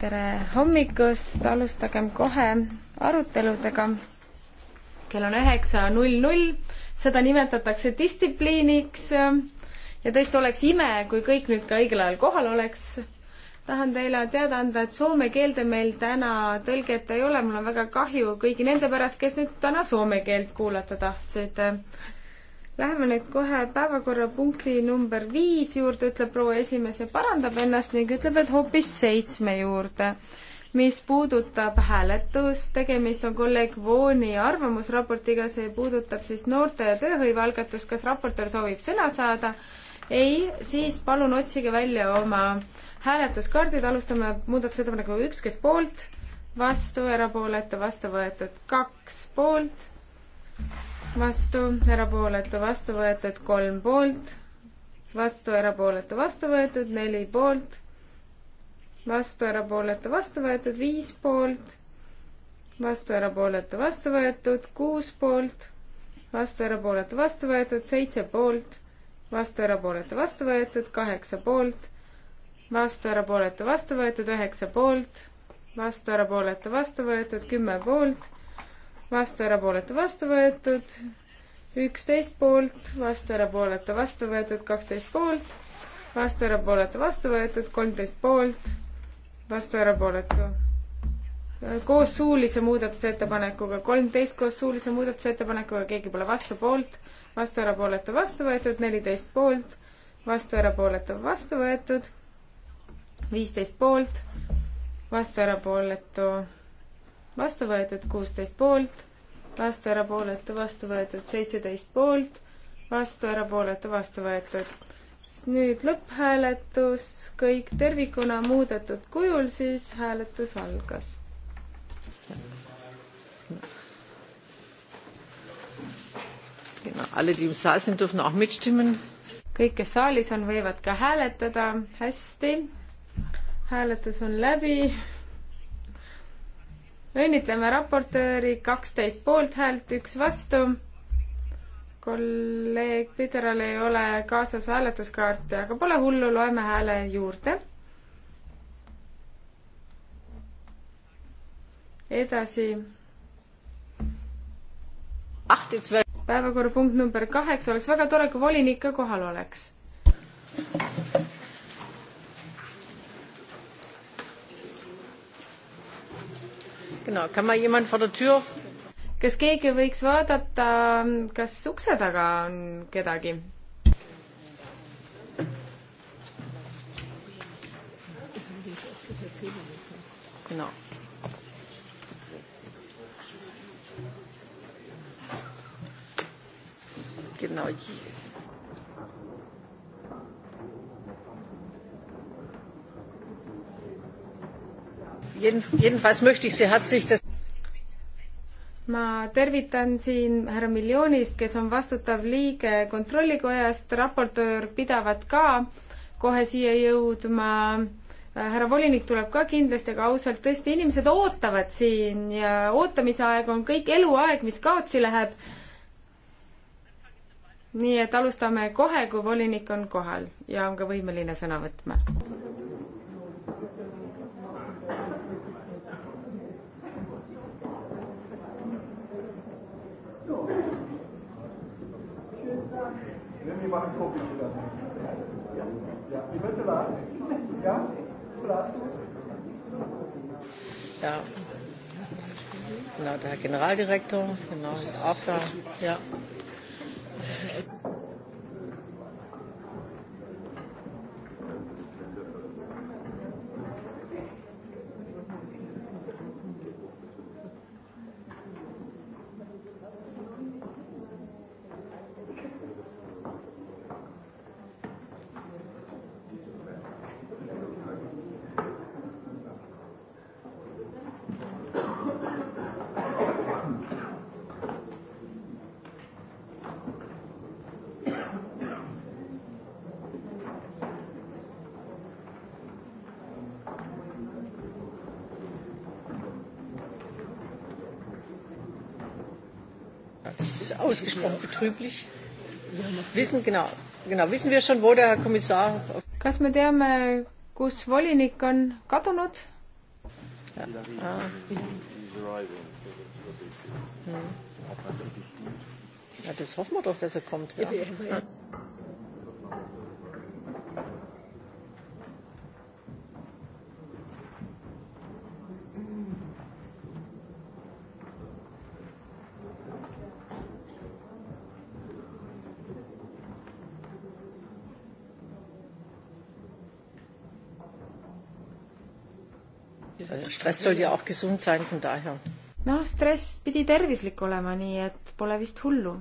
tere hommikust, alustagem kohe aruteludega. kell on üheksa null null, seda nimetatakse distsipliiniks ja tõesti oleks ime, kui kõik nüüd ka õigel ajal kohal oleks tahan teile teada anda, et soome keelde meil täna tõlget ei ole, mul on väga kahju kõigi nende pärast, kes nüüd täna soome keelt kuulata tahtsid. Läheme nüüd kohe päevakorrapunkti number viis juurde, ütleb proua esimees ja parandab ennast ning ütleb, et hoopis seitsme juurde. mis puudutab hääletust, tegemist on kolleeg Vooni arvamusraportiga, see puudutab siis noorte ja tööhõive algatust, kas raportöör soovib sõna saada? ei, siis palun otsige välja oma hääletuskaardid, alustame muudatusettepanekuga nagu üks, kes poolt, vastu, erapooletu, vastu võetud, kaks poolt vastu, erapooletu, vastu võetud, kolm poolt, vastu, erapooletu, vastu võetud, neli poolt, vastu, erapooletu, vastu võetud, viis poolt, vastu, erapooletu, vastu võetud, kuus poolt, vastu, erapooletu, vastu võetud, seitse poolt, vastu, erapooletu, vastu võetud, kaheksa poolt, vastu, erapooletu, vastu võetud, üheksa poolt, vastu, erapooletu, vastu võetud, kümme poolt vastu, erapooletu, vastu võetud, üksteist poolt, vastu, erapooletu, vastu võetud, kaksteist poolt, vastu, erapooletu, vastu võetud, kolmteist poolt, vastu, erapooletu. koos suulise muudatusettepanekuga, kolmteist koos suulise muudatusettepanekuga, keegi pole vastu, poolt, vastu, erapooletu, vastu võetud, neliteist poolt, vastu, erapooletu, vastu võetud, viisteist poolt, vastu, erapooletu vastu võetud kuusteist poolt, vastu erapooletu, vastu võetud seitseteist poolt, vastu erapooletu, vastu võetud. nüüd lõpphääletus, kõik tervikuna muudetud kujul, siis hääletus algas. kõik, kes saalis on, võivad ka hääletada. hästi, hääletus on läbi õnnitleme raportööri, kaksteist poolthäält, üks vastu. kolleeg Pideral ei ole kaasas hääletuskaarte, aga pole hullu, loeme hääle juurde. edasi. päevakorrapunkt number kaheksa, oleks väga tore, kui volinik ka kohal oleks. kas keegi võiks vaadata, kas ukse taga on kedagi? No. Genau. Genau. Jedenfalls möchte ich Sie herzlich das ma tervitan siin härra Miljonist, kes on vastutav liige Kontrollikojast, raportöör pidavat ka kohe siia jõudma. härra volinik tuleb ka kindlasti, aga ausalt tõesti, inimesed ootavad siin ja ootamise aeg on kõik eluaeg, mis kaotsi läheb. nii et alustame kohe, kui volinik on kohal ja on ka võimeline sõna võtma. Neem je maar een koffietje dan. Ja, ja. Je bent te laat. Ja? Te laat. Ja. Genau, der Herr Generaldirektor, genau, ist auch da. Ja. ausgesprochen betrüblich. Wissen, genau, genau, wissen wir schon, wo der Herr Kommissar. Kas me teame, kus volinik on kadunud? Ja. Ah. ja, das hoffen wir doch, dass er kommt. Ja. Stress soll ja auch gesund sein, von daher. noh, stress pidi tervislik olema, nii et pole vist hullu.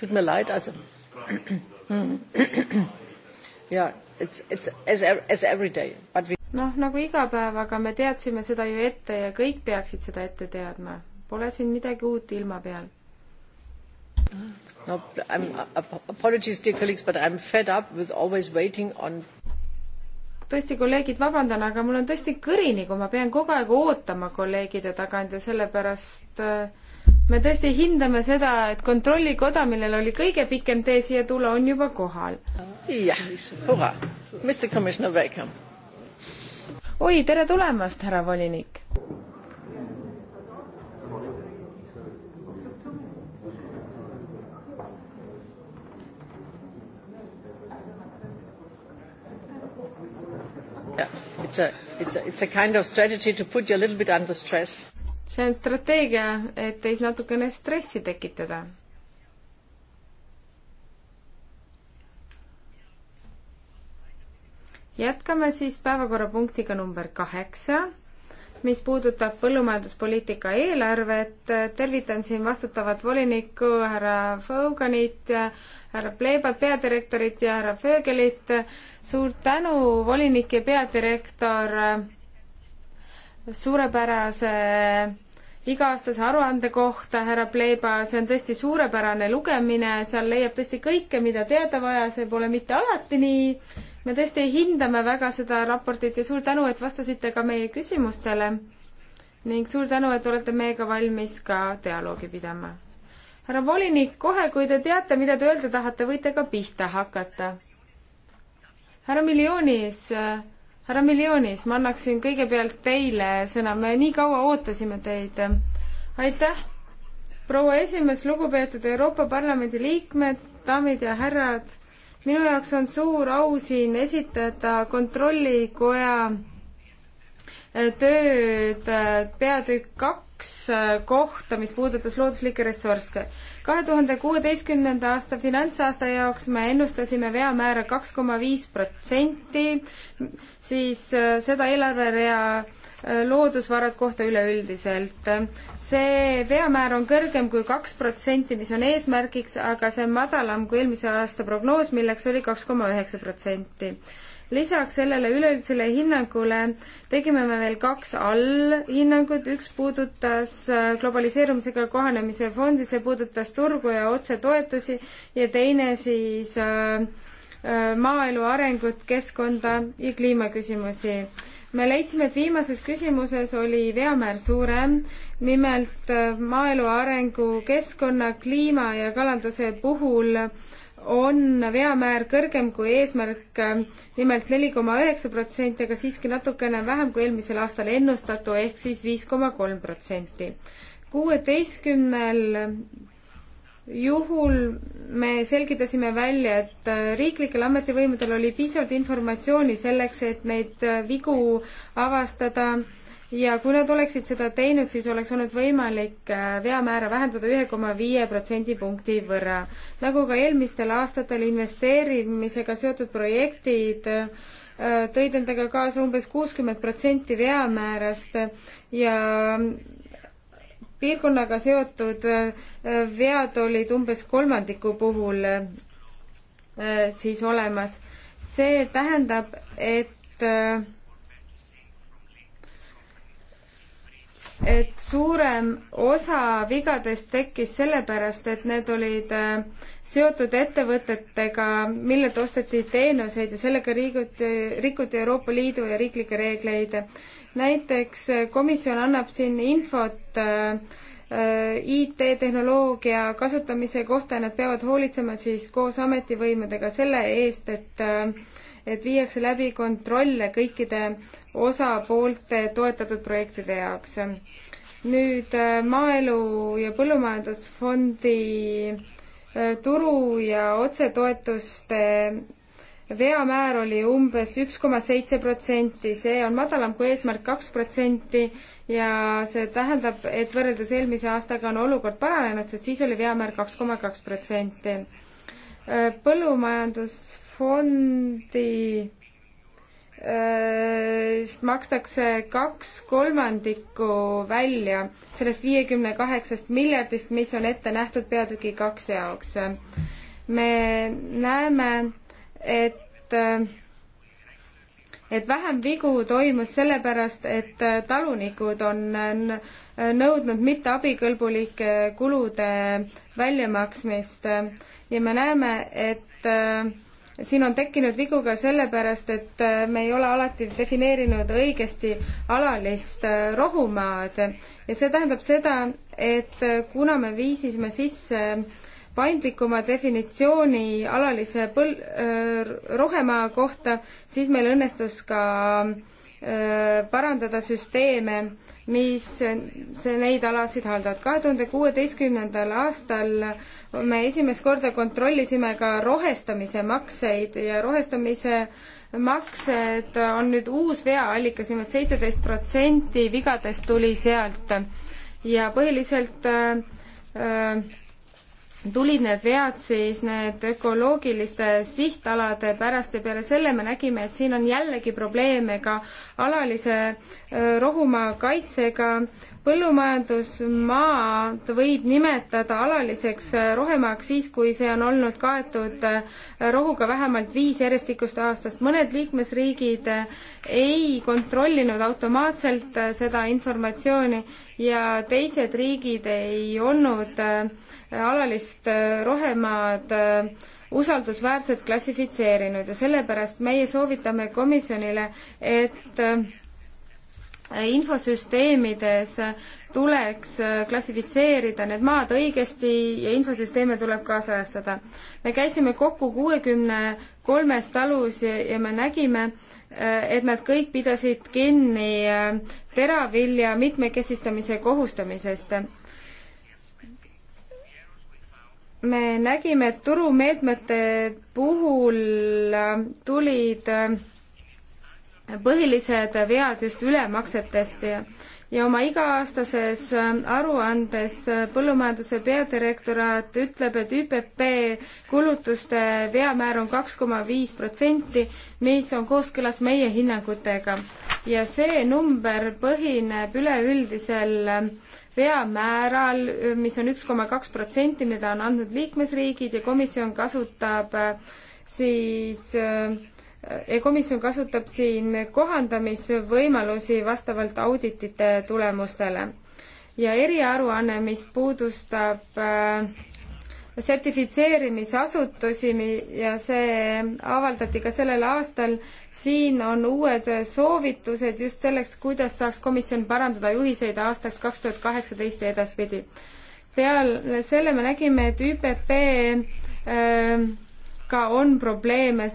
Tut mir leid, also ja, it's, it's as, er, as every day, but we noh, nagu iga päev, aga me teadsime seda ju ette ja kõik peaksid seda ette teadma. Pole siin midagi uut ilma peal. no I am uh, apologies dear colleagues but I am fed up with always waiting on tõesti, kolleegid, vabandan, aga mul on tõesti kõrini, kui ma pean kogu aeg ootama kolleegide tagant ja sellepärast äh, me tõesti hindame seda, et kontrollikoda, millel oli kõige pikem tee siia tulla, on juba kohal. jah, hurraa, Mr Commissioner Beckham. oi, tere tulemast, härra volinik Yeah, it's a, it's a, it's a kind of strategy to put you a little bit under stress. see on strateegia, et teis natukene stressi tekitada. jätkame siis päevakorrapunktiga number kaheksa mis puudutab põllumajanduspoliitika eelarvet, tervitan siin vastutavat volinikku härra Foganit ja härra Pleibat, peadirektorit ja härra Föögelit. suur tänu, volinik ja peadirektor, suurepärase iga-aastase aruande kohta, härra Pleiba, see on tõesti suurepärane lugemine, seal leiab tõesti kõike, mida teada vaja, see pole mitte alati nii me tõesti hindame väga seda raportit ja suur tänu, et vastasite ka meie küsimustele ning suur tänu, et olete meiega valmis ka dialoogi pidama. härra volinik, kohe, kui te teate, mida te öelda tahate, võite ka pihta hakata. härra Miljonis, härra Miljonis, ma annaksin kõigepealt teile sõna, me nii kaua ootasime teid. aitäh, proua esimees, lugupeetud Euroopa Parlamendi liikmed, daamid ja härrad minu jaoks on suur au siin esitada Kontrollikoja äh, tööd äh, peatükk kaks äh, kohta, mis puudutas looduslikke ressursse. kahe tuhande kuueteistkümnenda aasta finantsaasta jaoks me ennustasime veamäära kaks koma viis protsenti, siis seda eelarverea loodusvarad kohta üleüldiselt see veamäär on kõrgem kui kaks protsenti, mis on eesmärgiks, aga see on madalam kui eelmise aasta prognoos, milleks oli kaks koma üheksa protsenti. lisaks sellele üleüldisele hinnangule tegime me veel kaks allhinnangut, üks puudutas äh, globaliseerumisega kohanemise fondi, see puudutas turgu ja otsetoetusi ja teine siis äh, äh, maaelu arengut, keskkonda ja kliimaküsimusi me leidsime, et viimases küsimuses oli veamäär suurem, nimelt äh, maaelu arengu, keskkonna, kliima ja kalanduse puhul on veamäär kõrgem kui eesmärk nimelt, äh, nimelt neli koma üheksa protsenti, aga siiski natukene vähem kui eelmisel aastal ennustatu, ehk siis viis koma kolm protsenti. kuueteistkümnel juhul me selgitasime välja, et äh, riiklikel ametivõimudel oli piisavalt informatsiooni selleks, et neid äh, vigu avastada ja kui nad oleksid seda teinud, siis oleks olnud võimalik äh, veamäära vähendada ühe koma viie protsendipunkti võrra. nagu ka eelmistel aastatel investeerimisega seotud projektid tõid endaga kaasa umbes kuuskümmend protsenti veamäärast ja piirkonnaga seotud äh, vead olid umbes kolmandiku puhul äh, siis olemas. see tähendab, et äh, et suurem osa vigadest tekkis sellepärast, et need olid seotud ettevõtetega, millelt osteti teenuseid ja sellega rikuti, rikuti Euroopa Liidu ja riiklikke reegleid näiteks eh, komisjon annab siin infot eh, IT-tehnoloogia kasutamise kohta ja nad peavad hoolitsema siis koos ametivõimudega selle eest, et eh, et viiakse läbi kontrolle kõikide osapoolte toetatud projektide jaoks. nüüd Maaelu ja Põllumajandusfondi turu ja otsetoetuste veamäär oli umbes üks koma seitse protsenti, see on madalam kui eesmärk kaks protsenti ja see tähendab, et võrreldes eelmise aastaga on olukord paranenud, sest siis oli veamäär kaks koma kaks protsenti. põllumajandusfondi äh, makstakse kaks kolmandikku välja sellest viiekümne kaheksast miljardist, mis on ette nähtud peatüki kaks jaoks. me näeme, et et et vähem vigu toimus sellepärast, et talunikud on nõudnud mitteabikõlbulike kulude väljamaksmist ja me näeme, et siin on tekkinud vigu ka sellepärast, et me ei ole alati defineerinud õigesti alalist rohumaad ja see tähendab seda, et kuna me viisisime sisse paindlikuma definitsiooni alalise põl-, rohemaa kohta, siis meil õnnestus ka öö, parandada süsteeme, mis see, neid alasid haldavad. kahe tuhande kuueteistkümnendal aastal me esimest korda kontrollisime ka rohestamise makseid ja rohestamise maksed on nüüd uus veaallikas, nimelt seitseteist protsenti vigadest tuli sealt ja põhiliselt äh, äh, tulid need vead siis need ökoloogiliste sihtalade pärast ja peale selle me nägime, et siin on jällegi probleeme ka alalise rohumaa kaitsega põllumajandusmaad võib nimetada alaliseks äh, rohemaaks siis, kui see on olnud kaetud äh, rohuga vähemalt viis järjestikust aastast. mõned liikmesriigid äh, ei kontrollinud automaatselt seda informatsiooni ja teised riigid ei olnud alalist rohemaad usaldusväärselt klassifitseerinud ja sellepärast meie soovitame komisjonile, et infosüsteemides tuleks äh, klassifitseerida need maad õigesti ja infosüsteeme tuleb kaasajastada. me käisime kokku kuuekümne kolmes talus ja, ja me nägime, äh, et nad kõik pidasid kinni äh, teravilja mitmekesistamise kohustamisest. me nägime, et turumeetmete puhul tulid põhilised vead just ülemaksetest ja ja oma iga-aastases äh, aruandes äh, põllumajanduse peadirektoraat ütleb, et ÜPP kulutuste veamäär on kaks koma viis protsenti, mis on kooskõlas meie hinnangutega. ja see number põhineb üleüldisel äh, veamääral, mis on üks koma kaks protsenti, mida on andnud liikmesriigid ja komisjon kasutab siis äh, Äh, komisjon kasutab siin kohandamisvõimalusi vastavalt auditite tulemustele. ja eriaruanne, mis puudustab äh, sertifitseerimisasutusi ja see avaldati ka sellel aastal, siin on uued soovitused just selleks, kuidas saaks komisjon parandada juhiseid aastaks kaks tuhat kaheksateist ja edaspidi. peale selle me nägime, et ÜPP öö, äh, ka on probleeme.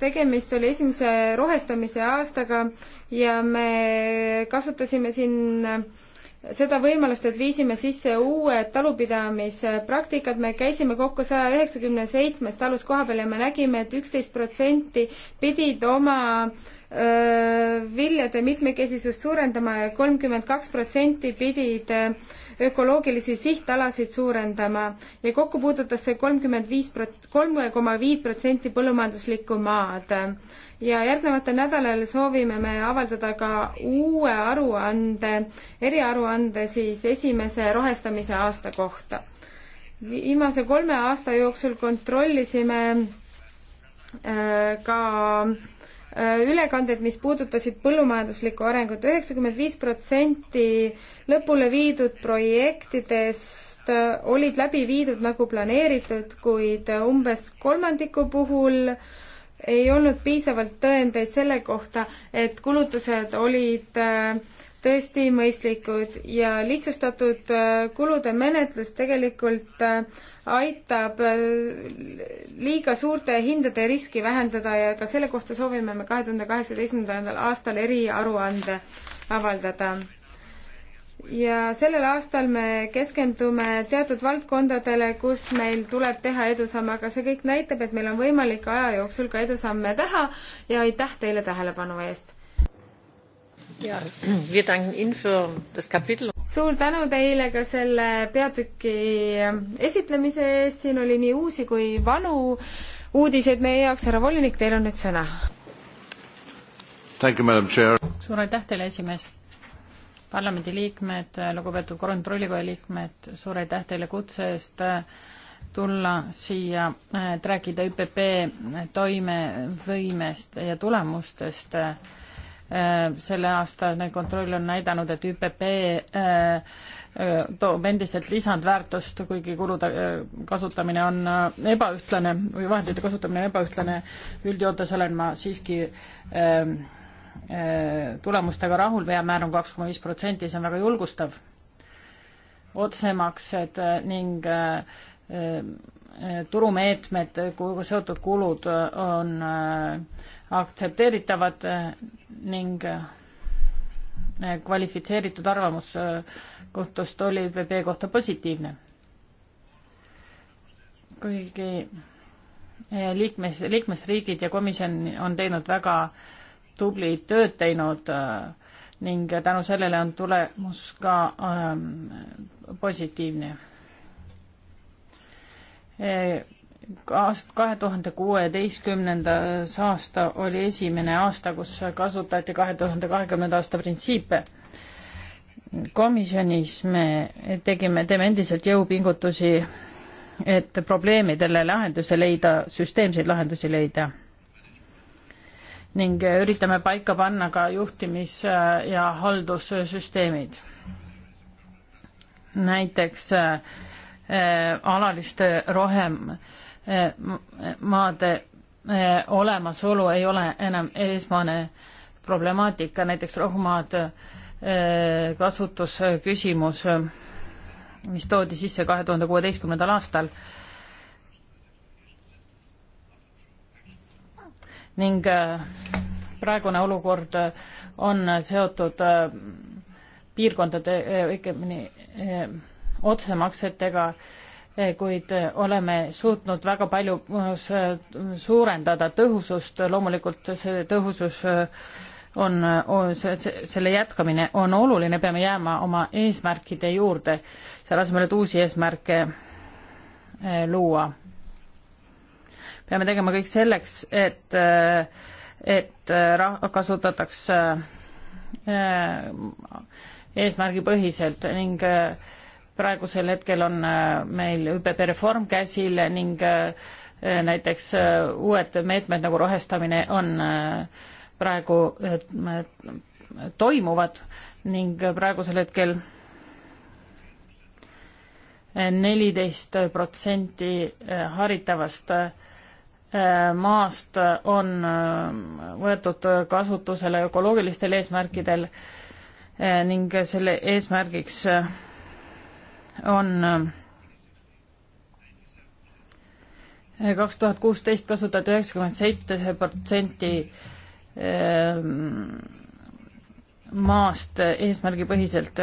tegemist oli esimese rohestamise aastaga ja me kasutasime siin seda võimalust, et viisime sisse uued talupidamispraktikad, me käisime kokku saja üheksakümne seitsmes talus kohapeal ja me nägime et, et üksteist protsenti pidid oma öö, viljade mitmekesisust suurendama ja kolmkümmend kaks protsenti pidid öö, ökoloogilisi sihtalasid suurendama ja kokku puudutas see kolmkümmend viis prot-, kolme koma viit protsenti põllumajanduslikku maad. ja järgnevatel nädalal soovime me avaldada ka uue aruande, eriaruande siis esimese rohestamise aasta kohta. viimase kolme aasta jooksul kontrollisime äh, ka Äh, ülekanded, mis puudutasid põllumajanduslikku arengut. üheksakümmend viis protsenti lõpule viidud projektidest äh, olid läbi viidud nagu planeeritud, kuid äh, umbes kolmandiku puhul ei olnud piisavalt tõendeid selle kohta, et kulutused olid äh, tõesti mõistlikud ja lihtsustatud äh, kulude menetlus tegelikult äh, aitab äh, liiga suurte hindade riski vähendada ja ka selle kohta soovime me kahe tuhande kaheksateistkümnendal aastal eriaruande avaldada. ja sellel aastal me keskendume teatud valdkondadele, kus meil tuleb teha edusamme, aga see kõik näitab, et meil on võimalik aja jooksul ka edusamme teha ja aitäh teile tähelepanu eest! suur tänu teile ka selle peatüki esitlemise eest, siin oli nii uusi kui vanu uudiseid meie jaoks, härra volinik, teil on nüüd sõna. suur aitäh teile, esimees! parlamendiliikmed, lugupeetud kontrollikoja liikmed, suur aitäh teile kutse eest äh, tulla siia, et äh, rääkida ÜPP toimevõimest ja tulemustest äh, Äh, selle aastane kontroll on näidanud, et ÜPP äh, äh, toob endiselt lisandväärtust, kuigi kulude kasutamine on ebaühtlane või vahendite kasutamine on ebaühtlane. üldjoontes olen ma siiski ähm, tulemustega rahul, veamäär on kaks koma viis protsenti, see on väga julgustav. otsemaksed ning turumeetmed, seotud kulud on äh, aktsepteeritavad eh, ning eh, kvalifitseeritud arvamus eh, kohtust oli PP kohta positiivne. kuigi liikmes, liikmesriigid ja komisjon on teinud väga tublit tööd teinud ning tänu sellele on tulemus ka ähm, positiivne aast-, kahe tuhande kuueteistkümnendas aasta oli esimene aasta, kus kasutati kahe tuhande kahekümnenda aasta printsiipe. komisjonis me tegime, teeme endiselt jõupingutusi, et probleemidele lahenduse leida, süsteemseid lahendusi leida. ning üritame paika panna ka juhtimis- ja haldussüsteemid. näiteks äh, äh alaliste rohem äh, maade eh, olemasolu ei ole enam esmane problemaatika, näiteks rohumaad eh, kasutusküsimus, mis toodi sisse kahe tuhande kuueteistkümnendal aastal ning eh, praegune olukord on seotud piirkondade õigemini otsemaksetega äh, Eh, kuid eh, oleme suutnud väga palju eh, suurendada tõhusust, loomulikult see tõhusus on, on, selle jätkamine on oluline, peame jääma oma eesmärkide juurde, selle asemel, et uusi eesmärke luua. peame tegema kõik selleks, et, et raha kasutataks eesmärgipõhiselt ning äh, praegusel hetkel on äh, meil ÜPP reform käsil ning äh, äh, näiteks uued meetmed nagu rohestamine on praegu toimuvad ning praegusel hetkel neliteist protsenti haritavast maast on võetud kasutusele ökoloogilistel eesmärkidel ning selle eesmärgiks on äh, kaks tuhat kuusteist kasutati üheksakümmend seitse protsenti ähm, maast eesmärgipõhiselt,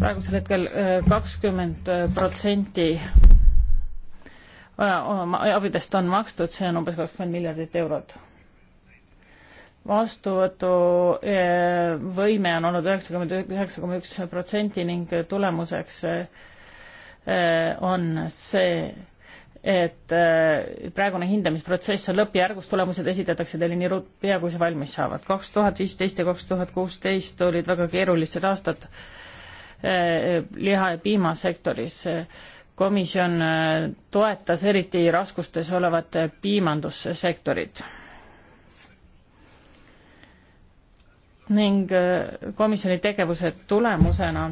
praegusel hetkel äh, kakskümmend protsenti abidest on makstud, see on umbes kakskümmend miljardit eurot vastuvõtuvõime eh, on olnud üheksakümmend üheksa koma üks protsenti ning tulemuseks eh, on see, et eh, praegune hindamisprotsess on lõppjärgus, tulemused esitatakse teile nii ruttu, kui see valmis saavad. kaks tuhat viisteist ja kaks tuhat kuusteist olid väga keerulised aastad liha- ja piimasektoris. komisjon toetas eriti raskustes olevat piimandussektorit ning äh, komisjoni tegevuse tulemusena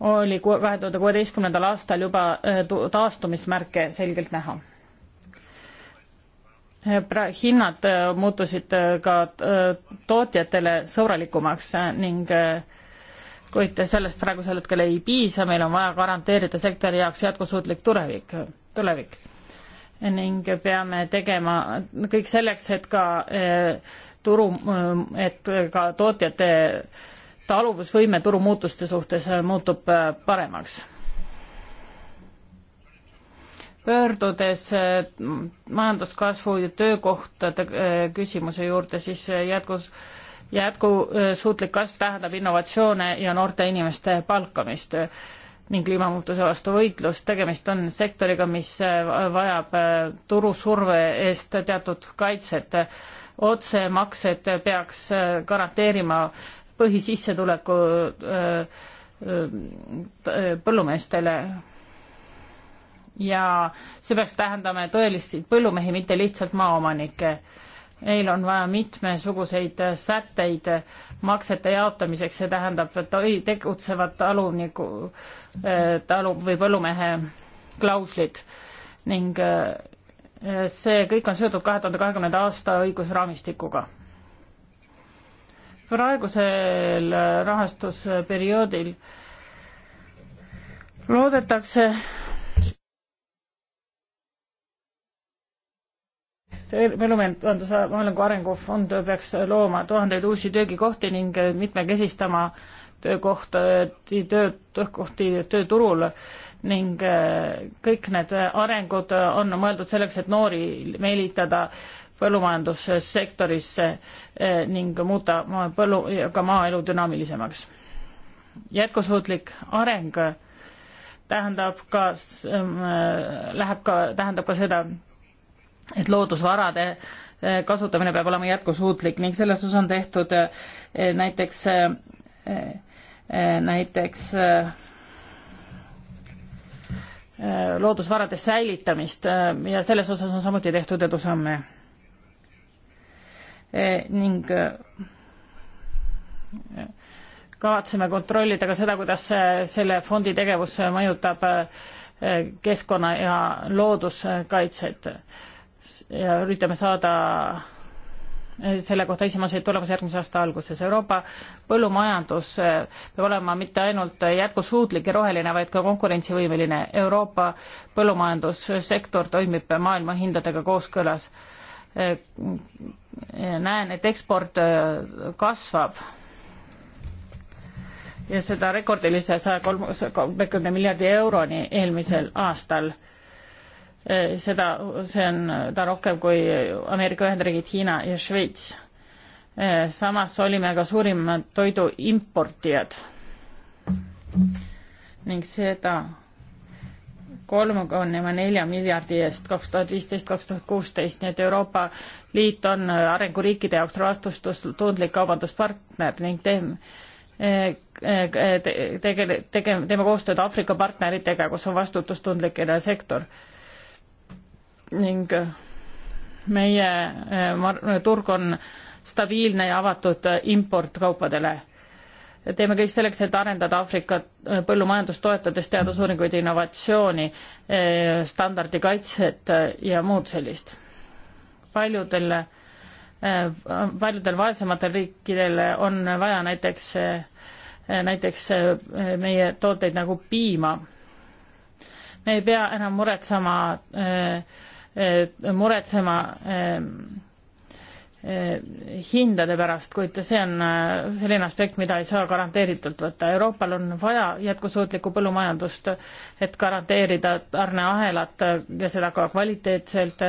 oli kahe tuhande kuueteistkümnendal aastal juba äh, taastumismärke selgelt näha. Äh, hinnad muutusid ka tootjatele sõbralikumaks ning kuid sellest praegusel hetkel ei piisa, meil on vaja garanteerida sektori jaoks jätkusuutlik tulevik, tulevik. ning peame tegema kõik selleks, et ka turu, et ka tootjate taluvusvõime turumuutuste suhtes muutub paremaks. pöördudes majanduskasvu ja töökohtade küsimuse juurde, siis jätkus jätkusuutlik kasv tähendab innovatsioone ja noorte inimeste palkamist ning kliimamuutuse vastu võitlust, tegemist on sektoriga, mis äh, vajab äh, turusurve eest teatud kaitset. otsemaksed peaks äh, garanteerima põhisissetuleku põllumeestele ja see peaks tähendama tõelisi põllumehi, mitte lihtsalt maaomanikke neil on vaja mitmesuguseid sätteid maksete jaotamiseks, see tähendab, et tegutsevad taluniku, talu või põllumehe klauslid ning eh, see kõik on seotud kahe tuhande kahekümnenda aasta õigusraamistikuga. praegusel rahastusperioodil loodetakse põllumajanduse maailma arengufond peaks looma tuhandeid uusi töögikohti ning mitmekesistama töökohtadi, töö, töökohti tööturul ning äh, kõik need arengud on mõeldud selleks, et noori meelitada põllumajandussektorisse äh, ning muuta maa, põllu, ka maaelu dünaamilisemaks. jätkusuutlik areng tähendab ka, läheb ka, tähendab ka seda, et loodusvarade eh, kasutamine peab olema jätkusuutlik ning selles osas on tehtud eh, näiteks, eh, näiteks loodusvarade säilitamist ja selles osas on samuti tehtud edusamme. ning kavatseme kontrollida ka seda, kuidas selle fondi tegevus mõjutab keskkonna ja looduskaitset ja üritame saada eh, selle kohta esmaseid tulemusi järgmise aasta alguses. Euroopa põllumajandus eh, peab olema mitte ainult jätkusuutlik ja roheline, vaid ka konkurentsivõimeline. Euroopa põllumajandussektor toimib maailma hindadega kooskõlas. Eh, näen, et eksport kasvab ja seda rekordilise saja kolmekümne miljardi euroni eelmisel aastal Eh, seda, see on ta rohkem kui Ameerika Ühendriigid, Hiina ja Šveits. Eh, samas olime ka suurimad toidu importijad ning seda kolm koma nelja miljardi eest kaks tuhat viisteist, kaks tuhat kuusteist, nii et Euroopa Liit on arenguriikide jaoks vastutustundlik kaubanduspartner ning teeme eh, tegele- tege,, tege-, teeme koostööd Aafrika partneritega, kus on vastutustundlik sektor ning äh, meie äh, äh, turg on stabiilne ja avatud äh, importkaupadele. teeme kõik selleks, et arendada Aafrika põllumajandust, toetades teadusuuringuid, innovatsiooni, standardikaitset ja muud sellist. paljudel, paljudel vaesematel riikidel on vaja näiteks, näiteks meie tooteid nagu piima. me ei pea enam muretsema äh, Äh, muretsema ähm, äh, hindade pärast, kuid see on äh, selline aspekt, mida ei saa garanteeritult võtta. Euroopal on vaja jätkusuutlikku põllumajandust, et garanteerida tarneahelat ja seda ka kvaliteetselt.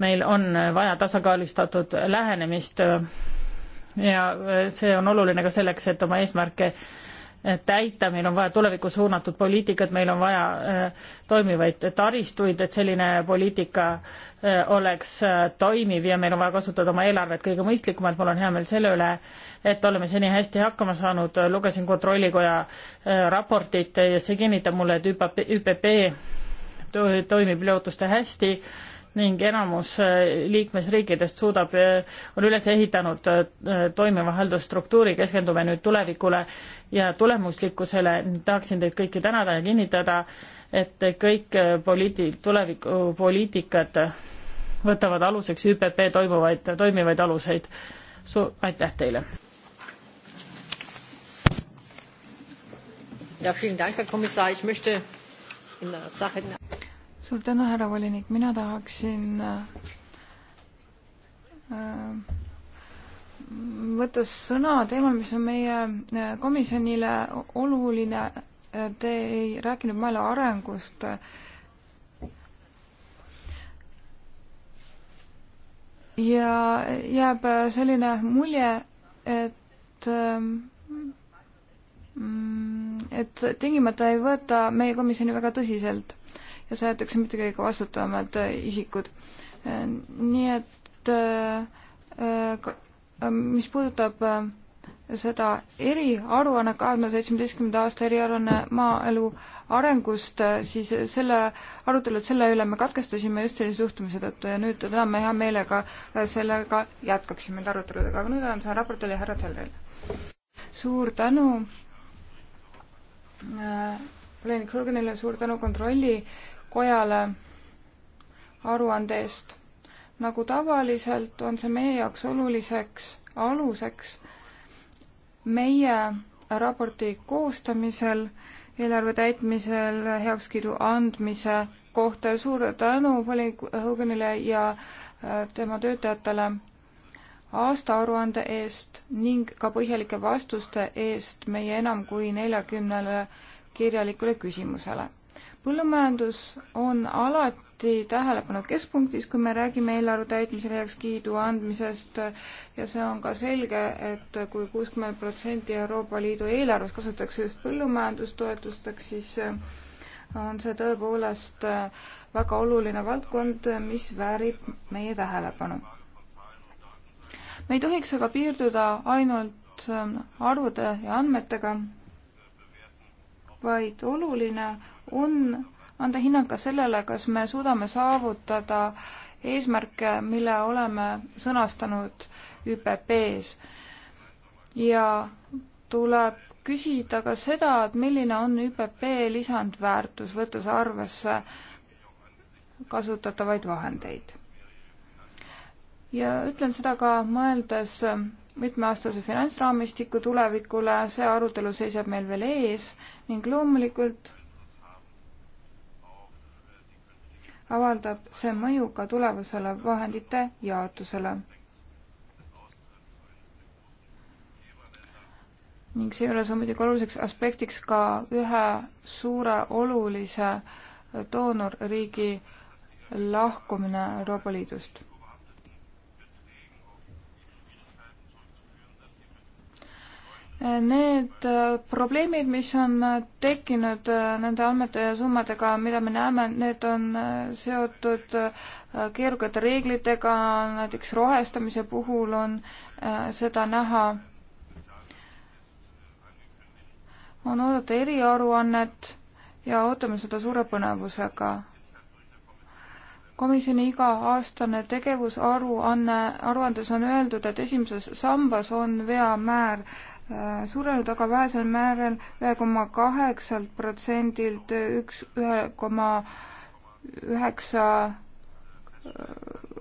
meil on vaja tasakaalustatud lähenemist ja see on oluline ka selleks, et oma eesmärke täita, meil on vaja tulevikku suunatud poliitikat, meil on vaja äh, toimivaid taristuid, et selline poliitika äh, oleks äh, toimiv ja meil on vaja kasutada oma eelarvet kõige mõistlikumalt, mul on hea meel selle üle, et oleme seni hästi hakkama saanud, lugesin Kontrollikoja raportit ja see kinnitab mulle, et ÜPP, ÜPP toimib lootuste hästi ning enamus äh, liikmesriikidest suudab, äh, on üles ehitanud äh, toimiva haldusstruktuuri, keskendume nüüd tulevikule ja tulemuslikkusele, tahaksin teid kõiki tänada ja kinnitada, et kõik poliiti-, tulevikupoliitikad võtavad aluseks ÜPP toimuvaid, toimivaid aluseid. suur aitäh teile! ja vielen Dank, Herr Kommissar, ich möchte in der Sache suur tänu, härra volinik, mina tahaksin äh, võtta sõna teemal, mis on meie äh, komisjonile oluline. Te ei rääkinud maailma arengust. ja jääb äh, selline mulje, et mm, et tingimata ei võeta meie komisjoni väga tõsiselt ja see jäetakse mitte kõige vastutavamad äh, isikud. Äh, nii et äh, mis puudutab seda eriaruanne, kahe tuhande seitsmeteistkümnenda aasta eriaruanne maaelu arengust, siis selle, arutelud selle üle me katkestasime just sellise juhtumise tõttu ja nüüd täna me hea meelega sellega jätkaksime nende aruteludega, aga nüüd annan sõna raportile härra Tellerile. suur tänu äh, Lenin Kõõgenile, suur tänu kontrolli äh, kojale aruande eest. nagu tavaliselt on see meie jaoks oluliseks aluseks meie raporti koostamisel eelarve täitmisel heakskiidu andmise kohta. suur tänu Poli Hoganile ja äh, tema töötajatele aastaaruande eest ning ka põhjalike vastuste eest meie enam kui neljakümnele kirjalikule küsimusele põllumajandus on alati tähelepanu keskpunktis, kui me räägime eelarve täitmisele heakskiidu andmisest ja see on ka selge, et kui kuuskümmend protsenti Euroopa Liidu eelarvest kasutatakse just põllumajandustoetusteks, siis on see tõepoolest väga oluline valdkond, mis väärib meie tähelepanu. me ei tohiks aga piirduda ainult arvude ja andmetega, vaid oluline on anda hinnang ka sellele, kas me suudame saavutada eesmärke, mille oleme sõnastanud ÜPP-s. ja tuleb küsida ka seda, et milline on ÜPP lisandväärtus, võttes arvesse kasutatavaid vahendeid. ja ütlen seda ka mõeldes mitmeaastase finantsraamistiku tulevikule, see arutelu seisab meil veel ees ning loomulikult avaldab see mõju ka tulevasele vahendite jaotusele. ning seejuures on muidugi oluliseks aspektiks ka ühe suure olulise doonorriigi lahkumine Euroopa Liidust Need äh, probleemid, mis on äh, tekkinud äh, nende andmete ja summadega, mida me näeme, need on seotud keerukate reeglitega, näiteks rohestamise puhul on seda näha. on oodata eriaruannet ja ootame seda suure põnevusega. komisjoni iga-aastane tegevusaruanne, aruandes on öeldud, et esimeses sambas on veamäär surenud aga vähesel määral ühe koma kaheksalt protsendilt üks, ühe koma üheksa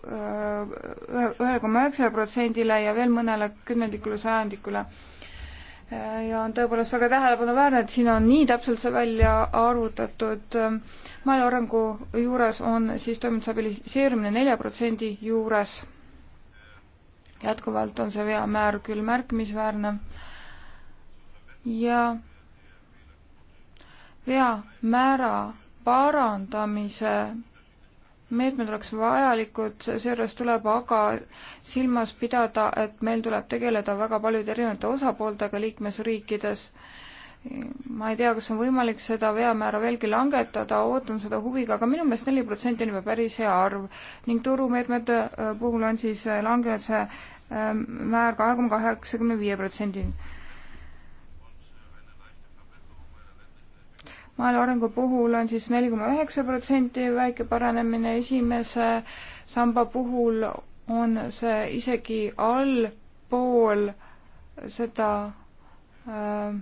ühele koma üheksale protsendile ja veel mõnele kümnendikule sajandikule. ja on tõepoolest väga tähelepanuväärne, et siin on nii täpselt see välja arvutatud. maailma arengu juures on siis toimunud stabiliseerumine nelja protsendi juures. jätkuvalt on see veamäär küll märkimisväärne ja veamäära parandamise meetmed oleks vajalikud, seejuures tuleb aga silmas pidada, et meil tuleb tegeleda väga paljude erinevate osapooltega liikmesriikides. ma ei tea, kas on võimalik seda veamäära veelgi langetada, ootan seda huviga, aga minu meelest neli protsenti on juba päris hea arv ning turumeetmete äh, puhul on siis äh, langenud see äh, määr kahe koma kaheksakümne viie protsendini maaelu arengu puhul on siis neli koma üheksa protsenti väike paranemine, esimese samba puhul on see isegi allpool seda äh,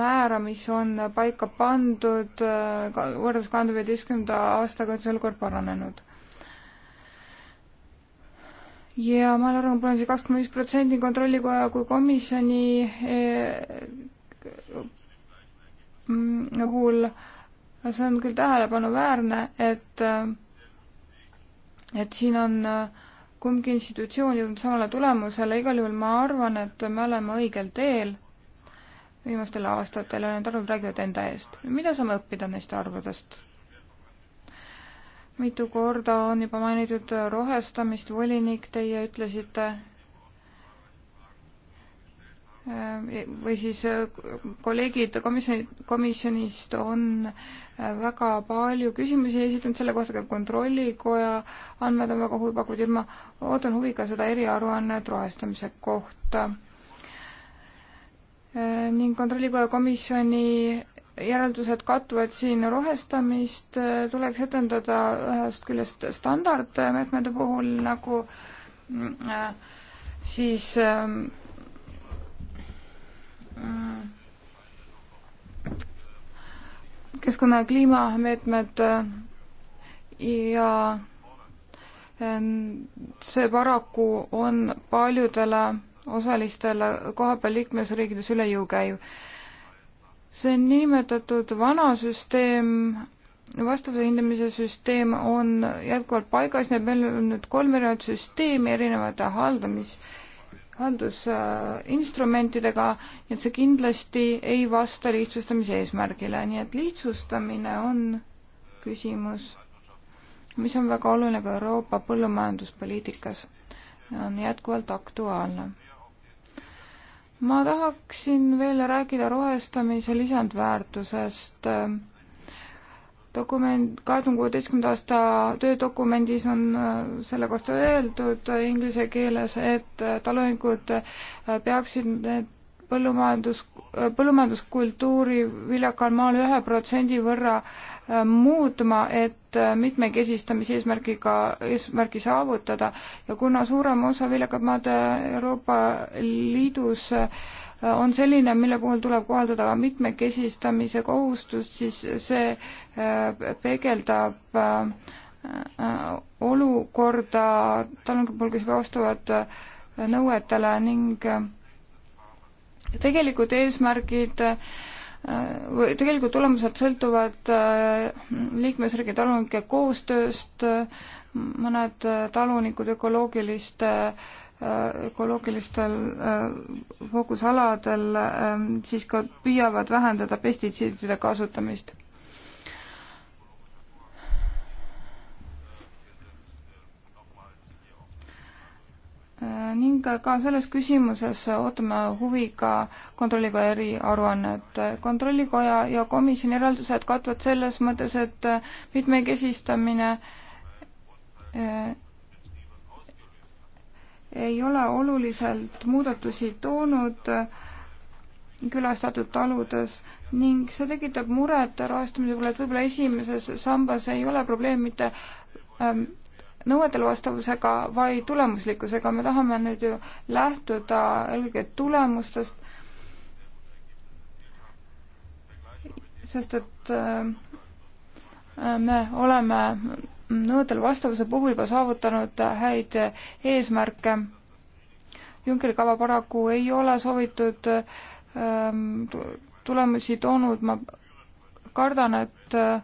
määra, mis on paika pandud äh, võrreldes kahe tuhande viieteistkümnenda aastaga, on sel kord paranenud ja ma arvan, mul on see kaks koma viis protsenti kontrollikoja kui komisjoni äh, puhul mm, see on küll tähelepanuväärne, et, et siin on kumbki institutsioon jõudnud samale tulemusele, igal juhul ma arvan, et me oleme õigel teel viimastel aastatel ja need arvud räägivad enda eest. mida saame õppida neist arvudest? mitu korda on juba mainitud rohestamist, volinik, teie ütlesite, või siis äh, kolleegid komisjoni, komisjonist on äh, väga palju küsimusi esitanud selle kohta, ka Kontrollikoja andmed on väga huvipakkuvad ja ma ootan huviga seda eriaruannet rohestamise kohta. Äh, ning Kontrollikoja komisjoni järeldused kattuvad siin rohestamist, tuleks etendada ühest küljest standardmeetmete puhul nagu mm, siis äh, Äh, keskkonna ja kliimameetmed äh, ja äh, see paraku on paljudele osalistele kohapeal liikmesriikides üle jõu käiv. see niinimetatud vana süsteem vastavuse hindamise süsteem on jätkuvalt paigas ja meil on nüüd kolm erinevat süsteemi erinevate haldamis- haldusinstrumentidega, nii et see kindlasti ei vasta lihtsustamise eesmärgile, nii et lihtsustamine on küsimus, mis on väga oluline ka Euroopa põllumajanduspoliitikas ja on jätkuvalt aktuaalne. ma tahaksin veel rääkida rohestamise lisandväärtusest äh, dokument, kahe tuhande kuueteistkümnenda aasta töödokumendis on äh, selle kohta öeldud inglise keeles, et äh, talunikud äh, peaksid need põllumajandus, põllumajanduskultuuri viljakal maal ühe protsendi võrra muutma, et mitmekesistamise eesmärgiga, eesmärgi saavutada ja kuna suurem osa viljakamaade Euroopa Liidus äh, on selline, mille puhul tuleb kohaldada mitmekesistamise kohustust, siis see äh, peegeldab äh, äh, olukorda talunike kes vastavad nõuetele ning tegelikult eesmärgid või tegelikult tulemused sõltuvad liikmesriigi talunike koostööst, mõned talunikud ökoloogiliste äh, Äh, ökoloogilistel äh, fookusaladel ähm, siis ka püüavad vähendada pestitsiidide kasutamist. Äh, ning ka selles küsimuses ootame huviga Kontrollikoja eriaruannet. kontrollikoja ja komisjoni järeldused katvad selles mõttes, et mitmekesistamine ei ole oluliselt muudatusi toonud külastatud taludes ning see tekitab muret rahastamise puhul, et võib-olla esimeses sambas ei ole probleem mitte ähm, nõuetele vastavusega, vaid tulemuslikkusega. me tahame nüüd ju lähtuda eelkõige tulemustest, sest et äh, äh me oleme nõudele vastavuse puhul juba saavutanud häid eesmärke. Junckeri kava paraku ei ole soovitud ähm, tulemusi toonud, ma kardan, et äh,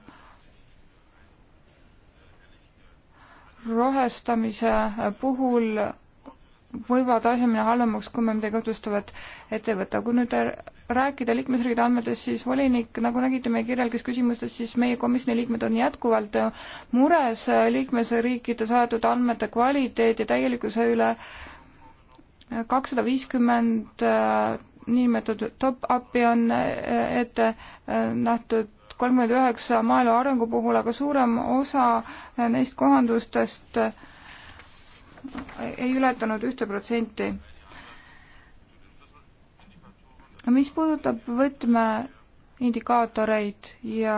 rohestamise puhul võivad asja minna halvemaks, kui me midagi otsustavat ette võtta. kui nüüd rääkida liikmesriigide andmetest, siis volinik, nagu nägite meie kirjalikes küsimustes, siis meie komisjoni liikmed on jätkuvalt mures liikmesriikide saadud andmete kvaliteedi ja täielikkuse üle. kakssada viiskümmend äh, niinimetatud top-up'i on äh, ette äh, nähtud kolmkümmend üheksa maaelu arengu puhul, aga suurem osa neist kohandustest äh, ei ületanud ühte protsenti. mis puudutab võtmeindikaatoreid ja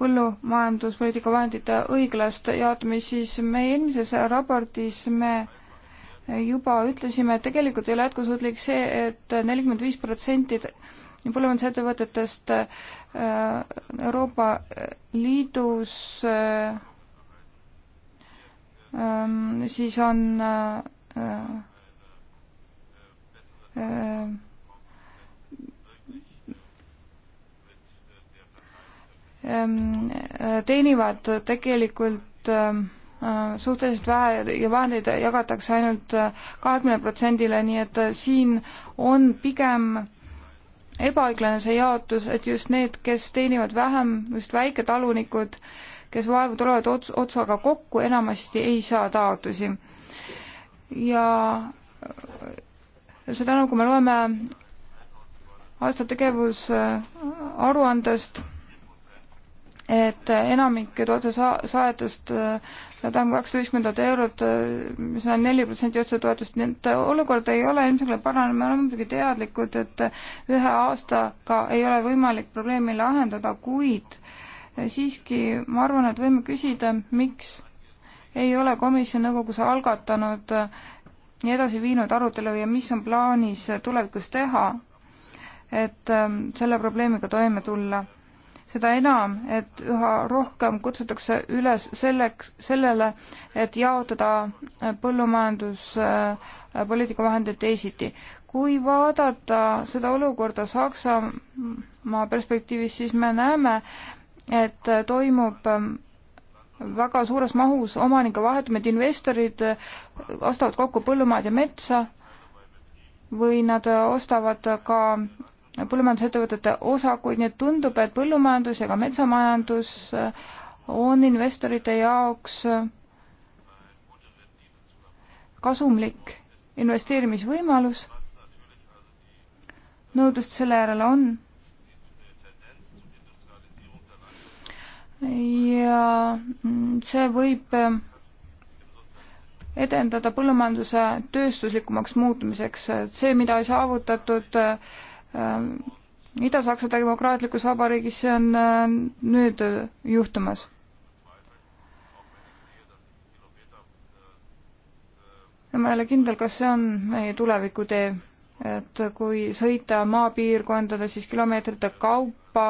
põllumajanduspoliitika vahendite õiglast jaotamist, siis meie eelmises raportis me juba ütlesime, et tegelikult ei ole jätkusuutlik see et, et nelikümmend viis protsenti põllumajandusettevõtetest äh, Euroopa Liidus äh, Ehm, siis on äh, äh, äh, ehm, teenivad tegelikult ehm, suhteliselt vähe ja vahendeid jagatakse ainult kahekümne protsendile, nii et siin on pigem ebaõiglane see jaotus, et just need, kes teenivad vähem, just väiketalunikud äh,, kes vaevu tulevad ots-, otsaga kokku, enamasti ei saa taotlusi. ja seda enam, kui me loeme aasta tegevusaruandest, et enamik otsesaaetest saab vähem kui kakssada viiskümmend eurot, mis on neli protsenti otsetoetust, nii et olukord ei ole ilmselgelt paranenud, me oleme muidugi teadlikud, et ühe aastaga ei ole võimalik probleemi lahendada, kuid siiski ma arvan, et võime küsida, miks ei ole komisjon nõukogus algatanud ja äh, edasi viinud arutelu ja mis on plaanis tulevikus teha, et ähm, selle probleemiga toime tulla. seda enam, et üha rohkem kutsutakse üles selleks, sellele, et jaotada äh, põllumajanduspoliitika äh, vahendeid teisiti. kui vaadata seda olukorda Saksamaa perspektiivis, siis me näeme, et toimub ähm, väga suures mahus omanike vahetumid, investorid äh, ostavad kokku põllumaad ja metsa või nad äh, ostavad ka põllumajandusettevõtete osakuid, nii et tundub, et põllumajandus ja ka metsamajandus äh, on investorite jaoks kasumlik investeerimisvõimalus. nõudlust selle järele on ja mm, see võib ähm, edendada põllumajanduse tööstuslikumaks muutumiseks. see, mida ei saavutatud ähm, Ida-Saksa demokraatlikus vabariigis, see on äh, nüüd äh, juhtumas. no ma ei ole kindel, kas see on meie tulevikutee, et kui sõita maapiirkondades, siis kilomeetrite kaupa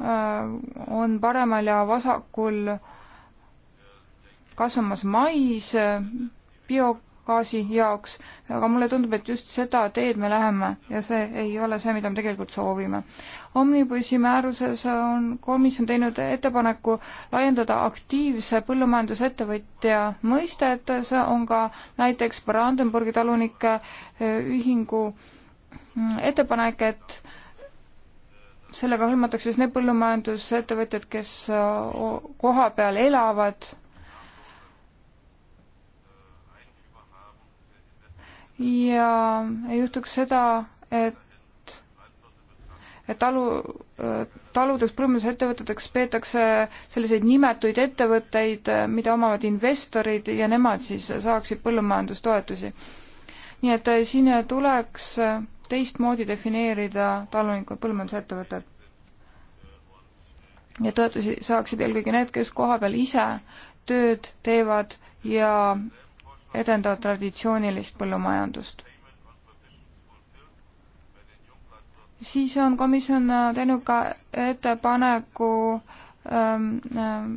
Äh, on paremal ja vasakul kasvamas mais äh, biogaasi jaoks, aga mulle tundub, et just seda teed me läheme ja see ei ole see, mida me tegelikult soovime. Omnibussi määruses on komisjon teinud ettepaneku laiendada aktiivse põllumajandusettevõtja mõistet, see on ka näiteks Brandenburgi talunike äh, ühingu mm, ettepanek, et sellega hõlmatakse just need põllumajandusettevõtjad, kes äh, koha peal elavad ja ei juhtuks seda, et, et talu, äh, taludeks, põllumajandusettevõteteks peetakse selliseid nimetuid ettevõtteid, äh, mida omavad investorid ja nemad siis saaksid põllumajandustoetusi. nii et siin tuleks teistmoodi defineerida talunikud, põllumajandusettevõtted. ja toetusi saaksid eelkõige need, kes kohapeal ise tööd teevad ja edendavad traditsioonilist põllumajandust. siis on komisjon teinud ka ettepaneku ähm, ähm,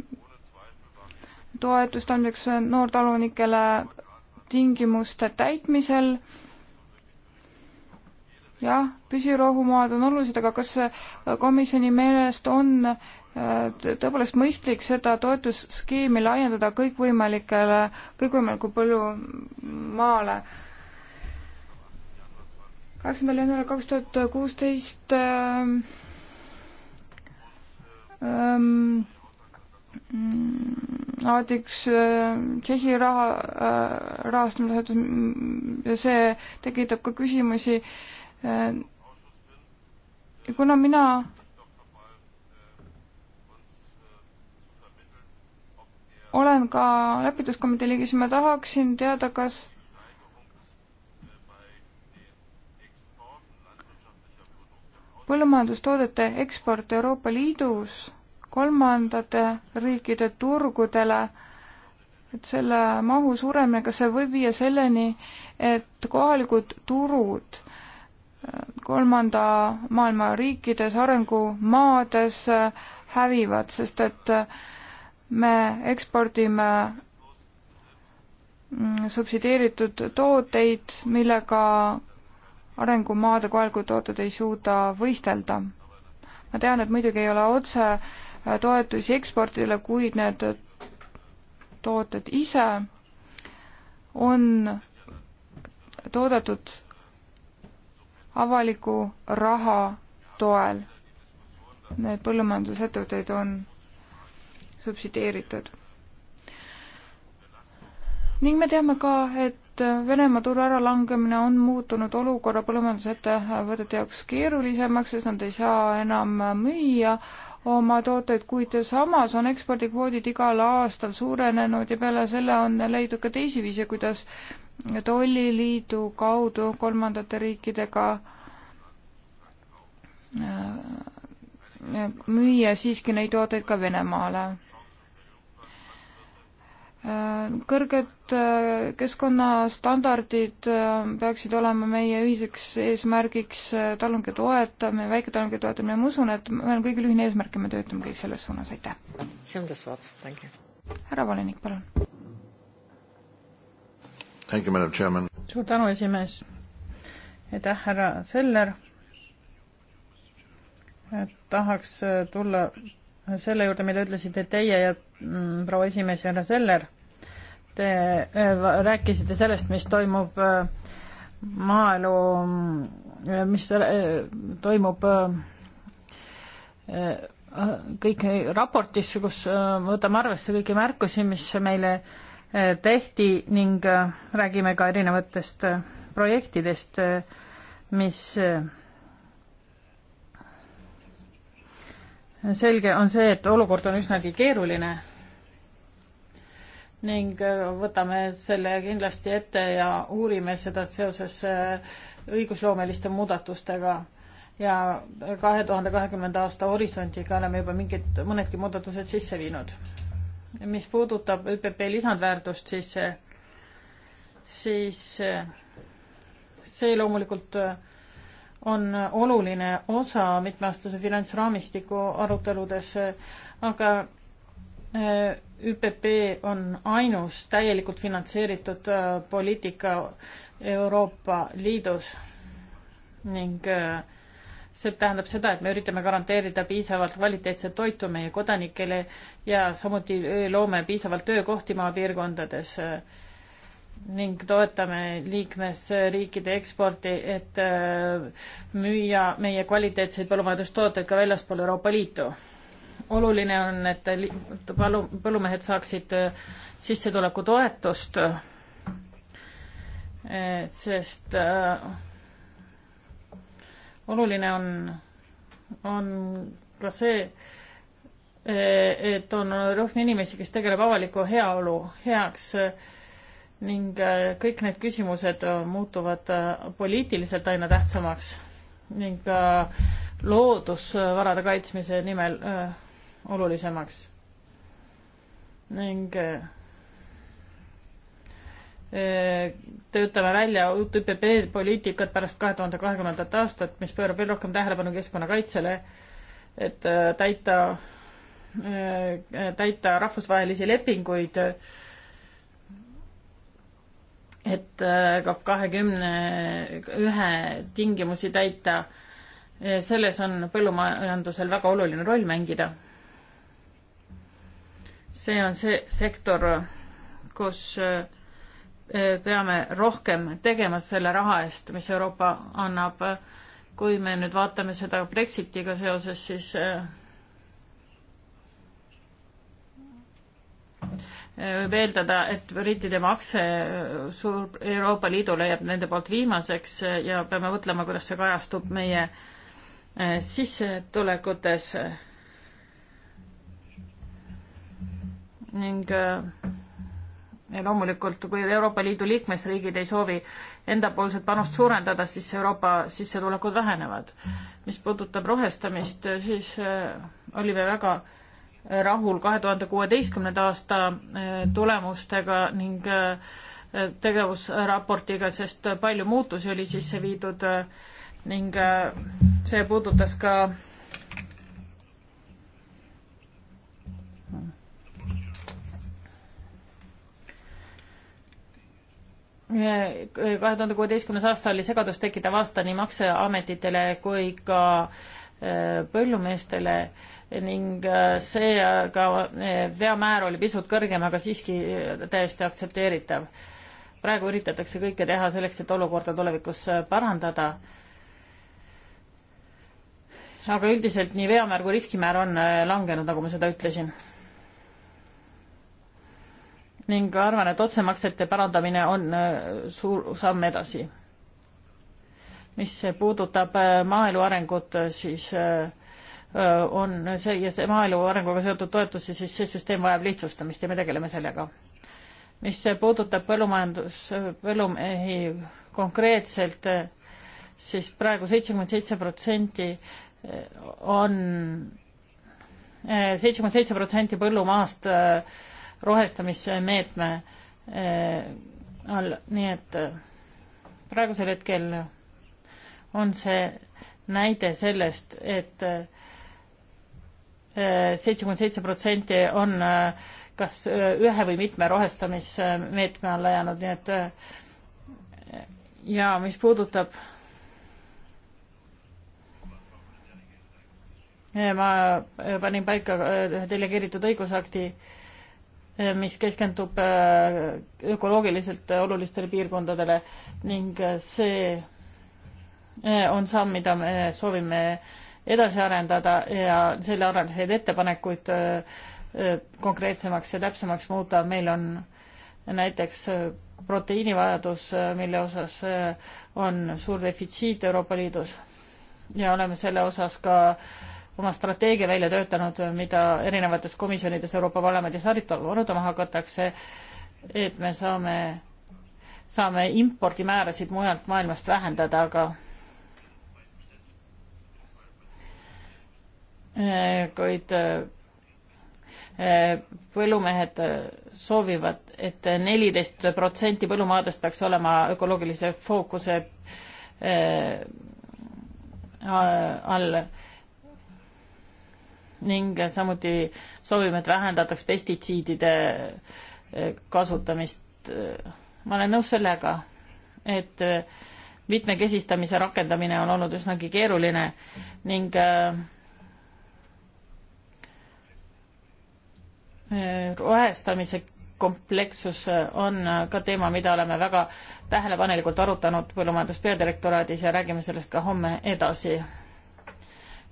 toetust andmiseks noortalunikele tingimuste täitmisel äh, jah, püsirohumaad on olulised, aga kas äh, komisjoni meelest on äh, tõepoolest mõistlik seda toetusskeemi laiendada kõikvõimalikele, kõikvõimaliku põllumaale? kaheksandal jaanuaril kaks tuhat kuusteist ähm, mm, avati üks äh, Tšehhi raha, rahastamise, see tekitab ka küsimusi äh, Äh, kuna mina olen ka läbituskomitee liige, siis ma tahaksin teada, kas põllumajandustoodete eksport Euroopa Liidus kolmandate riikide turgudele, et selle mahu suuremine, kas see võib viia selleni, et kohalikud turud kolmanda maailma riikides, arengumaades äh, hävivad, sest et äh, me ekspordime mm, subsideeritud tooteid, millega arengumaade kohalikud tooted ei suuda võistelda. ma tean, et muidugi ei ole otse äh, toetusi ekspordile, kuid need tooted ise on toodetud avaliku raha toel. Need põllumajandusettevõtteid on subsideeritud. ning me teame ka, et Venemaa turu äralangemine on muutunud olukorra põllumajandusettevõtete jaoks keerulisemaks, sest nad ei saa enam müüa oma tooteid, kuid samas on ekspordikvoodid igal aastal suurenenud ja peale selle on leidnud ka teisi viise, kuidas tolliliidu kaudu kolmandate riikidega äh, müüa siiski neid tooteid ka Venemaale. Äh, kõrged äh, keskkonnastandardid peaksid olema meie ühiseks eesmärgiks talunike toetamine, väiketalunike toetamine, ma usun, et meil on kõigil ühine eesmärk ja me töötame kõik selles suunas, aitäh! härra Valenik, palun! suur tänu, esimees. aitäh, härra Seller. tahaks tulla selle juurde, mida ütlesite teie ja mm, proua esimees ja härra Seller. Te äh, rääkisite sellest, mis toimub äh, maaelu, äh, mis toimub kõik raportis, kus võtame arvesse kõiki märkusi, mis meile äh, tehti ning äh, räägime ka erinevatest äh, projektidest, äh, mis selge on see, et olukord on üsnagi keeruline ning võtame selle kindlasti ette ja uurime seda seoses õigusloomeliste muudatustega. ja kahe tuhande kahekümnenda aasta horisondiga oleme juba mingid, mõnedki muudatused sisse viinud mis puudutab ÜPP lisandväärtust, siis, siis see loomulikult on oluline osa mitmeaastase finantsraamistiku aruteludes, aga ÜPP on ainus täielikult finantseeritud poliitika Euroopa Liidus ning äh, see tähendab seda, et me üritame garanteerida piisavalt kvaliteetset toitu meie kodanikele ja samuti loome piisavalt töökohti maapiirkondades ning toetame liikmesriikide eksporti, et äh, müüa meie kvaliteetseid põllumajandustooteid ka väljaspool Euroopa Liitu. oluline on, et palu-, põllumehed saaksid äh, sissetulekutoetust, äh, sest oluline on, on ka see, e, et on rühm inimesi, kes tegeleb avaliku heaolu heaks ning e, kõik need küsimused muutuvad e, poliitiliselt aina tähtsamaks ning ka loodusvarade kaitsmise nimel öö, olulisemaks. ning öö, töötame välja uut ÜPP poliitikat pärast kahe tuhande kahekümnendat aastat, mis pöörab veel rohkem tähelepanu keskkonnakaitsele, et äh, täita, äh, täita rahvusvahelisi lepinguid, et äh, ka kahekümne ühe tingimusi täita. selles on põllumajandusel väga oluline roll mängida. see on see sektor, kus äh, peame rohkem tegema selle raha eest, mis Euroopa annab. kui me nüüd vaatame seda Brexitiga seoses, siis äh, võib eeldada, et brittide makse suur Euroopa Liidule jääb nende poolt viimaseks ja peame mõtlema, kuidas see kajastub meie äh, sissetulekutes ning äh, ja loomulikult, kui Euroopa Liidu liikmesriigid ei soovi endapoolset panust suurendada, siis Euroopa sissetulekud vähenevad. mis puudutab rohestamist, siis äh, olime väga äh, rahul kahe tuhande kuueteistkümnenda aasta äh, tulemustega ning tegevusraportiga, sest palju muutusi oli sisse viidud ning see puudutas ka kahe tuhande kuueteistkümnes aasta oli segadust tekitav aasta nii makseametitele kui ka äh, põllumeestele ning äh, see ka äh, veamäär oli pisut kõrgem, aga siiski täiesti aktsepteeritav. praegu üritatakse kõike teha selleks, et olukorda tulevikus parandada. aga üldiselt nii veamäär kui riskimäär on langenud, nagu ma seda ütlesin ning arvan, et otsemaksete parandamine on äh, suur samm edasi. mis puudutab äh, maaelu arengut, äh, siis on see ja see maaelu arenguga seotud toetusi, siis see süsteem vajab lihtsustamist ja me tegeleme sellega. mis puudutab põllumajandus, põllumehi konkreetselt, siis praegu seitsekümmend seitse protsenti on, seitsekümmend seitse protsenti põllumaast äh, rohestamismeetme eh, all, nii et eh, praegusel hetkel on see näide sellest et, et eh, seitsekümmend seitse protsenti on kas ühe või mitme rohestamismeetme alla jäänud, nii et ja mis puudutab ma panin paika ühe delegeeritud õigusakti äh, mis keskendub äh, ökoloogiliselt olulistele piirkondadele ning äh, see äh, on samm, mida me soovime edasi arendada ja selle arenduseid ettepanekuid konkreetsemaks ja täpsemaks muuta. meil on näiteks proteiinivajadus, mille osas on suur defitsiit Euroopa Liidus ja oleme selle osas ka äh, oma strateegia välja töötanud, mida erinevates komisjonides Euroopa Parlamendis arutama hakatakse, et me saame, saame impordimäärasid mujalt maailmast vähendada, aga eh, kuid eh, eh, põllumehed soovivad et, et neliteist protsenti põllumaadest peaks olema ökoloogilise fookuse all ning samuti soovime, et vähendataks pestitsiidide eh, kasutamist. ma olen nõus sellega, et eh, mitmekesistamise rakendamine on olnud üsnagi keeruline ning eh, rohestamise komplekssus on ka teema, mida oleme väga tähelepanelikult arutanud põllumajandus peadirektoraadis ja räägime sellest ka homme edasi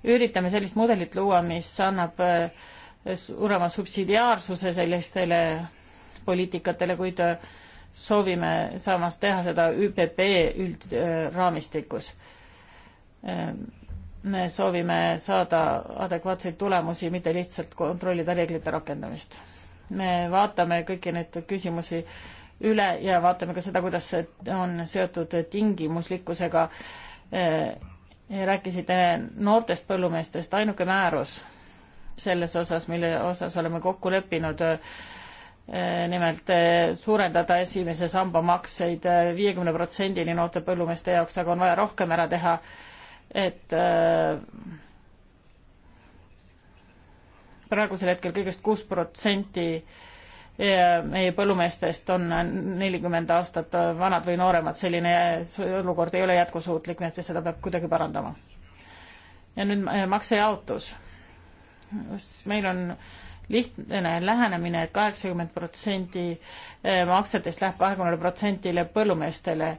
üritame sellist mudelit luua, mis annab äh, suurema subsidiaarsuse sellistele poliitikatele, kuid äh, soovime samas teha seda ÜPP üldraamistikus. Äh, me soovime saada adekvaatseid tulemusi, mitte lihtsalt kontrollida reeglite rakendamist. me vaatame kõiki neid küsimusi üle ja vaatame ka seda, kuidas see on seotud tingimuslikkusega rääkisite noortest põllumeestest, ainuke määrus selles osas, mille osas oleme kokku leppinud, eh, nimelt eh, suurendada esimese samba makseid eh, viiekümne protsendini noorte põllumeeste jaoks, aga on vaja rohkem ära teha, et praegusel hetkel kõigest kuus protsenti meie põllumeestest on nelikümmend aastat vanad või nooremad, selline olukord ei ole jätkusuutlik, nii et seda peab kuidagi parandama. ja nüüd äh, maksejaotus. meil on lihtne lähenemine et, et kaheksakümmend protsenti äh, maksetest läheb kahekümnele protsendile põllumeestele.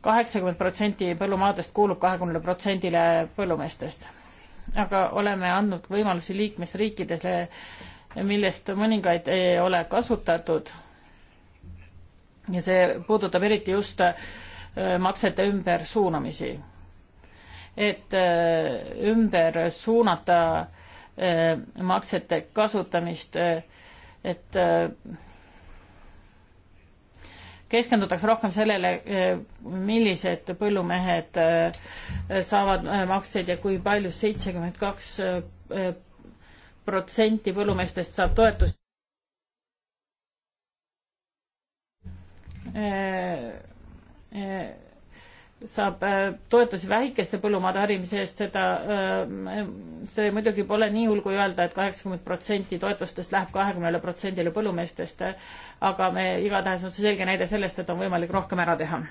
kaheksakümmend protsenti põllumaadest kuulub kahekümnele protsendile põllumeestest. aga oleme andnud võimalusi liikmesriikidele millest mõningaid ei ole kasutatud. ja see puudutab eriti just äh, maksete ümbersuunamisi. et äh, ümber suunata äh, maksete kasutamist, et keskendutakse rohkem sellele, millised põllumehed saavad makseid ja kui palju, seitsekümmend kaks protsenti põllumeestest saab toetust. Äh, äh, saab äh, toetusi väikeste põllumaade harimise eest, seda, see muidugi pole nii hull, kui öelda et, et kaheksakümmend protsenti toetustest läheb kahekümnele protsendile põllumeestest, aga me igatahes on see selge näide sellest, et on võimalik rohkem ära teha.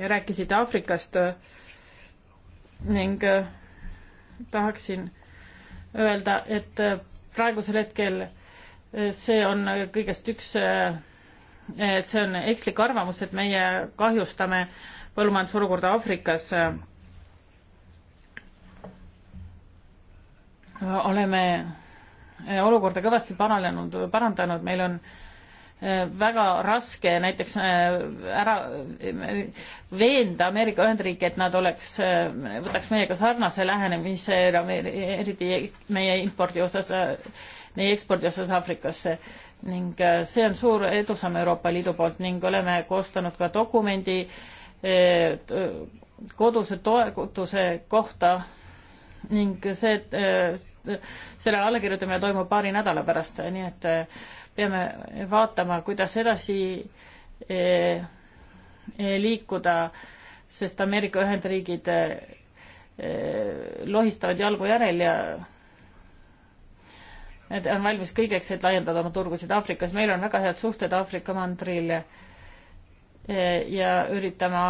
rääkisite Aafrikast ning tahaksin öelda, et äh, praegusel hetkel äh, see on kõigest üks, et äh, see on ekslik arvamus, et meie kahjustame põllumajandusolukorda Aafrikas. oleme olukorda kõvasti paranenud, parandanud, meil on äh, Äh, väga raske näiteks äh, ära äh, veenda Ameerika Ühendriike, et nad oleks, võtaks meiega sarnase lähenemise, eriti meie impordi osas, meie ekspordi osas Aafrikasse. ning see on suur edusamm Euroopa Liidu poolt ning oleme koostanud ka dokumendi koduse toetuse kohta ning see, sellele allakirjutamine toimub paari nädala pärast, nii et peame vaatama, kuidas edasi eh, liikuda, sest Ameerika Ühendriigid eh, lohistavad jalgu järel ja Need on valmis kõigeks, et laiendada oma turgusid Aafrikas. meil on väga head suhted Aafrika mandril eh, ja üritame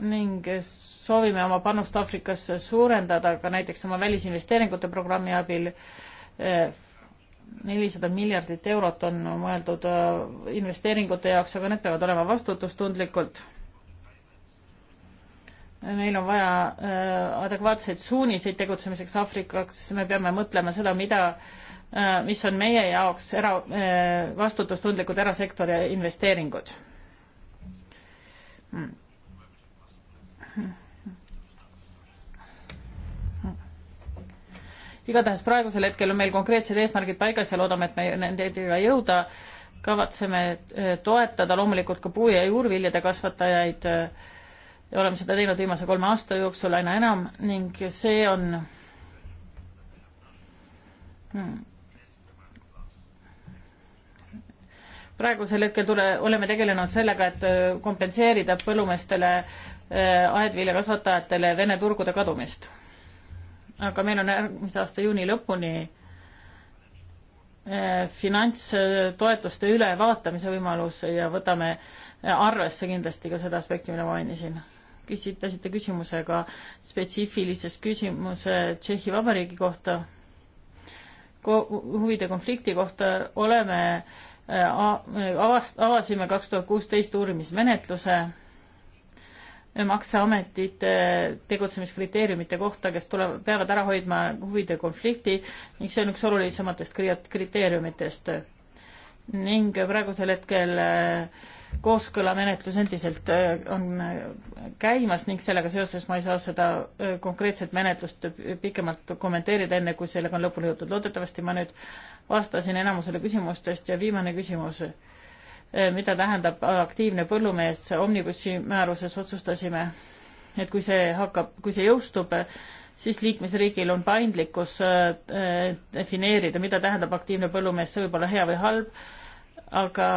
ning soovime oma panust Aafrikasse suurendada ka näiteks oma välisinvesteeringute programmi abil. nelisada miljardit eurot on mõeldud äh, investeeringute jaoks, aga need peavad olema vastutustundlikult. meil on vaja äh, adekvaatseid suuniseid tegutsemiseks Aafrikaks, me peame mõtlema seda, mida äh, mis on meie jaoks era, vastutustundlikud erasektori investeeringud hmm igatahes praegusel hetkel on meil konkreetsed eesmärgid paigas ja loodame, et me nendega jõuda. kavatseme eh, toetada loomulikult ka puu- ja juurviljade kasvatajaid eh, ja oleme seda teinud viimase kolme aasta jooksul aina enam ning see on hmm. praegusel hetkel tule, oleme tegelenud sellega, et eh, kompenseerida põllumeestele, aedviljakasvatajatele Vene turgude kadumist aga meil on järgmise aasta juuni lõpuni eh, finantstoetuste ülevaatamise võimalus ja võtame arvesse kindlasti ka seda aspekti, mille mainisin. küsitasite küsimusega spetsiifilises küsimuse Tšehhi Vabariigi kohta Ko, huvide konflikti kohta oleme eh, avast-, avasime kaks tuhat kuusteist uurimismenetluse makseametite tegutsemiskriteeriumite kohta, kes tulevad, peavad ära hoidma huvide konflikti ning see on üks olulisematest kriteeriumitest. ning praegusel hetkel äh, kooskõlamenetlus endiselt äh, on äh, käimas ning sellega seoses ma ei saa seda konkreetset menetlust pikemalt kommenteerida, enne kui sellega on lõpule jõutud. loodetavasti ma nüüd vastasin enamusele küsimustest ja viimane küsimus Äh, mida tähendab aktiivne põllumees, omnibussi määruses otsustasime, et kui see hakkab, kui see jõustub, siis liikmesriigil on paindlikkus äh, defineerida, mida tähendab aktiivne põllumees, see võib olla hea või halb, aga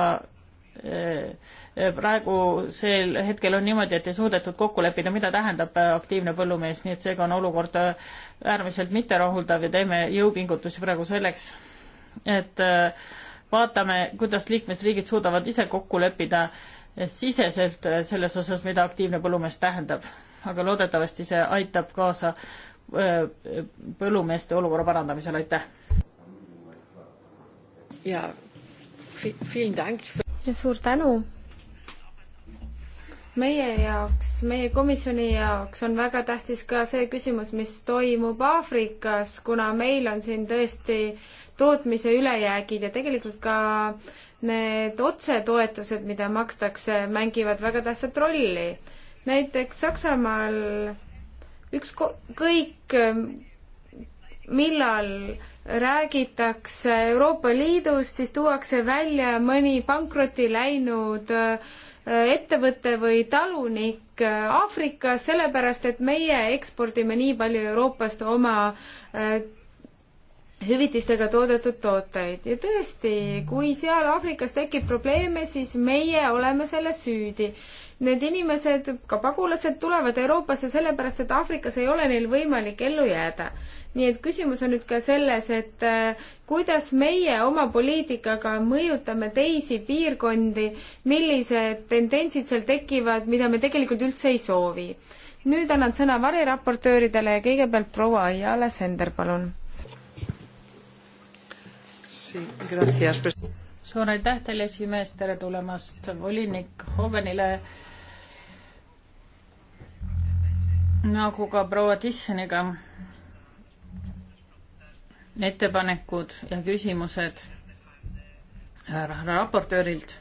äh, praegusel hetkel on niimoodi, et ei suudetud kokku leppida, mida tähendab aktiivne põllumees, nii et seega on olukord äärmiselt mitterahuldav ja teeme jõupingutusi praegu selleks, et äh, vaatame, kuidas liikmesriigid suudavad ise kokku leppida siseselt selles osas, mida aktiivne põllumees tähendab. aga loodetavasti see aitab kaasa põllumeeste olukorra parandamisele, aitäh! ja ja suur tänu! meie jaoks, meie komisjoni jaoks on väga tähtis ka see küsimus, mis toimub Aafrikas, kuna meil on siin tõesti tootmise ülejäägid ja tegelikult ka need otsetoetused, mida makstakse, mängivad väga tähtsat rolli. näiteks Saksamaal ükskõik millal räägitakse Euroopa Liidust, siis tuuakse välja mõni pankrotti läinud äh, ettevõte või talunik äh, Aafrikas, sellepärast et meie ekspordime nii palju Euroopast oma äh, hüvitistega toodetud tooteid ja tõesti, kui seal Aafrikas tekib probleeme, siis meie oleme selles süüdi. Need inimesed, ka pagulased, tulevad Euroopasse sellepärast, et Aafrikas ei ole neil võimalik ellu jääda. nii et küsimus on nüüd ka selles, et äh, kuidas meie oma poliitikaga mõjutame teisi piirkondi, millised tendentsid seal tekivad, mida me tegelikult üldse ei soovi. nüüd annan sõna variraportööridele ja kõigepealt proua Ayala Sender, palun suur aitäh teile, esimees, tere tulemast volinik Hoganile. nagu ka proua Tissoniga, ettepanekud ja küsimused härra raportöörilt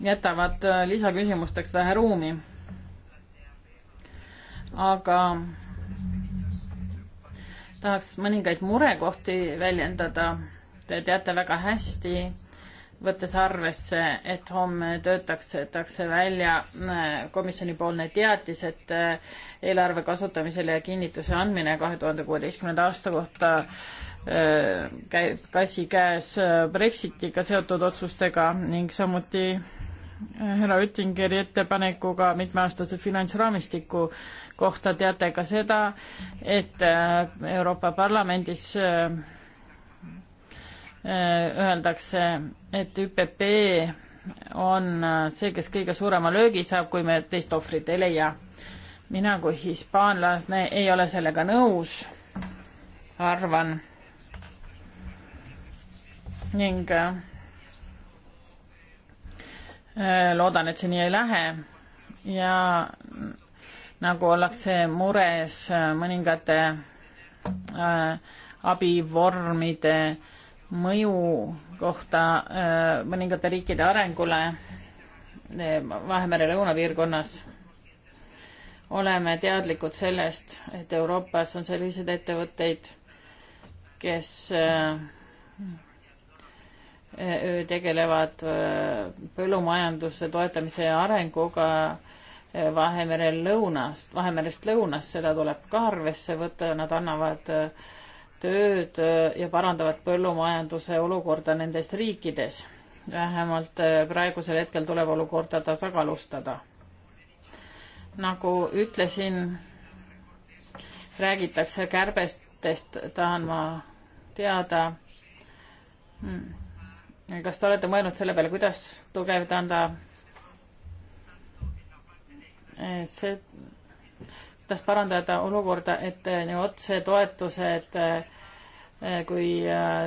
jätavad äh, lisaküsimusteks vähe ruumi. aga tahaks mõningaid murekohti väljendada. Te teate väga hästi, võttes arvesse, et homme töötatakse välja äh, komisjonipoolne teatis, et äh, eelarve kasutamisele ja kinnituse andmine kahe tuhande kuueteistkümnenda aasta kohta äh, käib käsikäes Brexitiga seotud otsustega ning samuti härra Oettingeri ettepanekuga mitmeaastase finantsraamistiku kohta teate ka seda, et äh, Euroopa Parlamendis äh, äh, öeldakse, et ÜPP on see, kes kõige suurema löögi saab, kui me teist ohvrit ei leia. mina kui hispaanlane ei ole sellega nõus, arvan. ning loodan, et see nii ei lähe ja nagu ollakse mures äh, mõningate äh, abivormide mõju kohta äh, mõningate riikide arengule Vahemere lõunapiirkonnas. oleme teadlikud sellest, et Euroopas on selliseid ettevõtteid, kes tegelevad põllumajanduse toetamise ja arenguga Vahemere lõunast, Vahemerest lõunas, seda tuleb ka arvesse võtta, nad annavad äh, tööd äh, ja parandavad põllumajanduse olukorda nendes riikides. vähemalt äh, praegusel hetkel tuleb olukorda tasakaalustada. nagu ütlesin, räägitakse kärbestest, tahan ma teada, hmm, kas te olete mõelnud selle peale, kuidas tugevdada see, kuidas parandada olukorda, et eh, nii otsetoetused eh, eh, kui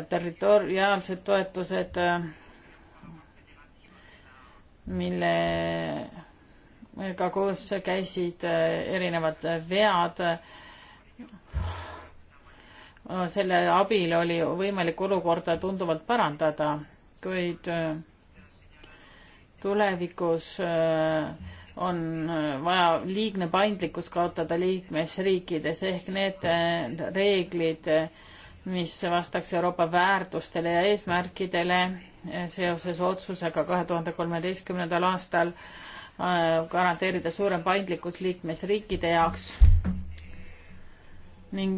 territoriaalsed toetused, millega koos käisid erinevad vead, selle abil oli võimalik olukorda tunduvalt parandada, kuid tulevikus äh, on äh, vaja liigne paindlikkus kaotada liikmesriikides ehk need äh, reeglid, äh, mis vastaks Euroopa väärtustele ja eesmärkidele seoses otsusega kahe tuhande kolmeteistkümnendal aastal garanteerida suurem paindlikkus liikmesriikide jaoks ning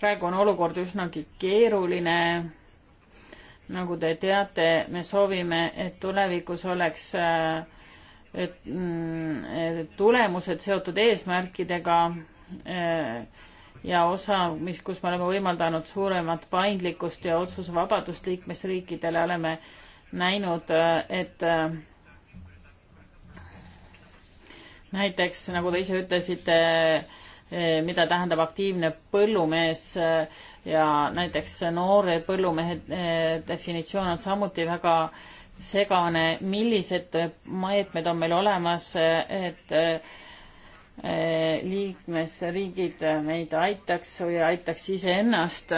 praegu on olukord üsnagi keeruline nagu te teate, me soovime, et tulevikus oleks äh, et, mm, et tulemused seotud eesmärkidega äh, ja osa, mis, kus me oleme võimaldanud suuremat paindlikkust ja otsusevabadust liikmesriikidele, oleme näinud, äh, et näiteks nagu te ise ütlesite, Eh, mida tähendab aktiivne põllumees eh, ja näiteks noore põllumehe eh, definitsioon on samuti väga segane, millised meetmed on meil olemas, et liikmesriigid meid aitaks või aitaks iseennast.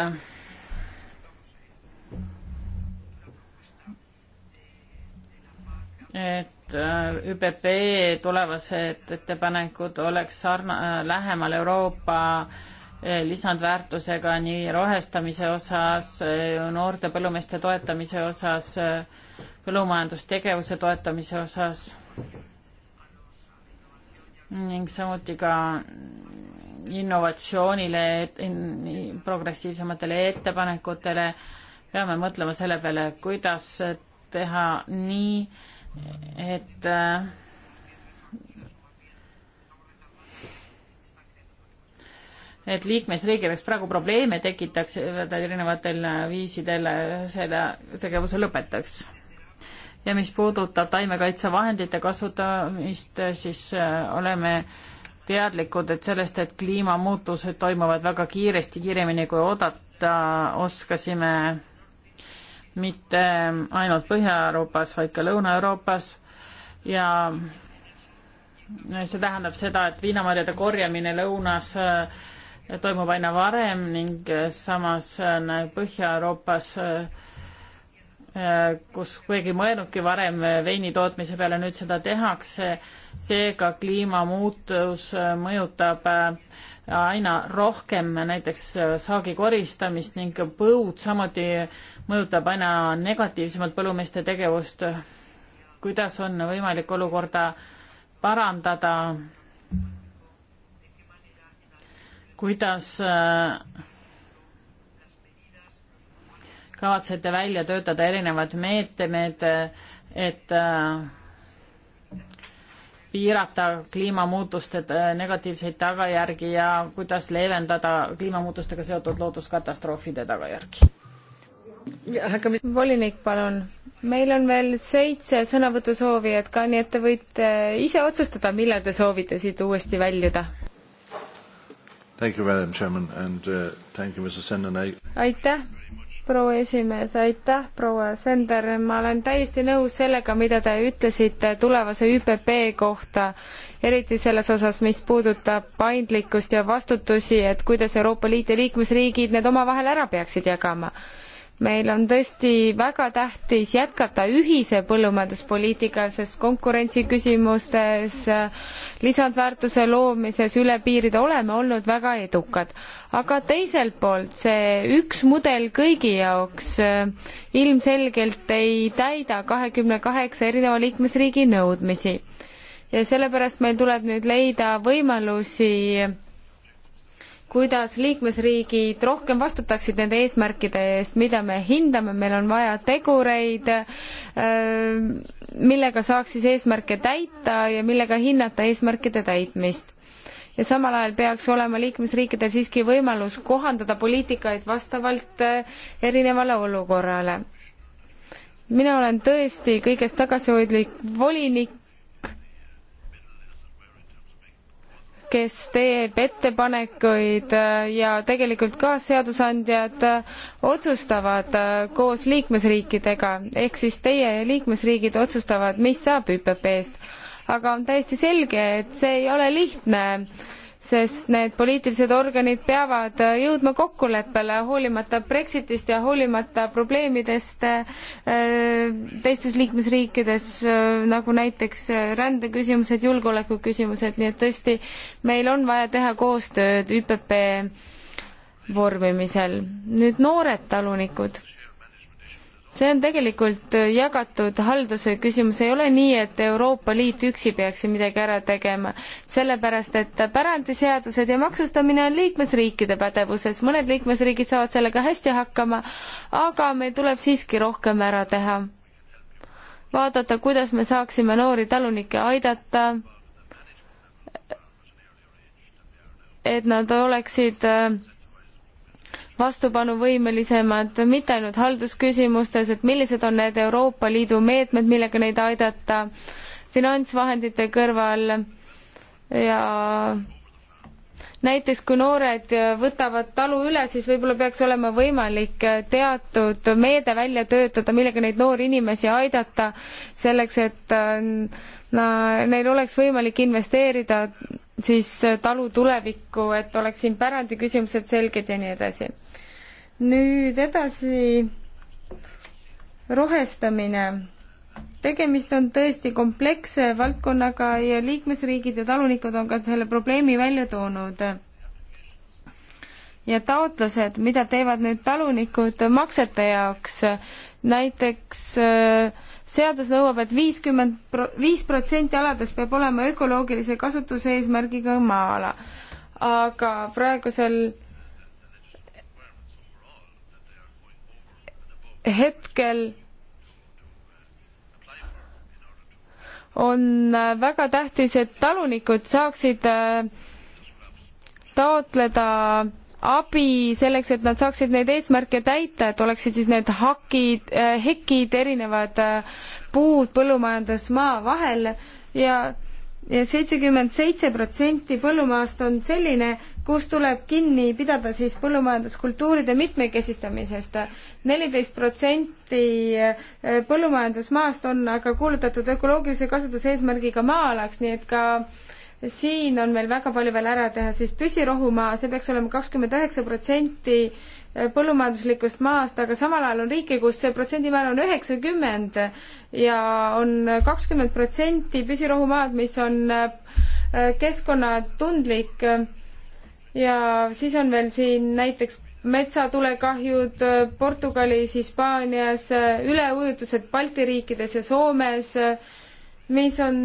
et Äh, ÜPP tulevased ettepanekud oleks sarna-, äh, lähemal Euroopa äh, lisandväärtusega nii rohestamise osas, noorte põllumeeste toetamise osas, põllumajandustegevuse toetamise osas ning samuti ka innovatsioonile, progressiivsematele ettepanekutele, peame mõtlema selle peale, kuidas teha nii, et äh, et liikmesriigil oleks praegu probleeme tekitaks erinevatel viisidel selle tegevuse lõpetaks. ja mis puudutab taimekaitsevahendite kasutamist, siis äh, oleme teadlikud, et sellest, et kliimamuutused toimuvad väga kiiresti, kiiremini kui oodata oskasime mitte ainult Põhja-Euroopas, vaid ka Lõuna-Euroopas ja see tähendab seda, et viinamarjade korjamine lõunas äh, toimub aina varem ning äh, samas äh, Põhja-Euroopas äh, Äh, kus keegi ei mõelnudki varem äh, veini tootmise peale, nüüd seda tehakse. seega kliimamuutus äh, mõjutab aina rohkem näiteks saagi koristamist ning põud samuti mõjutab aina negatiivsemalt põllumeeste tegevust. kuidas on võimalik olukorda parandada? kuidas äh, kavatsete välja töötada erinevad meetmed, et äh, piirata kliimamuutuste äh, negatiivseid tagajärgi ja kuidas leevendada kliimamuutustega seotud looduskatastroofide tagajärgi? volinik, palun. meil on veel seitse sõnavõtusoovijat ka, nii et te võite ise otsustada, millal te soovite siit uuesti väljuda. Uh, aitäh, proua esimees, aitäh, proua Sender, ma olen täiesti nõus sellega, mida te ütlesite tulevase ÜPP kohta, eriti selles osas, mis puudutab paindlikkust ja vastutusi, et kuidas Euroopa Liit ja liikmesriigid need omavahel ära peaksid jagama meil on tõesti väga tähtis jätkata ühise põllumajanduspoliitika, sest konkurentsiküsimustes, lisandväärtuse loomises üle piiride oleme olnud väga edukad. aga teiselt poolt see üks mudel kõigi jaoks eh, ilmselgelt ei täida kahekümne kaheksa erineva liikmesriigi nõudmisi. ja sellepärast meil tuleb nüüd leida võimalusi kuidas liikmesriigid rohkem vastutaksid nende eesmärkide eest, mida me hindame, meil on vaja tegureid, millega saaks siis eesmärke täita ja millega hinnata eesmärkide täitmist ja samal ajal peaks olema liikmesriikidel siiski võimalus kohandada poliitikaid vastavalt eh, erinevale olukorrale. mina olen tõesti kõigest tagasihoidlik volinik kes teeb ettepanekuid äh, ja tegelikult ka seadusandjad äh, otsustavad äh, koos liikmesriikidega, ehk siis teie ja liikmesriigid otsustavad, mis saab ÜPP-st. aga on täiesti selge, et see ei ole lihtne sest need poliitilised organid peavad jõudma kokkuleppele hoolimata Brexitist ja hoolimata probleemidest äh, teistes liikmesriikides, äh, nagu näiteks äh, rändeküsimused, julgeolekuküsimused, nii et tõesti, meil on vaja teha koostööd ÜPP vormimisel. nüüd noored talunikud see on tegelikult äh, jagatud halduse küsimus, ei ole nii, et Euroopa Liit üksi peaks siin midagi ära tegema, sellepärast et pärandiseadused ja maksustamine on liikmesriikide pädevuses, mõned liikmesriigid saavad sellega hästi hakkama, aga meil tuleb siiski rohkem ära teha. vaadata, kuidas me saaksime noori talunikke aidata, et nad oleksid äh, vastupanuvõimelisemad mitte ainult haldusküsimustes, et millised on need Euroopa Liidu meetmed, millega neid aidata finantsvahendite kõrval ja näiteks kui noored võtavad talu üle, siis võib-olla peaks olema võimalik teatud meede välja töötada, millega neid noori inimesi aidata, selleks et äh, na, neil oleks võimalik investeerida siis äh, talu tulevikku, et oleks siin pärandiküsimused selged ja nii edasi. nüüd edasi, rohestamine. tegemist on tõesti kompleksse valdkonnaga ja liikmesriigid ja talunikud on ka selle probleemi välja toonud. ja taotlused, mida teevad nüüd talunikud maksete jaoks, näiteks äh, seadus nõuab et, et viiskümmend, viis protsenti aladest peab olema ökoloogilise kasutuse eesmärgiga maa-ala. aga praegusel hetkel on väga tähtis, et talunikud saaksid äh, taotleda äh, abi selleks, et nad saaksid neid eesmärke täita, et oleksid siis need hakid, äh, hekid, erinevad äh, puud põllumajandusmaa vahel ja ja seitsekümmend seitse protsenti põllumaast on selline, kus tuleb kinni pidada siis põllumajanduskultuuride mitmekesistamisest. neliteist protsenti äh, põllumajandusmaast on aga kuulutatud ökoloogilise kasutuse eesmärgiga maa-alaks, nii et ka äh, siin on meil väga palju veel ära teha, siis püsirohumaa, see peaks olema kakskümmend üheksa protsenti põllumajanduslikust maast, aga samal ajal on riike, kus see protsendimäär on üheksakümmend ja on kakskümmend protsenti püsirohumaad, mis on äh, keskkonnatundlik. ja siis on veel siin näiteks metsatulekahjud äh, Portugalis, Hispaanias, äh, üleujutused Balti riikides ja Soomes, mis on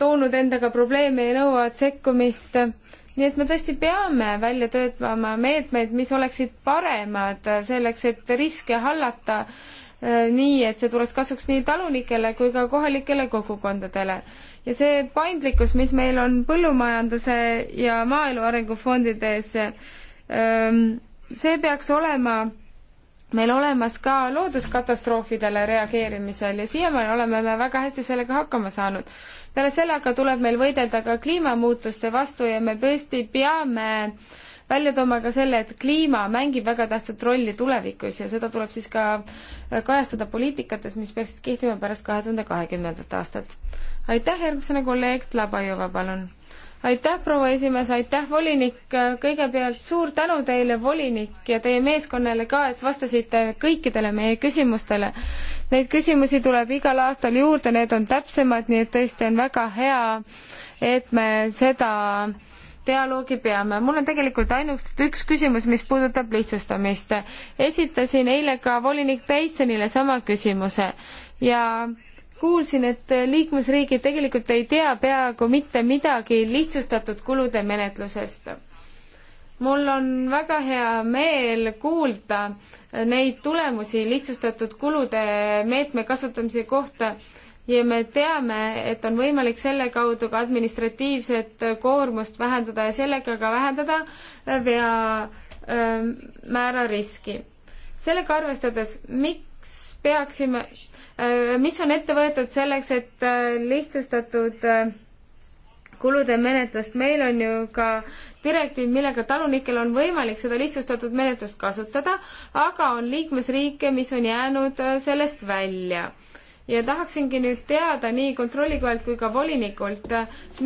toonud endaga probleeme ja nõuavad sekkumist. nii et me tõesti peame välja töötama meetmeid, mis oleksid paremad selleks, et riske hallata äh, nii, et see tuleks kasuks nii talunikele kui ka kohalikele kogukondadele. ja see paindlikkus, mis meil on põllumajanduse ja maaelu arengu fondides, ähm, see peaks olema meil olemas ka looduskatastroofidele reageerimisel ja siiamaani oleme me väga hästi sellega hakkama saanud. peale selle aga tuleb meil võidelda ka kliimamuutuste vastu ja me tõesti peame välja tooma ka selle, et kliima mängib väga tähtsat rolli tulevikus ja seda tuleb siis ka kajastada poliitikates, mis peaksid kehtima pärast kahe tuhande kahekümnendat aastat. aitäh, järgmisena kolleeg Tlabajova, palun aitäh, proua esimees, aitäh, volinik, kõigepealt suur tänu teile, volinik, ja teie meeskonnale ka, et vastasite kõikidele meie küsimustele. Neid küsimusi tuleb igal aastal juurde, need on täpsemad, nii et tõesti on väga hea, et me seda dialoogi peame. mul on tegelikult ainult üks küsimus, mis puudutab lihtsustamist. esitasin eile ka volinik Tysonile sama küsimuse ja kuulsin, et liikmesriigid tegelikult ei tea peaaegu mitte midagi lihtsustatud kulude menetlusest. mul on väga hea meel kuulda neid tulemusi lihtsustatud kulude meetme kasutamise kohta ja me teame, et on võimalik selle kaudu ka administratiivset koormust vähendada ja sellega ka vähendada vea määra riski. sellega arvestades, miks peaksime Äh, mis on ette võetud selleks, et äh, lihtsustatud äh, kulude menetlust, meil on ju ka direktiiv, millega talunikel on võimalik seda lihtsustatud menetlust kasutada, aga on liikmesriike, mis on jäänud sellest välja ja tahaksingi nüüd teada nii kontrollikojalt kui ka volinikult,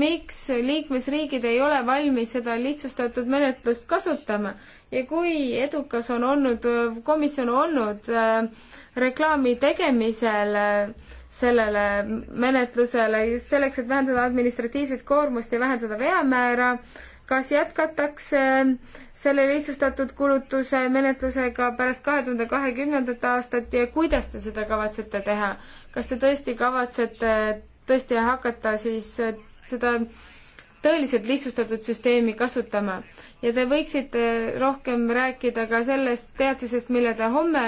miks liikmesriigid ei ole valmis seda lihtsustatud menetlust kasutama ja kui edukas on olnud komisjon olnud äh, reklaami tegemisel äh, sellele menetlusele just selleks, et vähendada administratiivset koormust ja vähendada veamäära äh,, kas jätkatakse selle lihtsustatud kulutuse menetlusega pärast kahe tuhande kahekümnendat aastat ja kuidas te seda kavatsete teha? kas te tõesti kavatsete tõesti hakata siis seda tõeliselt lihtsustatud süsteemi kasutama. ja te võiksite rohkem rääkida ka sellest teatisest, mille te homme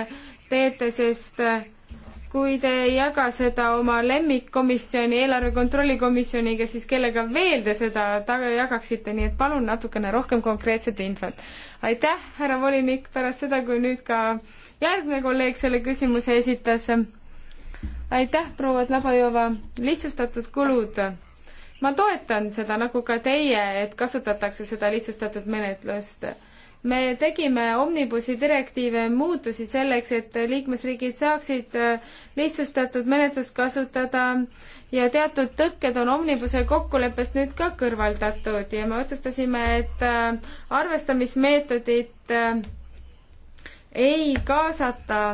teete, sest kui te ei jaga seda oma lemmikkomisjoni, eelarve kontrolli komisjoniga, siis kellega veel te seda taga jagaksite, nii et palun natukene rohkem konkreetset infot. aitäh, härra volinik, pärast seda, kui nüüd ka järgmine kolleeg selle küsimuse esitas. aitäh, proua Tlabajova, lihtsustatud kulud. ma toetan seda, nagu ka teie, et kasutatakse seda lihtsustatud menetlust me tegime omnibusi direktiive muutusi selleks, et liikmesriigid saaksid äh, lihtsustatud menetlust kasutada ja teatud tõkked on omnibuse kokkuleppest nüüd ka kõrvaldatud ja me otsustasime, et äh, arvestamismeetodit äh, ei kaasata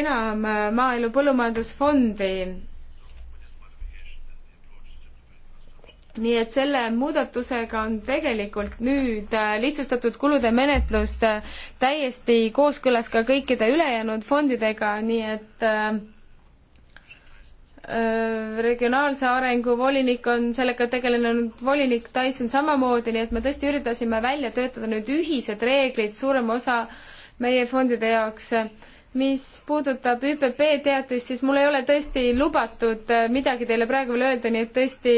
enam Maaelu Põllumajandusfondi nii et selle muudatusega on tegelikult nüüd äh, lihtsustatud kulude menetlus äh, täiesti kooskõlas ka kõikide ülejäänud fondidega, nii et äh, äh, regionaalse arengu volinik on sellega tegelenud, volinik Tyson samamoodi, nii et me tõesti üritasime välja töötada nüüd ühised reeglid suurema osa meie fondide jaoks äh, mis puudutab ÜPP teatist, siis mul ei ole tõesti lubatud äh, midagi teile praegu veel öelda, nii et tõesti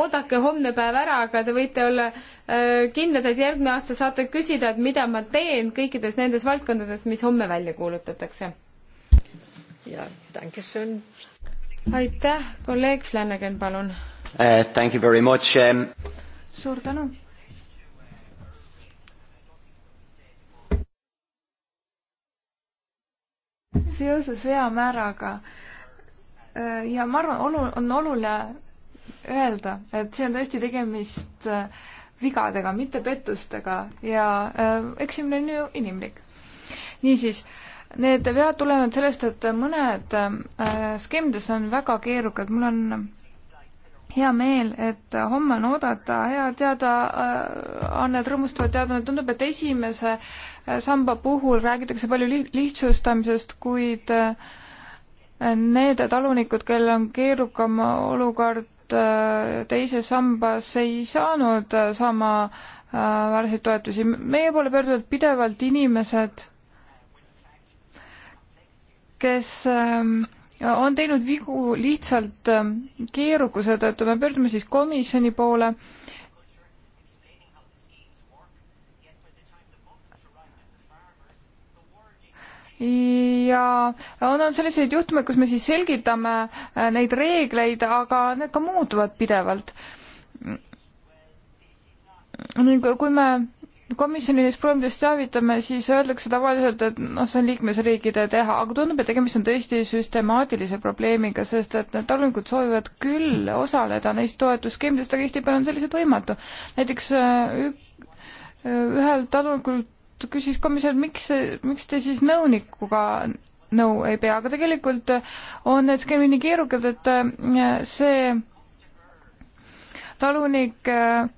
oodake homne päev ära, aga te võite olla äh, kindlad, et järgmine aasta saate küsida, et mida ma teen kõikides nendes valdkondades, mis homme välja kuulutatakse. jaa, tänkešön. aitäh, kolleeg Flanagan, palun uh,. Thank you very much um.... suur tänu seoses veamääraga äh, ja ma arvan, olu-, on oluline öelda, et siin on tõesti tegemist äh, vigadega, mitte pettustega ja äh, eksimine on ju inimlik. niisiis, need vead tulevad sellest, et mõned skeemides on väga keerukad, mul on hea meel, et homme on oodata hea teadaannet, rõõmustavat teadaannet, tundub, et esimese äh, samba puhul räägitakse palju lihtsustamisest, kuid äh, need talunikud, kellel on keerukam olukord äh, teises sambas, ei saanud äh, sama väärseid toetusi. meie poole pöörduvad pidevalt inimesed, kes ähm, on teinud vigu lihtsalt ähm, keerukuse tõttu. me pöördume siis komisjoni poole äh, ja on, on selliseid juhtumeid, kus me siis selgitame äh, neid reegleid, aga need ka muutuvad pidevalt. kui me komisjonides probleemidest teavitame, siis öeldakse tavaliselt, et noh, see on liikmesriikide teha, aga tundub, et tegemist on tõesti süstemaatilise probleemiga, sest et need talunikud soovivad küll osaleda neist toetusskeemidest, aga tihtipeale on see lihtsalt võimatu. näiteks äh, ühel talunikul küsis komisjon, miks, miks te siis nõunikuga nõu ei pea, aga tegelikult on need skeemid nii keerukad, et äh, see talunik äh,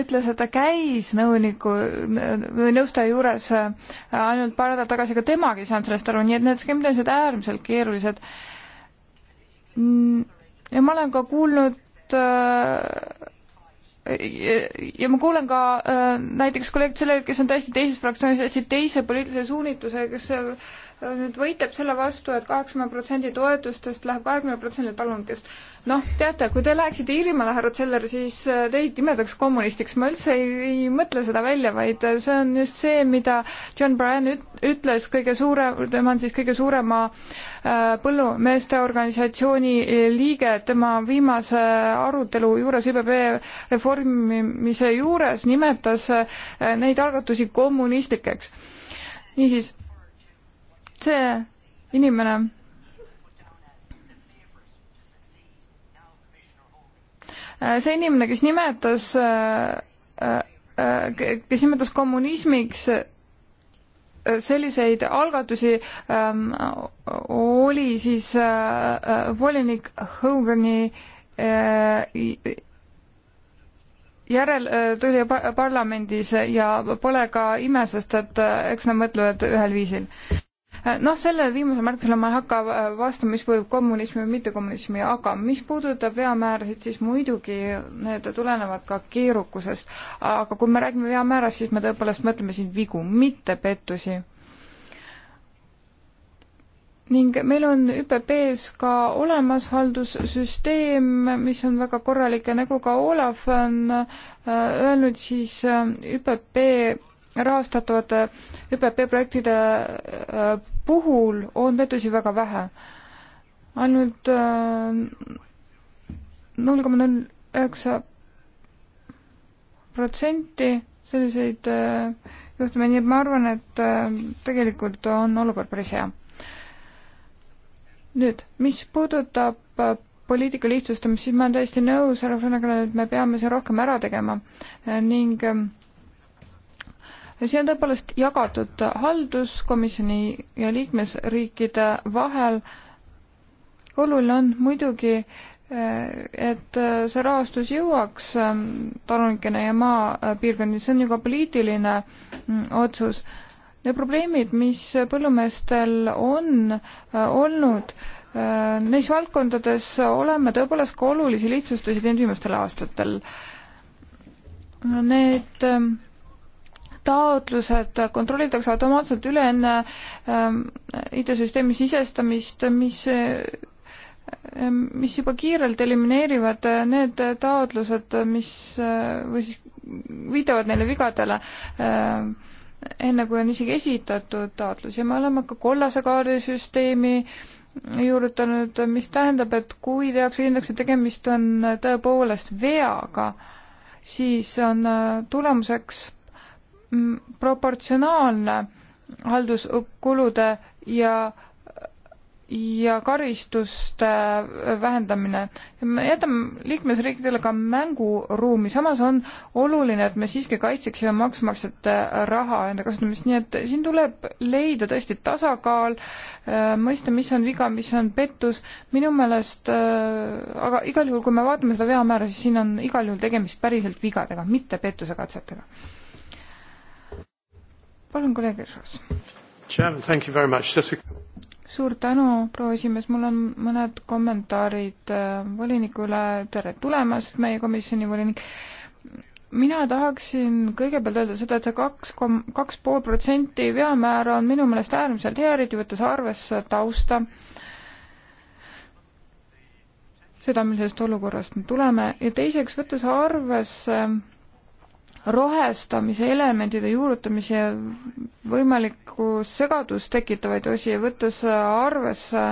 ütles, et ta käis nõuniku või nõustaja juures äh, ainult paar nädalat tagasi, aga temagi ei saanud sellest aru, nii et need skeemid on lihtsalt äärmiselt keerulised. Mm, ja ma olen ka kuulnud ja ma kuulen ka äh, näiteks kolleeg Tseller, kes on täiesti teises fraktsioonis, täiesti teise poliitilise suunitluse, kes nüüd võitleb selle vastu et, et kaheksakümmend protsenti toetustest läheb kahekümne protsendile talumikest. noh, teate, kui te läheksite Iirimaale, härra Zeller, siis äh, teid nimetaks kommunistiks, ma üldse ei, ei mõtle seda välja, vaid äh, see on just see, mida John Bryan ütles kõige suurem, tema on siis kõige suurema äh, põllumeeste organisatsiooni liige, tema viimase arutelu juures, ÜBB reformimise juures nimetas neid algatusi kommunistlikeks. niisiis see inimene äh, see inimene, kes nimetas, äh, äh, kes nimetas kommunismiks selliseid algatusi, ähm, oli siis volinik Hogani järel tuli parlamendis ja pole ka ime, sest et eks nad mõtlevad ühel viisil. Äh, noh, sellele viimasele märkusele ma ei hakka äh, vastama, mis puudutab kommunismi või mittekommunismi, aga mis puudutab veamäärasid, siis muidugi need tulenevad ka keerukusest. aga kui me räägime veamäärast, siis me tõepoolest mõtleme siin vigu, mitte pettusi. ning meil on ÜPP-s ka olemas haldussüsteem, mis on väga korralik ja nagu ka Olav on äh, öelnud, siis ÜPP rahastatavate ÜPP projektide puhul on pettusi väga vähe ainult, ainult äh, null koma null üheksa protsenti selliseid äh, juhtumeid, nii et ma arvan, et äh, tegelikult on olukord päris hea. nüüd, mis puudutab poliitika lihtsustamist, siis ma olen täiesti nõus härra Flanaganiga, et me peame siin rohkem ära tegema ning äh, see on tõepoolest jagatud halduskomisjoni ja liikmesriikide vahel. oluline on muidugi, eh, et see rahastus jõuaks eh, talunikena ja maapiirkondadeni, see on ju ka poliitiline mm, otsus. Need probleemid, mis põllumeestel on eh, olnud, neis valdkondades oleme tõepoolest ka olulisi lihtsustusi teinud viimastel aastatel. Need taotlused kontrollitakse automaatselt üle enne ähm, IT-süsteemi sisestamist, mis äh, mis juba kiirelt elimineerivad äh, need taotlused, mis äh, või siis viitavad neile vigadele, enne kui on isegi esitatud taotlus ja me oleme ka kollase kaardi süsteemi juurutanud, mis tähendab, et kui tehakse kindlaks, et tegemist on tõepoolest veaga, siis on tulemuseks Mm, proportsionaalne halduskulude ja ja karistuste vähendamine. me jätame liikmesriikidele ka mänguruumi, samas on oluline, et me siiski kaitseksime maksumaksjate raha enda kasutamist, nii et siin tuleb leida tõesti tasakaal, äh, mõista, mis on viga, mis on pettus, minu meelest äh, aga igal juhul, kui me vaatame seda veamäära, siis siin on igal juhul tegemist päriselt vigadega, mitte pettusekatsetega palun, kolleeg Ersas. suur tänu, proua esimees, mul on mõned kommentaarid äh, volinikule, tere tulemast, meie komisjoni volinik mina tahaksin kõigepealt öelda seda, et see kaks kom-, kaks pool protsenti veamäär on minu meelest äärmiselt hea, eriti võttes arvesse tausta, seda, millisest olukorrast me tuleme, ja teiseks, võttes arvesse äh, rohestamise elementide juurutamise võimalikku segadust tekitavaid osi ja võttes arvesse,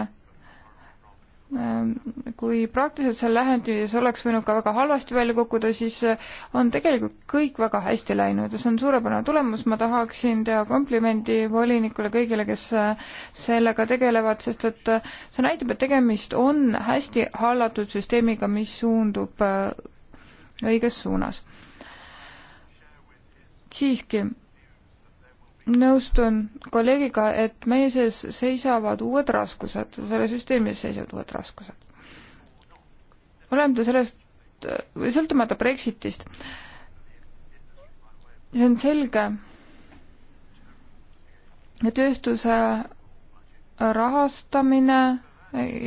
ähm, kui praktiliselt seal lähendides oleks võinud ka väga halvasti välja kukkuda, siis äh, on tegelikult kõik väga hästi läinud ja see on suurepärane tulemus, ma tahaksin teha komplimendi volinikule kõigile, kes äh, sellega tegelevad, sest et äh, see näitab, et tegemist on hästi hallatud süsteemiga, mis suundub õiges suunas siiski nõustun kolleegiga, et meie sees seisavad uued raskused, selle süsteemi sees seisavad uued raskused. olemata sellest, või sõltumata Brexitist, see on selge, tööstuse rahastamine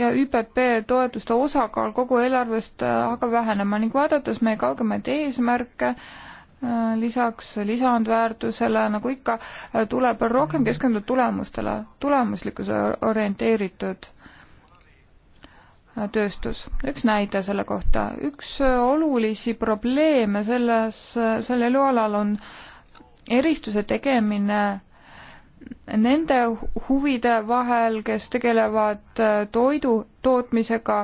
ja ÜPP toetuste osakaal kogu eelarvest hakkab vähenema ning vaadates meie kaugemaid eesmärke äh,, Äh, lisaks lisandväärtusele, nagu ikka, äh, tuleb rohkem keskenduda tulemustele, tulemuslikkuse orienteeritud äh, tööstus. üks näide selle kohta, üks olulisi probleeme selles, sellel alal on eristuse tegemine nende huvide vahel, kes tegelevad äh, toidu tootmisega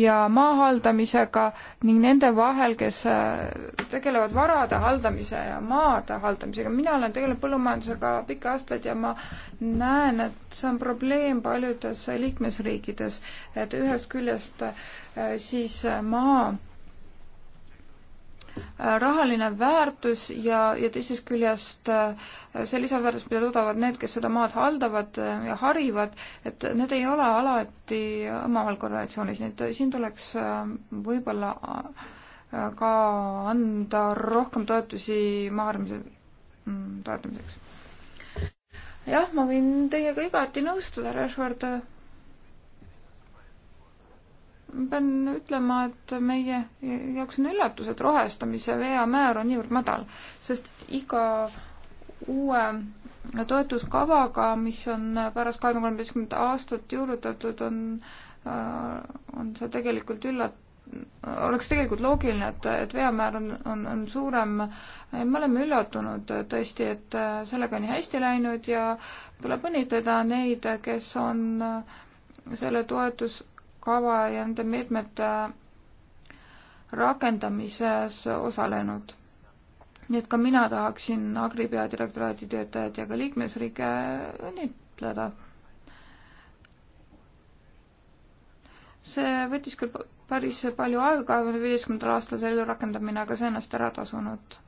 ja maa haldamisega ning nende vahel, kes äh, tegelevad varade haldamise ja maade haldamisega. mina olen tegelenud põllumajandusega pikki aastaid ja ma näen, et see on probleem paljudes liikmesriikides, et ühest küljest äh, siis maa rahaline väärtus ja, ja teisest küljest äh, see lisaväärtus, mida toodavad need, kes seda maad haldavad äh, ja harivad, et need ei ole alati omavahel korrelatsioonis, nii et äh, siin tuleks võib-olla ka anda rohkem toetusi maaharimise mm, toetamiseks. jah, ma võin teiega igati nõustuda, Rešvard ma pean ütlema, et meie jaoks on üllatus, et rohestamise veamäär on niivõrd madal, sest iga uue toetuskavaga, mis on pärast kahekümne kolmeteistkümnendat aastat juurutatud, on, on see tegelikult üllat-, oleks tegelikult loogiline, et, et veamäär on, on, on suurem. me oleme üllatunud tõesti, et sellega on nii hästi läinud ja tuleb õnnitleda neid, kes on selle toetus kava ja nende meetmete rakendamises osalenud. nii et ka mina tahaksin Agri peadirektoraadi töötajaid ja ka liikmesriike õnnitleda. see võttis küll päris palju aega, kahe tuhande viieteistkümnendal aastal selle rakendamine, aga see ennast ära tasunud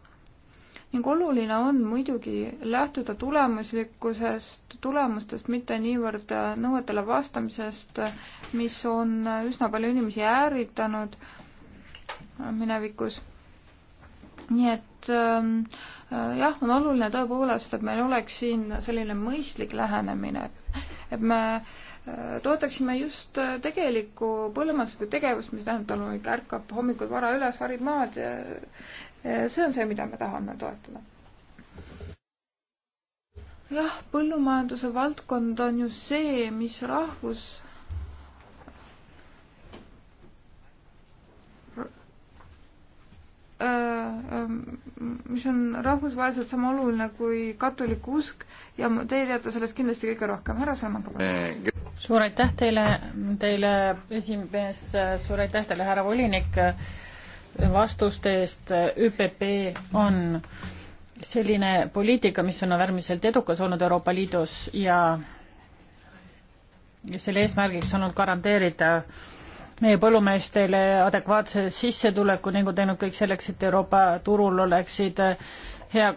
ning oluline on muidugi lähtuda tulemuslikkusest, tulemustest, mitte niivõrd nõuetele vastamisest, mis on üsna palju inimesi ärritanud minevikus. nii et äh, jah, on oluline tõepoolest, et meil oleks siin selline mõistlik lähenemine, et me äh, toodaksime just tegelikku põllumajanduslikku tegevust, mis tähendab, talunik ärkab hommikul vara üles, harib maad ja Äh, see on see, mida me tahame toetada. jah, põllumajanduse valdkond on ju see, mis rahvus äh, ähm, mis on rahvusvaheliselt sama oluline kui katolik usk ja teie teate sellest kindlasti kõige rohkem. härra Salmanka, palun. suur aitäh teile, teile esimees, suur aitäh teile, härra volinik vastuste eest. ÜPP on selline poliitika, mis on äärmiselt edukas olnud Euroopa Liidus ja selle eesmärgiks olnud garanteerida meie põllumeestele adekvaatse sissetuleku ning on teinud kõik selleks, et Euroopa turul oleksid hea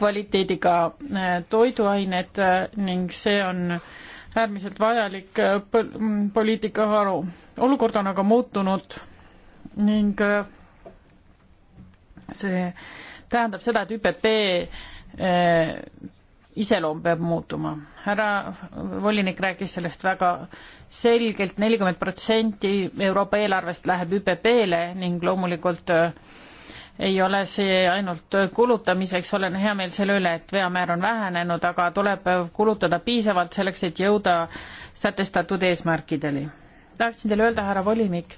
kvaliteediga äh, toiduained äh, ning see on äärmiselt vajalik äh, poliitikaharu. olukord on aga muutunud ning äh, see tähendab seda, et ÜPP äh, iseloom peab muutuma. härra volinik rääkis sellest väga selgelt, nelikümmend protsenti Euroopa eelarvest läheb ÜPP-le ning loomulikult äh, ei ole see ainult kulutamiseks, olen hea meel selle üle, et veamäär on vähenenud, aga tuleb kulutada piisavalt selleks, et jõuda sätestatud eesmärkideni. tahaksin teile öelda, härra volinik,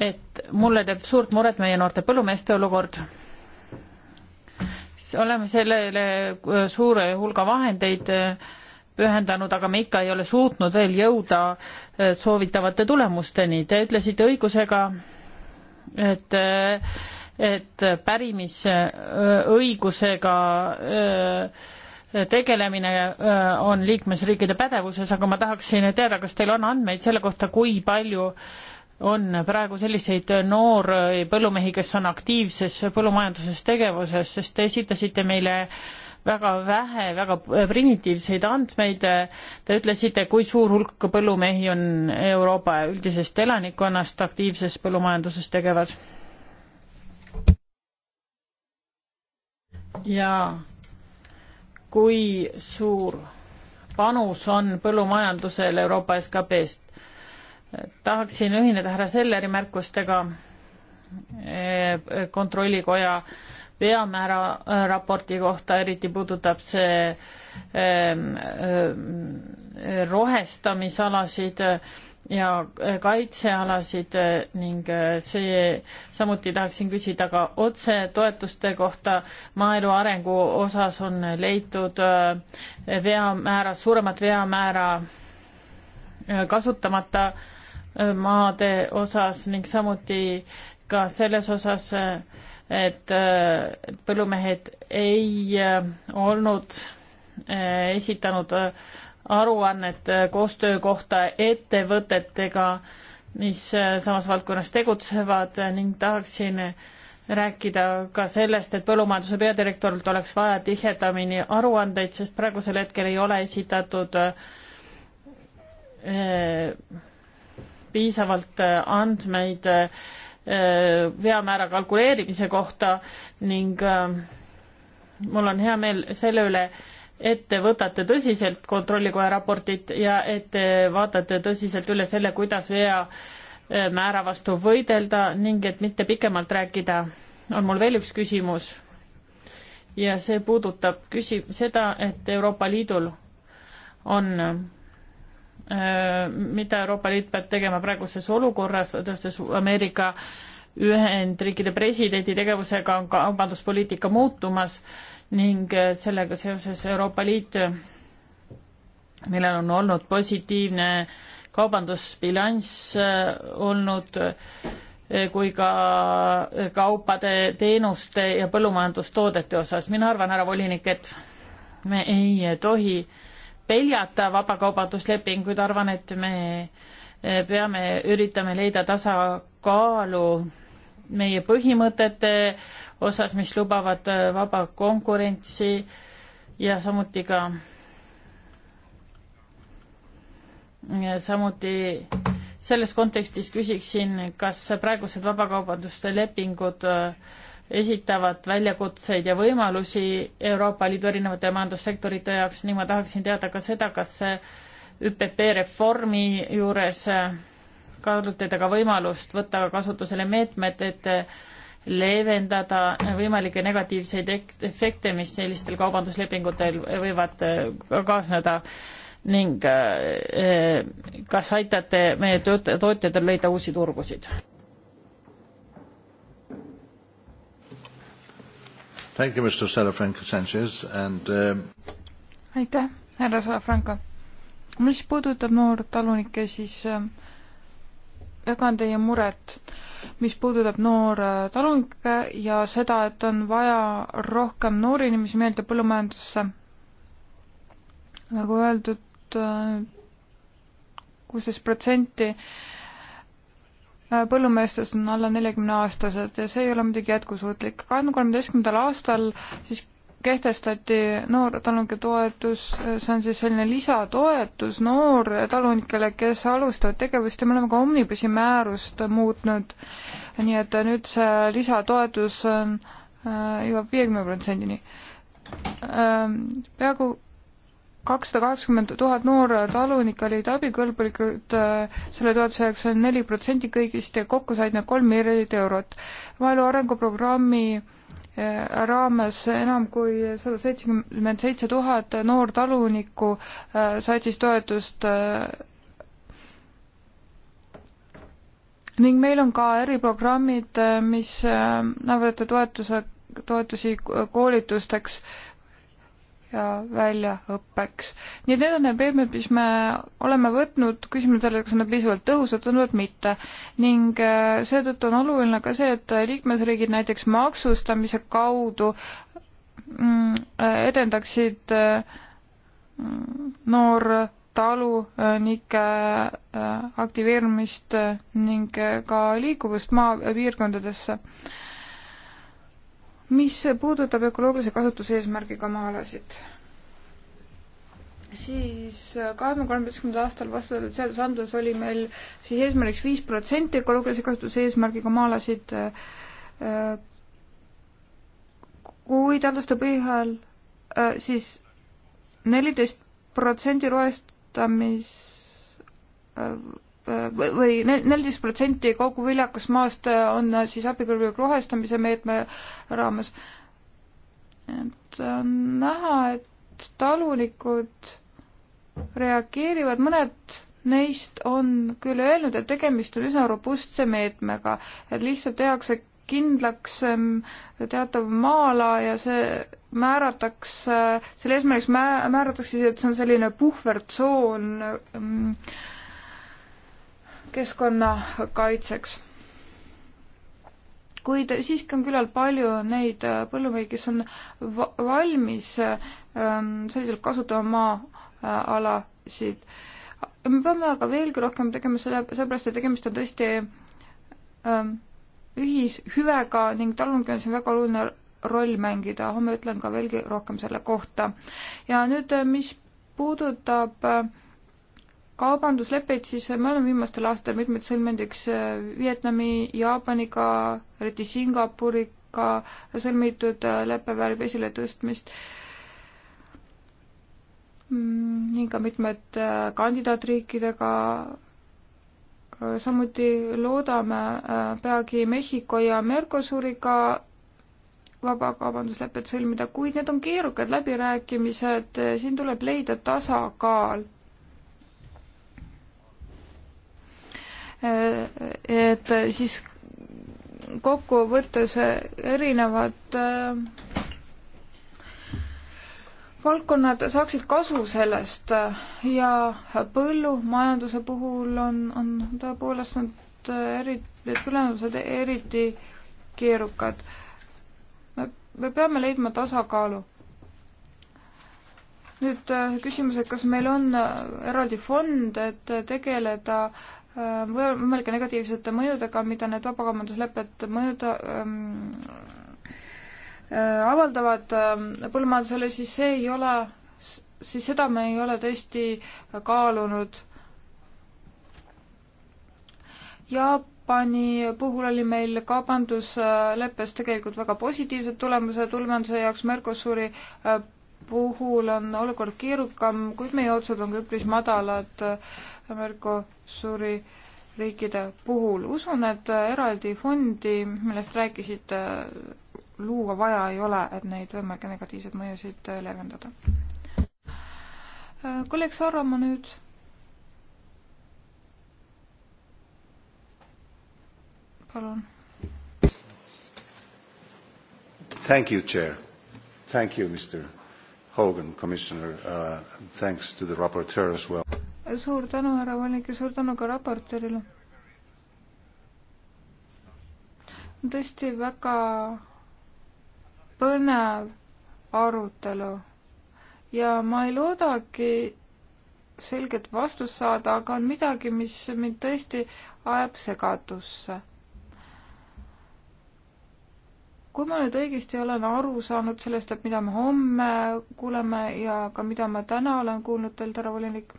et mulle teeb suurt muret meie noorte põllumeeste olukord. oleme sellele äh, suure hulga vahendeid äh, pühendanud, aga me ikka ei ole suutnud veel jõuda äh, soovitavate tulemusteni. Te ütlesite õigusega, et et pärimisõigusega tegelemine on liikmesriikide pädevuses, aga ma tahaksin teada, kas teil on andmeid selle kohta, kui palju äh, on praegu selliseid noori põllumehi, kes on aktiivses põllumajanduses tegevuses, sest te esitasite meile väga vähe, väga primitiivseid andmeid. Te ütlesite, kui suur hulk põllumehi on Euroopa üldisest elanikkonnast aktiivses põllumajanduses tegevad. ja kui suur panus on põllumajandusel Euroopa SKP-st? tahaksin ühineda härra Selleri märkustega eh, kontrollikoja peamäära eh, raporti kohta, eriti puudutab see ehm, eh, rohestamisalasid ja kaitsealasid ning see, samuti tahaksin küsida ka otsetoetuste kohta. maaelu arengu osas on leitud veamäära, suuremat veamäära kasutamata äh, maade osas ning samuti ka selles osas, et põllumehed ei äh, olnud äh, esitanud äh, aruannet koostöö kohta ettevõtetega, mis samas valdkonnas tegutsevad ning tahaksin rääkida ka sellest, et põllumajanduse peadirektorilt oleks vaja tihedamini aruandeid, sest praegusel hetkel ei ole esitatud piisavalt äh, andmeid äh, äh, veamäära kalkuleerimise kohta ning mul on hea meel selle üle, et te võtate tõsiselt Kontrollikoja raportit ja et te vaatate tõsiselt üle selle, kuidas veamäära vastu võidelda ning et mitte pikemalt rääkida, on mul veel üks küsimus ja see puudutab küsi-, seda, et Euroopa Liidul on Äh, mida Euroopa Liit peab tegema praeguses olukorras, tõstes Ameerika Ühendriikide presidendi tegevusega on kaubanduspoliitika muutumas ning äh, sellega seoses Euroopa Liit, millel on olnud positiivne kaubandusbilanss äh, olnud kui ka kaupade, teenuste ja põllumajandustoodete osas. mina arvan, härra volinik, et me ei tohi äh, peljata vabakaubanduslepinguid, arvan, et me eh, peame, üritame leida tasakaalu meie põhimõtete osas, mis lubavad eh, vaba konkurentsi ja samuti ka, samuti selles kontekstis küsiksin, kas praegused vabakaubanduste lepingud äh, eh, esitavad väljakutseid ja võimalusi Euroopa Liidu erinevate majandussektorite jaoks ning ma tahaksin teada ka seda, kas ÜPP reformi juures kaalutleda ka võimalust võtta kasutusele meetmed, et leevendada võimalikke negatiivseid efekte, mis sellistel kaubanduslepingutel võivad kaasneda ning äh, äh, kas aitate meie tootjatel leida uusi turgusid? Thank you, Mr Salafranca Sanchez and um... aitäh, härra Salafranca. mis puudutab noortalunikke, siis äh, jagan teie muret, mis puudutab noortalunikke ja seda, et on vaja rohkem noori inimesi meelde põllumajandusse. nagu öeldud, äh, kuusteist protsenti põllumeestest on alla neljakümne aastased ja see ei ole muidugi jätkusuutlik. kahe tuhande kolmeteistkümnendal aastal siis kehtestati noortalunike toetus, see on siis selline lisatoetus noortalunikele, kes alustavad tegevust ja me oleme ka Omnibussi määrust muutnud. nii et nüüd see lisatoetus on äh, juba viiekümne protsendini. Ähm, peaaegu kakssada kaheksakümmend tuhat noortalunikku olid abikõlbulikud, äh, selle toetuse jaoks on neli protsenti kõigist ja kokku said nad kolm miljardit eurot. maaelu arenguprogrammi äh, raames enam kui sada seitsekümmend seitse tuhat noortalunikku äh, said siis toetust ning meil on ka eriprogrammid, mis näevad ette toetuse, toetusi koolitusteks äh, ja väljaõppeks. nii et need on need meetmed, mis me oleme võtnud, küsimus on, kas nad on piisavalt tõhusad, tunduvalt mitte. ning äh, seetõttu on oluline ka see, et äh, liikmesriigid näiteks maksustamise kaudu mm, äh, edendaksid noortalunike aktiveerumist ning ka liikuvust maapiirkondadesse mis puudutab ökoloogilise kasutuse eesmärgiga maa-alasid, siis kahe tuhande kolmeteistkümnendal aastal vastu võetud seadusandluses oli meil siis eesmärgiks viis protsenti ökoloogilise kasutuse eesmärgiga maa-alasid, kuid teadlaste põhjal siis neliteist protsendi roestamis või neliteist protsenti kogu viljakasmaast on siis abikõlbuliku rohestamise meetme raames. et on näha, et talunikud reageerivad, mõned neist on küll öelnud, et tegemist on üsna robustse meetmega, et lihtsalt tehakse kindlaks ähm, teatav maala ja see määratakse, selle eesmärgiks määratakse, et see on selline puhvertsoon mm, keskkonna kaitseks. kuid siiski on küllalt palju neid põllumehi, kes on va valmis ähm, selliselt kasutama maa-alasid. me peame aga veelgi rohkem tegema selle, sellepärast et tegemist on tõesti ähm, ühishüvega ning talunikel on siin väga oluline roll mängida, homme ütlen ka veelgi rohkem selle kohta. ja nüüd, äh, mis puudutab äh, kaubandusleppeid, siis me oleme viimastel aastatel mitmed sõlminud üks eh, Vietnami, Jaapaniga, eriti Singapuriga sõlmitud eh, lepe väärib esiletõstmist mm, nii ka mitmed eh, kandidaatriikidega. samuti loodame peagi Mehhiko ja Mercosuriga vabakaubanduslepet sõlmida, kuid need on keerukad läbirääkimised, siin tuleb leida tasakaal Äh, et siis kokkuvõttes erinevad äh, valdkonnad saaksid kasu sellest ja põllumajanduse puhul on, on tõepoolest need äh, eri, need ülejäänud eriti keerukad. me, me peame leidma tasakaalu. nüüd küsimus, et kas meil on eraldi fond, et tegeleda äh, Äh, võimalike negatiivsete mõjudega, mida need vabakaubanduslepped mõjuda ähm, äh, avaldavad ähm, põllumajandusele, siis see ei ole, siis seda me ei ole tõesti kaalunud. Jaapani puhul oli meil kaubandusleppes tegelikult väga positiivsed tulemused põllumajanduse jaoks Mercosuri äh, puhul on olukord keerukam, kuid meie otsad on ka üpris madalad äh, Mercosuri riikide puhul. usun, et eraldi fondi, millest rääkisite, luua vaja ei ole, et neid võimalikke negatiivseid mõjusid leevendada. kolleeg Sarvamaa nüüd palun. Thank you, Chair. Thank you, Mr. Hogan, Commissioner. Uh, thanks to the rapporteur as well suur tänu, härra volinik ja suur tänu ka raportöörile. tõesti väga põnev arutelu ja ma ei loodagi selget vastust saada, aga on midagi, mis mind tõesti ajab segadusse. kui ma nüüd õigesti olen aru saanud sellest, et mida me homme kuuleme ja ka mida ma täna olen kuulnud teilt, härra volinik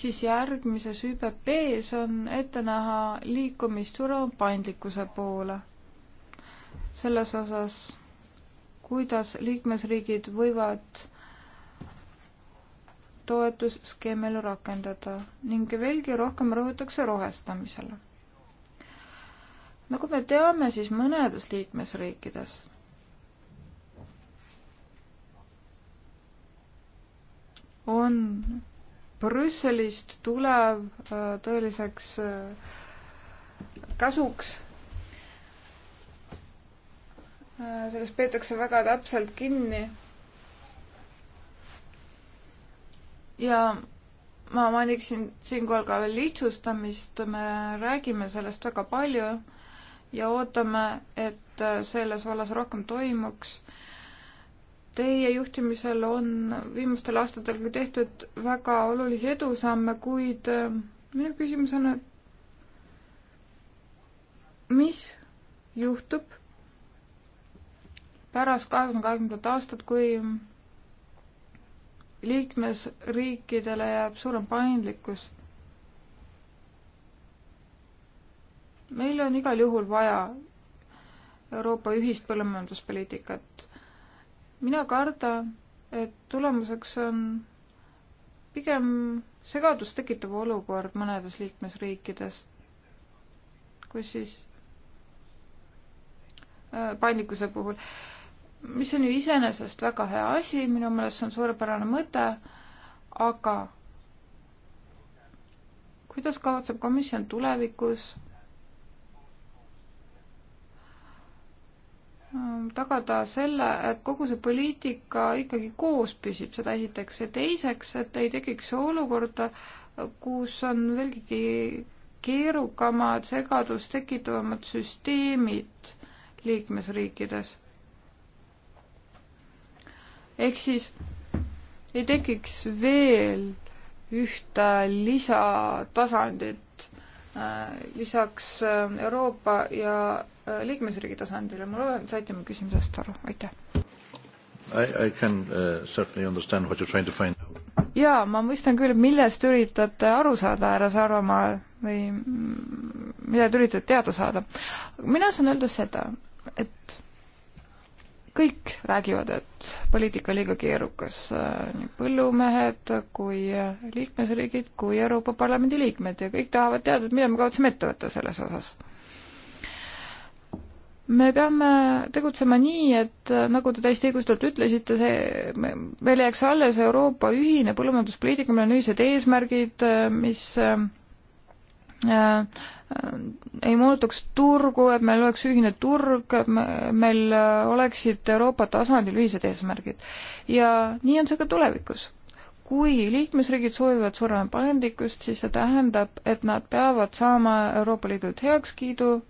siis järgmises ÜPP-s on ette näha liikumist suurema paindlikkuse poole. selles osas, kuidas liikmesriigid võivad toetusskeemi elu rakendada ning veelgi rohkem rõhutakse rohestamisele. nagu me teame, siis mõnedes liikmesriikides on Brüsselist tulev äh, tõeliseks äh, käsuks. Äh, sellest peetakse väga täpselt kinni. ja ma mainiksin siinkohal ka veel lihtsustamist, me räägime sellest väga palju ja ootame, et selles vallas rohkem toimuks Teie juhtimisel on viimastel aastatel ka tehtud väga olulisi edusamme, kuid äh, minu küsimus on, et mis juhtub pärast kahe tuhande kahekümnendat aastat, kui liikmesriikidele jääb suurem paindlikkus? meil on igal juhul vaja Euroopa ühist põllumajanduspoliitikat mina karda, et tulemuseks on pigem segadust tekitav olukord mõnedes liikmesriikides, kus siis äh, paindlikkuse puhul, mis on ju iseenesest väga hea asi, minu meelest see on suurepärane mõte, aga kuidas kavatseb komisjon tulevikus Ähm, tagada selle, et kogu see poliitika ikkagi koos püsib, seda esiteks, ja teiseks, et ei tekiks olukorda, kus on veelgi keerukamad, segadust tekitavamad süsteemid liikmesriikides. ehk siis ei tekiks veel ühte lisatasandit äh, lisaks äh, Euroopa ja Äh, liikmesriigi tasandil ja ma loodan, et saite mu küsimusest aru, aitäh. I, I can uh, certainly understand what you are trying to find out. jaa, ma mõistan küll, millest üritate aru saada, härra Saaremaa, või mida te üritate teada saada. mina saan öelda seda, et kõik räägivad, et poliitika on liiga keerukas, äh, nii põllumehed kui liikmesriigid kui Euroopa Parlamendi liikmed ja kõik tahavad teada, et mida me kavatseme ette võtta selles osas me peame tegutsema nii, et äh, nagu te täiesti õigustatult ütlesite, see, meil jääks alles Euroopa ühine põllumajanduspoliitika, meil on ühised eesmärgid, äh, mis äh, äh, ei muutuks turgu, et meil oleks ühine turg, et me, meil oleksid Euroopa tasandil ühised eesmärgid. ja nii on see ka tulevikus. kui liikmesriigid soovivad suuremat paindlikkust, siis see tähendab, et nad peavad saama Euroopa Liidult heakskiidu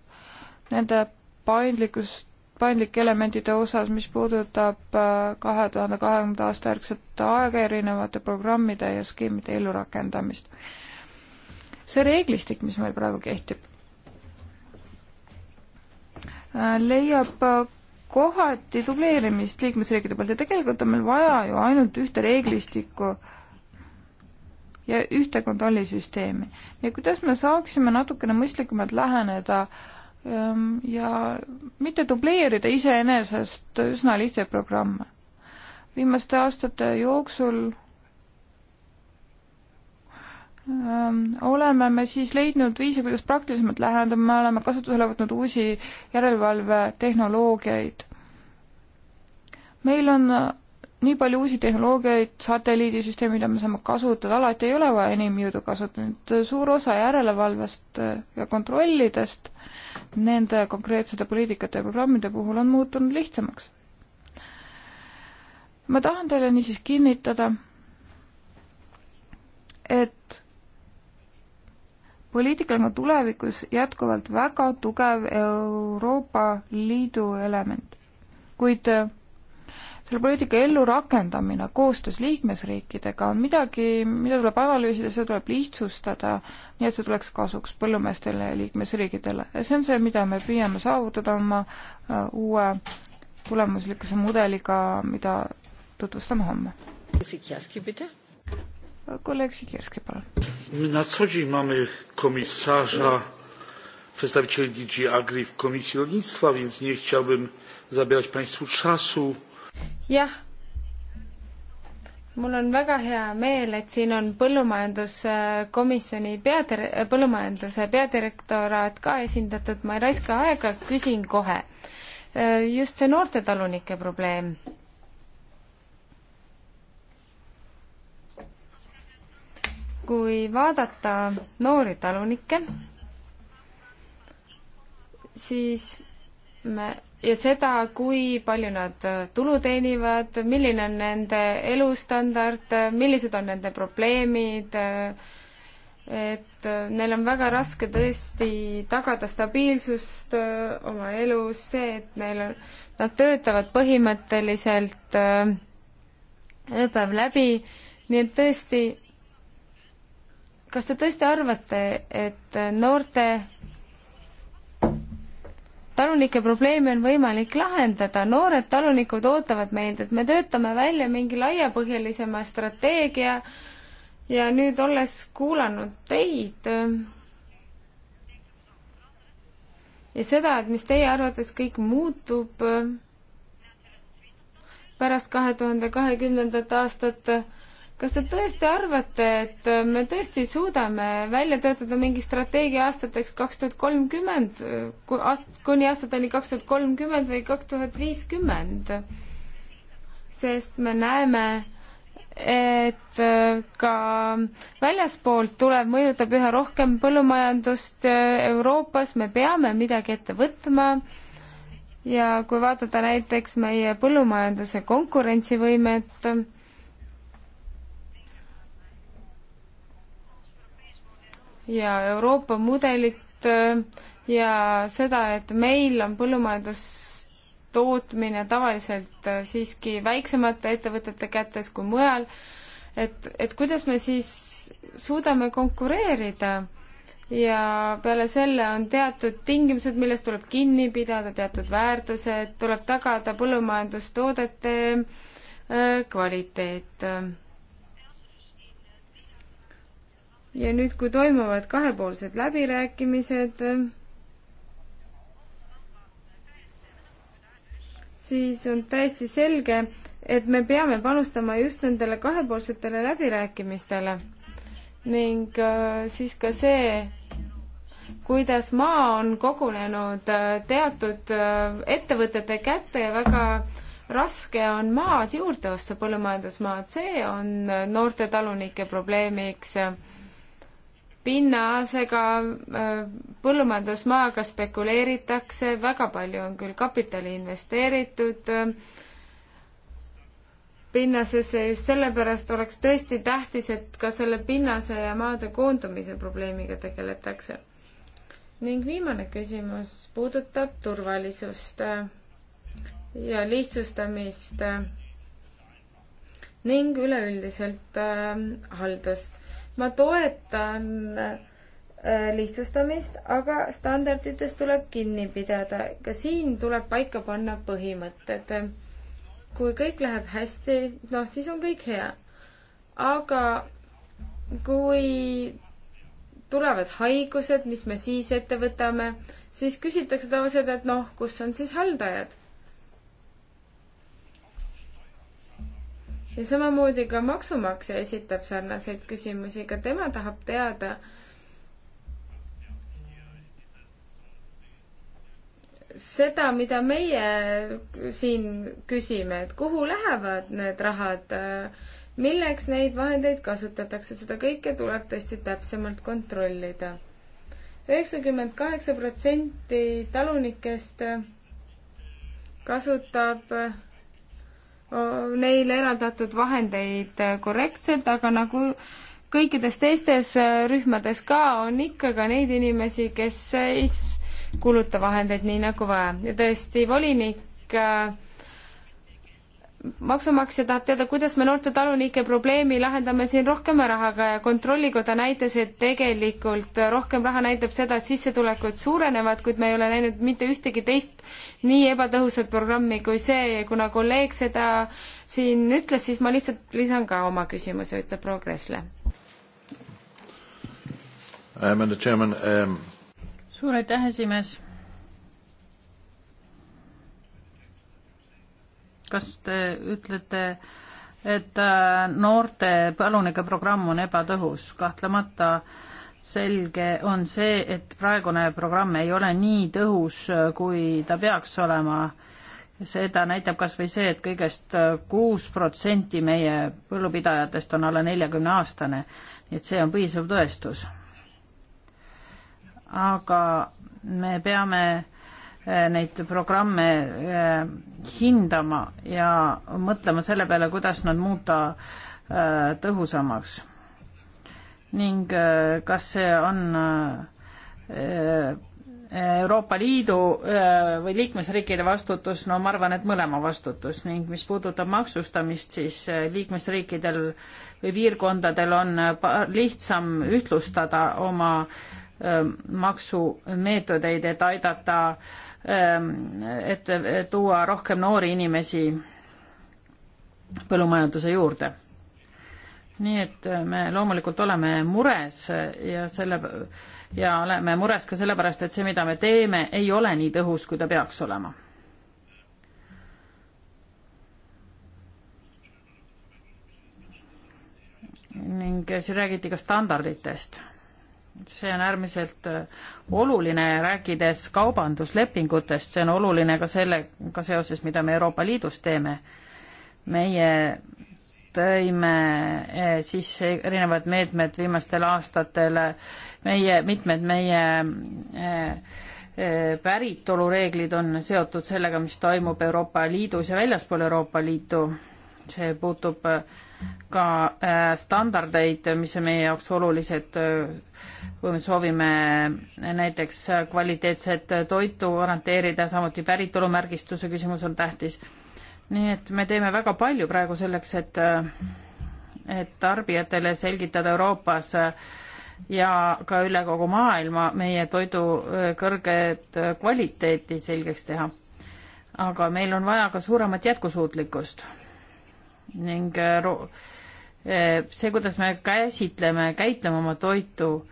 nende paindlikkust, paindlike elementide osas, mis puudutab äh, kahe tuhande kahekümnenda aasta järgset aega erinevate programmide ja skeemide ellurakendamist. see reeglistik, mis meil praegu kehtib, äh, leiab äh, kohati dubleerimist liikmesriikide poolt ja tegelikult on meil vaja ju ainult ühte reeglistikku ja ühte kontrollisüsteemi. ja kuidas me saaksime natukene mõistlikumalt läheneda äh, Ehm, ja mitte dubleerida iseenesest üsna lihtsaid programme. viimaste aastate jooksul ehm, oleme me siis leidnud viise, kuidas praktilisemalt läheneda, me oleme kasutusele võtnud uusi järelevalvetehnoloogiaid. meil on nii palju uusi tehnoloogiaid, satelliidisüsteeme, mida me saame kasutada, alati ei ole vaja inimjõudu kasutada, et äh, suur osa järelevalvest äh, ja kontrollidest nende konkreetsete poliitikate ja programmide puhul on muutunud lihtsamaks. ma tahan teile niisiis kinnitada, et poliitikal on ka tulevikus jätkuvalt väga tugev Euroopa Liidu element, kuid äh, selle poliitika ellurakendamine koostöös liikmesriikidega on midagi, mida tuleb analüüsida, seda tuleb lihtsustada, nii et see tuleks kasuks põllumeestele ja liikmesriikidele. ja see on see, mida me püüame saavutada oma äh, uue tulemuslikkuse mudeliga, mida tutvustame homme. kolleeg Sikierski, palun. na co dzień mamy komisarza przedstawicieli DG Agri w Komisji Rolnictwa, więc nie chciałbym zabierać Państwu czasu jah mul on väga hea meel, et siin on põllumajanduskomisjoni peadir-, põllumajanduse peadirektoraat ka esindatud, ma ei raiska aega, küsin kohe. just see noorte talunike probleem. kui vaadata noori talunikke, siis me ja seda, kui palju nad äh, tulu teenivad, milline on nende elustandard, äh, millised on nende probleemid, äh, et neil on väga raske tõesti tagada stabiilsust oma elus, see, et neil on, nad töötavad põhimõtteliselt ööpäev läbi, nii et tõesti, kas te tõesti arvate, et noorte talunike probleeme on võimalik lahendada. noored talunikud ootavad meilt, et me töötame välja mingi laiapõhjalisema strateegia ja nüüd olles kuulanud teid ja seda, et mis teie arvates kõik muutub pärast kahe tuhande kahekümnendat aastat, kas te tõesti arvate, et me tõesti suudame välja töötada mingi strateegia aastateks kaks tuhat kolmkümmend, kuni aastateni kaks tuhat kolmkümmend või kaks tuhat viiskümmend? sest me näeme, et äh, ka väljaspoolt tulev mõjutab üha rohkem põllumajandust äh, Euroopas, me peame midagi ette võtma ja kui vaadata näiteks meie põllumajanduse konkurentsivõimet, ja Euroopa mudelit äh, ja seda, et meil on põllumajandustootmine tavaliselt äh, siiski väiksemate ettevõtete kätes kui mujal, et, et kuidas me siis suudame konkureerida ja peale selle on teatud tingimused, millest tuleb kinni pidada, teatud väärtused, tuleb tagada põllumajandustoodete äh, kvaliteet ja nüüd, kui toimuvad kahepoolsed läbirääkimised, siis on täiesti selge, et me peame panustama just nendele kahepoolsetele läbirääkimistele ning äh, siis ka see, kuidas maa on kogunenud äh, teatud äh, ettevõtete kätte ja väga raske on maad juurde osta, põllumajandusmaad, see on noorte talunike probleemiks pinnaasega, äh, põllumajandusmaaga spekuleeritakse, väga palju on küll kapitali investeeritud äh, pinnasesse, just sellepärast oleks tõesti tähtis, et ka selle pinnase ja maade koondumise probleemiga tegeletakse. ning viimane küsimus puudutab turvalisust äh, ja lihtsustamist ning üleüldiselt haldust ma toetan äh, lihtsustamist, aga standarditest tuleb kinni pidada. ka siin tuleb paika panna põhimõtted. kui kõik läheb hästi, noh, siis on kõik hea. aga kui tulevad haigused, mis me siis ette võtame, siis küsitakse tavaliselt, et noh, kus on siis haldajad ja samamoodi ka maksumaksja esitab sarnaseid küsimusi, ka tema tahab teada, seda, mida meie siin küsime, et kuhu lähevad need rahad, milleks neid vahendeid kasutatakse, seda kõike tuleb tõesti täpsemalt kontrollida. üheksakümmend kaheksa protsenti talunikest kasutab neile eraldatud vahendeid korrektselt, aga nagu kõikides teistes äh, rühmades ka, on ikka ka neid inimesi, kes ei kuluta vahendeid nii nagu vaja ja tõesti, volinik äh, maksumaksja tahab teada, kuidas me noorte talunike probleemi lahendame siin rohkema rahaga ja Kontrollikoda näitas, et tegelikult rohkem raha näitab seda, et sissetulekud suurenevad, kuid me ei ole näinud mitte ühtegi teist nii ebatõhusat programmi kui see ja kuna kolleeg seda siin ütles, siis ma lihtsalt lisan ka oma küsimuse, ütleb proua Kressle um,. suur aitäh, esimees kas te ütlete, et äh, noorte palunike programm on ebatõhus? kahtlemata selge on see, et praegune programm ei ole nii tõhus, äh, kui ta peaks olema. seda näitab kas või see, et kõigest äh, kuus protsenti meie põllupidajatest on alla neljakümne aastane, nii et see on piisav tõestus. aga me peame Äh, neid programme äh, hindama ja mõtlema selle peale, kuidas nad muuta äh, tõhusamaks. ning kas see on Euroopa Liidu või liikmesriikide vastutus, no ma arvan, et mõlema vastutus ning mis puudutab maksustamist, siis liikmesriikidel või piirkondadel on lihtsam ühtlustada oma maksumeetodeid, et aidata Ähm, et tuua rohkem noori inimesi põllumajanduse juurde. nii et äh, me loomulikult oleme mures äh, ja selle ja oleme mures ka sellepärast, et see, mida me teeme, ei ole nii tõhus, kui ta peaks olema. ning äh, siin räägiti ka standarditest see on äärmiselt äh, oluline, rääkides kaubanduslepingutest, see on oluline ka sellega seoses, mida me Euroopa Liidus teeme. meie tõime äh, sisse erinevad meetmed viimastel aastatel, meie, mitmed meie äh, päritolureeglid on seotud sellega, mis toimub Euroopa Liidus ja väljaspool Euroopa Liitu see puutub äh, ka äh, standardeid, mis on meie jaoks olulised, äh, kui me soovime näiteks kvaliteetset toitu orienteerida, samuti päritolumärgistuse küsimus on tähtis. nii et me teeme väga palju praegu selleks, et, et tarbijatele selgitada Euroopas ja ka üle kogu maailma meie toidu kõrget kvaliteeti selgeks teha. aga meil on vaja ka suuremat jätkusuutlikkust ning äh, äh, see, kuidas me käsitleme, käitleme oma toitu,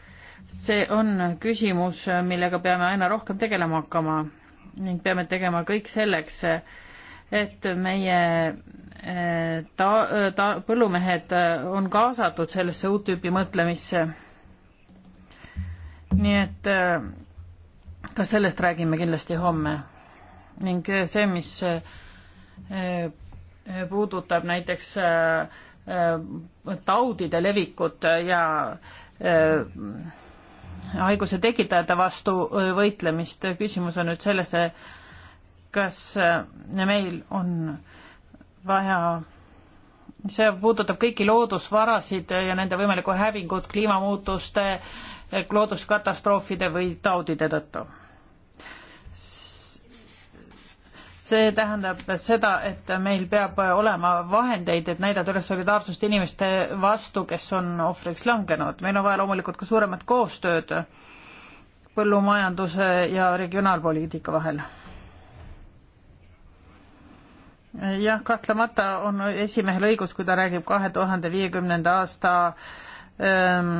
see on küsimus, millega peame aina rohkem tegelema hakkama ning peame tegema kõik selleks, et meie äh, ta-, ta-, põllumehed on kaasatud sellesse uut tüüpi mõtlemisse. nii et ka sellest räägime kindlasti homme. ning see, mis puudutab näiteks äh, äh, taudide levikut ja äh, haiguse tekitajate vastu võitlemist. küsimus on nüüd selles, kas meil on vaja, see puudutab kõiki loodusvarasid ja nende võimalikku hävingut kliimamuutuste, looduskatastroofide või taudide tõttu see tähendab seda, et meil peab olema vahendeid, et näidata üles solidaarsust inimeste vastu, kes on ohvriks langenud. meil on vaja loomulikult ka suuremat koostööd põllumajanduse ja regionaalpoliitika vahel. jah, kahtlemata on esimehel õigus, kui ta räägib kahe tuhande viiekümnenda aasta ähm,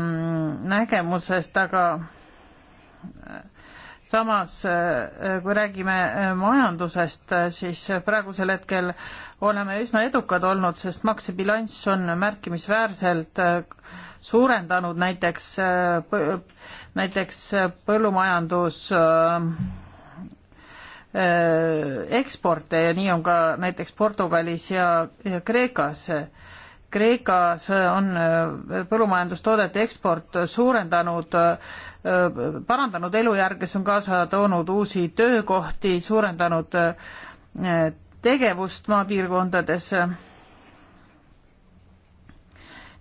nägemusest, aga samas äh, äh, kui räägime äh, majandusest, siis praegusel hetkel oleme üsna edukad olnud, sest maksebilanss on märkimisväärselt suurendanud näiteks, näiteks põllumajandus eksporte ja nii on ka näiteks Portugalis ja, ja Kreekas Kreekas on äh, põllumajandustoodete eksport suurendanud, äh, parandanud elujärge, see on kaasa toonud uusi töökohti, suurendanud äh, tegevust maapiirkondades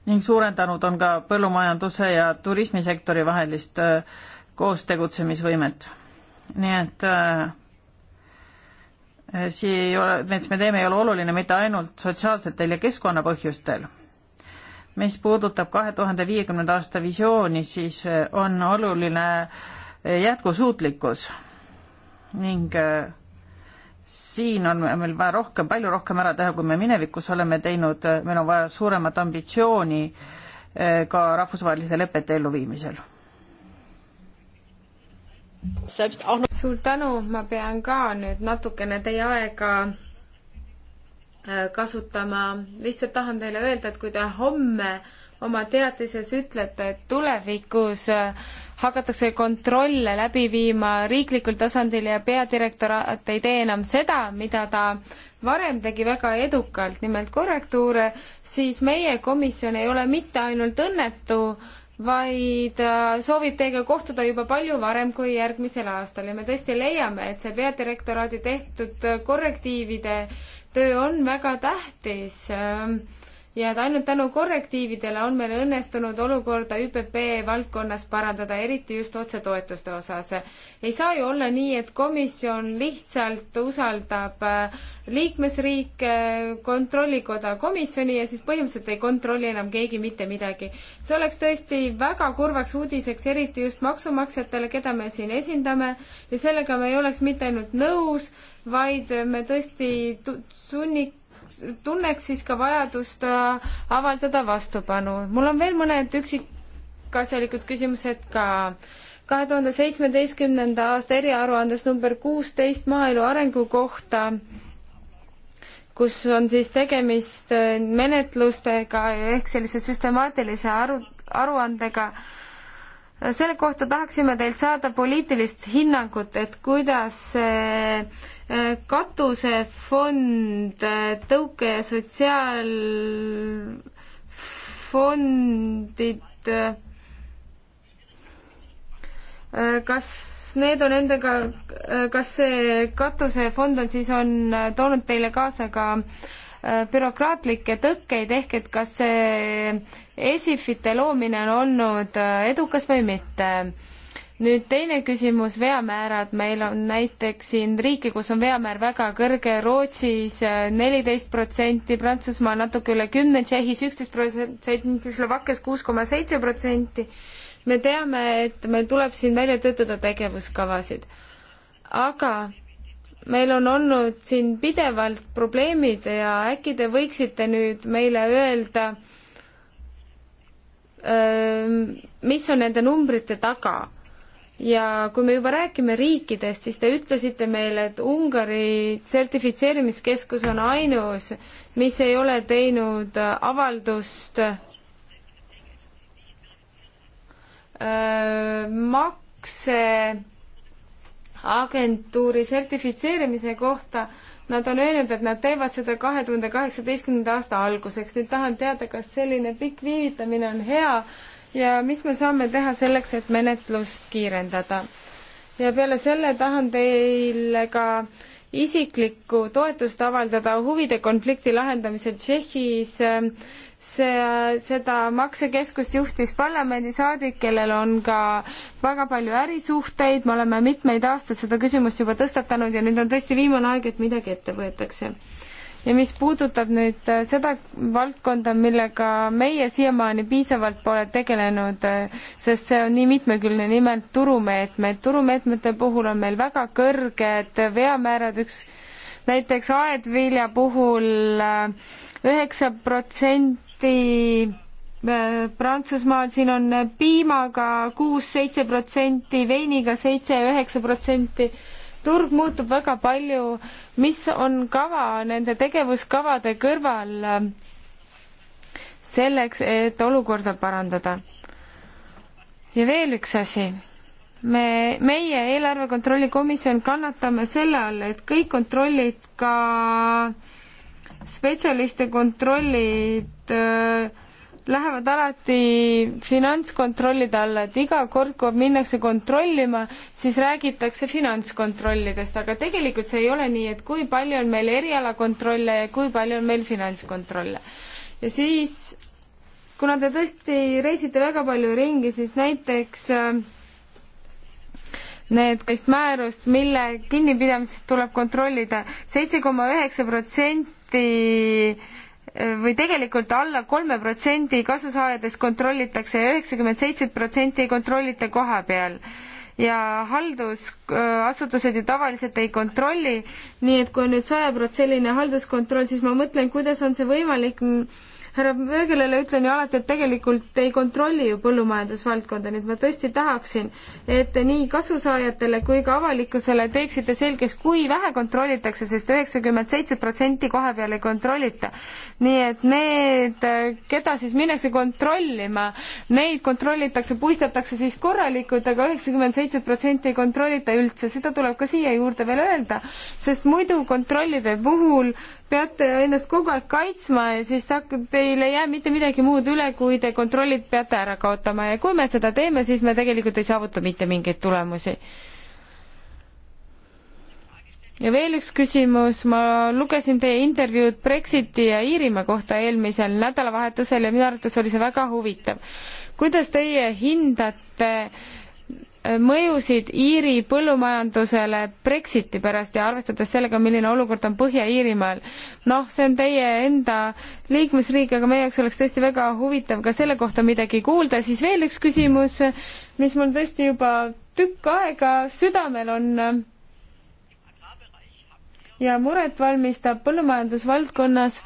ning suurendanud on ka põllumajanduse ja turismisektori vahelist koostegutsemisvõimet. nii et äh, Eh, siia ei ole, mis me teeme, ei ole oluline mitte ainult sotsiaalsetel ja keskkonnapõhjustel. mis puudutab kahe tuhande viiekümnenda aasta visiooni, siis eh, on oluline eh, jätkusuutlikkus ning siin on meil vaja rohkem, palju rohkem ära teha, kui me minevikus oleme teinud, meil on vaja suuremat ambitsiooni ka rahvusvaheliste lepete elluviimisel suur tänu, ma pean ka nüüd natukene teie aega äh, kasutama. lihtsalt tahan teile öelda, et kui te homme oma teatises ütlete, et tulevikus äh, hakatakse kontrolle läbi viima riiklikul tasandil ja peadirektoraat ei tee enam seda, mida ta varem tegi väga edukalt, nimelt korrektuure, siis meie komisjon ei ole mitte ainult õnnetu, vaid äh, soovib teiega kohtuda juba palju varem kui järgmisel aastal ja me tõesti leiame, et see peadirektoraadi tehtud äh, korrektiivide töö on väga tähtis ähm, ja et ainult tänu korrektiividele on meil õnnestunud olukorda ÜPP valdkonnas parandada, eriti just otsetoetuste osas. ei saa ju olla nii, et komisjon lihtsalt usaldab äh, liikmesriike, äh, kontrollikoda komisjoni ja siis põhimõtteliselt ei kontrolli enam keegi mitte midagi. see oleks tõesti väga kurvaks uudiseks, eriti just maksumaksjatele, keda me siin esindame ja sellega me ei oleks mitte ainult nõus, vaid me tõesti sunnik-, tahaks, tunneks siis ka vajadust äh, avaldada vastupanu. mul on veel mõned üksikasjalikud küsimused ka. kahe tuhande seitsmeteistkümnenda aasta eriaruandes number kuusteist maaelu arengu kohta kus on siis tegemist äh, menetlustega ehk sellise süstemaatilise aru, aruandega, selle kohta tahaksime teilt saada poliitilist hinnangut, et kuidas see äh, katusefond, äh, tõuke ja sotsiaalfondid, äh, kas need on endaga, kas see katusefond on siis, on toonud teile kaasa ka äh, Äh, bürokraatlikke tõkkeid, ehk et kas see ESIF-ite loomine on olnud äh, edukas või mitte. nüüd teine küsimus, veamäärad, meil on näiteks siin riike, kus on veamäär väga kõrge, Rootsis äh, neliteist protsenti, Prantsusmaal natuke üle kümne, Tšehhis üksteist protsenti, Slovakkias kuus koma seitse protsenti. me teame, et meil tuleb siin välja töötada tegevuskavasid. aga meil on olnud siin pidevalt probleemid ja äkki te võiksite nüüd meile öelda, mis on nende numbrite taga? ja kui me juba räägime riikidest, siis te ütlesite meile, et Ungari sertifitseerimiskeskus on ainus, mis ei ole teinud avaldust makse agentuuri sertifitseerimise kohta. Nad on öelnud, et nad teevad seda kahe tuhande kaheksateistkümnenda aasta alguseks. nüüd tahan teada, kas selline pikk viivitamine on hea ja mis me saame teha selleks, et menetlust kiirendada. ja peale selle tahan teile ka isiklikku toetust avaldada huvide konflikti lahendamisel Tšehhis see, seda maksekeskust juhtis parlamendisaadik, kellel on ka väga palju ärisuhteid, me oleme mitmeid aastaid seda küsimust juba tõstatanud ja nüüd on tõesti viimane aeg, et midagi ette võetakse. ja mis puudutab nüüd äh, seda valdkonda, millega meie siiamaani piisavalt pole tegelenud, äh, sest see on nii mitmekülgne, nimelt turumeetmed. turumeetmete puhul on meil väga kõrged veamäärad, üks näiteks aedvilja puhul äh, üheksa protsenti samuti äh, Prantsusmaal siin on piimaga kuus-seitse protsenti, veiniga seitse-üheksa protsenti. turg muutub väga palju. mis on kava nende tegevuskavade kõrval äh, selleks, et olukorda parandada? ja veel üks asi. me, meie eelarve kontrolli komisjon kannatame selle all, et kõik kontrollid ka äh, spetsialiste kontrollid äh, lähevad alati finantskontrollide alla, et iga kord, kui minnakse kontrollima, siis räägitakse finantskontrollidest, aga tegelikult see ei ole nii, et kui palju on meil erialakontrolle ja kui palju on meil finantskontrolle. ja siis, kuna te tõesti reisite väga palju ringi, siis näiteks äh, need määrust, mille kinnipidamisest tuleb kontrollida. seitse koma üheksa protsenti hästi või tegelikult alla kolme protsendi kasusaajadest kontrollitakse ja üheksakümmend seitse protsenti ei kontrollita koha peal. ja haldusasutused ju tavaliselt ei kontrolli, nii et kui on nüüd sajaprotsendiline halduskontroll, siis ma mõtlen, kuidas on see võimalik härra Möögelele ütlen ju alati, et tegelikult ei kontrolli ju põllumajandusvaldkonda, nii et ma tõesti tahaksin, et te nii kasusaajatele kui ka avalikkusele teeksite selgeks, kui vähe kontrollitakse sest, sest üheksakümmend seitse protsenti koha peal ei kontrollita. nii et need, keda siis minnakse kontrollima, neid kontrollitakse, puistatakse siis korralikult aga, aga üheksakümmend seitse protsenti ei kontrollita üldse, seda tuleb ka siia juurde veel öelda, sest muidu kontrollide puhul peate ennast kogu aeg kaitsma ja siis teil ei jää mitte midagi muud üle, kui te kontrollid peate ära kaotama ja kui me seda teeme, siis me tegelikult ei saavuta mitte mingeid tulemusi. ja veel üks küsimus, ma lugesin teie intervjuud Brexiti ja Iirimaa kohta eelmisel nädalavahetusel ja minu arvates oli see väga huvitav. kuidas teie hindate äh, mõjusid Iiri põllumajandusele Brexiti pärast ja arvestades sellega, milline olukord on Põhja-Iirimaal. noh, see on teie enda liikmesriik, aga meie jaoks oleks tõesti väga huvitav ka selle kohta midagi kuulda, siis veel üks küsimus, mis mul tõesti juba tükk aega südamel on ja muret valmistab põllumajandusvaldkonnas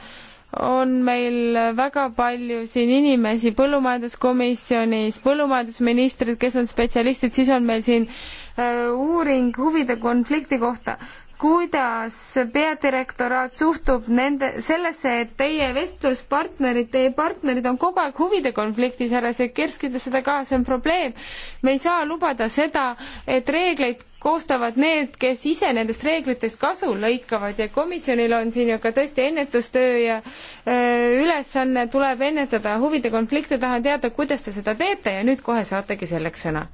on meil väga palju siin inimesi põllumajanduskomisjonis, põllumajandusministrid, kes on spetsialistid, siis on meil siin äh, uuring huvide konflikti kohta. kuidas peadirektoraat suhtub nende, sellesse, et teie vestluspartnerid, teie partnerid on kogu aeg huvide konfliktis, härra Sekirski ütles seda ka, see on probleem. me ei saa lubada seda, et reegleid koostavad need, kes ise nendest reeglitest kasu lõikavad ja komisjonil on siin ju ka tõesti ennetustöö ja öö, äh, ülesanne tuleb ennetada huvide konflikte, tahan teada, kuidas te seda teete ja nüüd kohe saategi selleks sõna.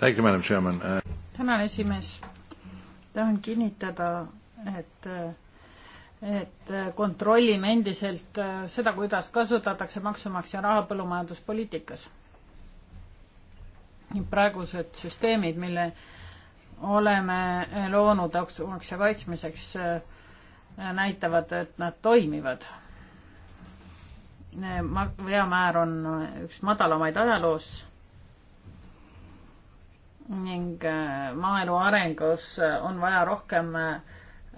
Uh, tänan, esimees. tahan kinnitada, et äh, et äh, kontrollime endiselt äh, seda, kuidas kasutatakse maksumaksja raha põllumajanduspoliitikas. praegused süsteemid, mille oleme äh, loonud maksumaksja kaitsmiseks, näitavad, et nad toimivad. veamäär on üks madalamaid ajaloos ning maaelu arengus on vaja rohkem äh,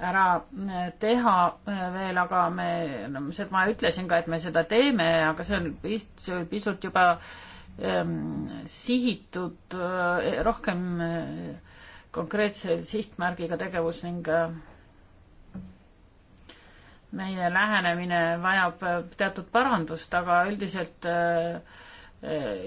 ära äh, teha äh, veel, aga me, no seda ma ütlesin ka, et me seda teeme, aga see on pist, pisut juba ähm, sihitud äh,, rohkem äh, konkreetse sihtmärgiga tegevus ning äh, meie lähenemine vajab äh, teatud parandust, aga üldiselt äh,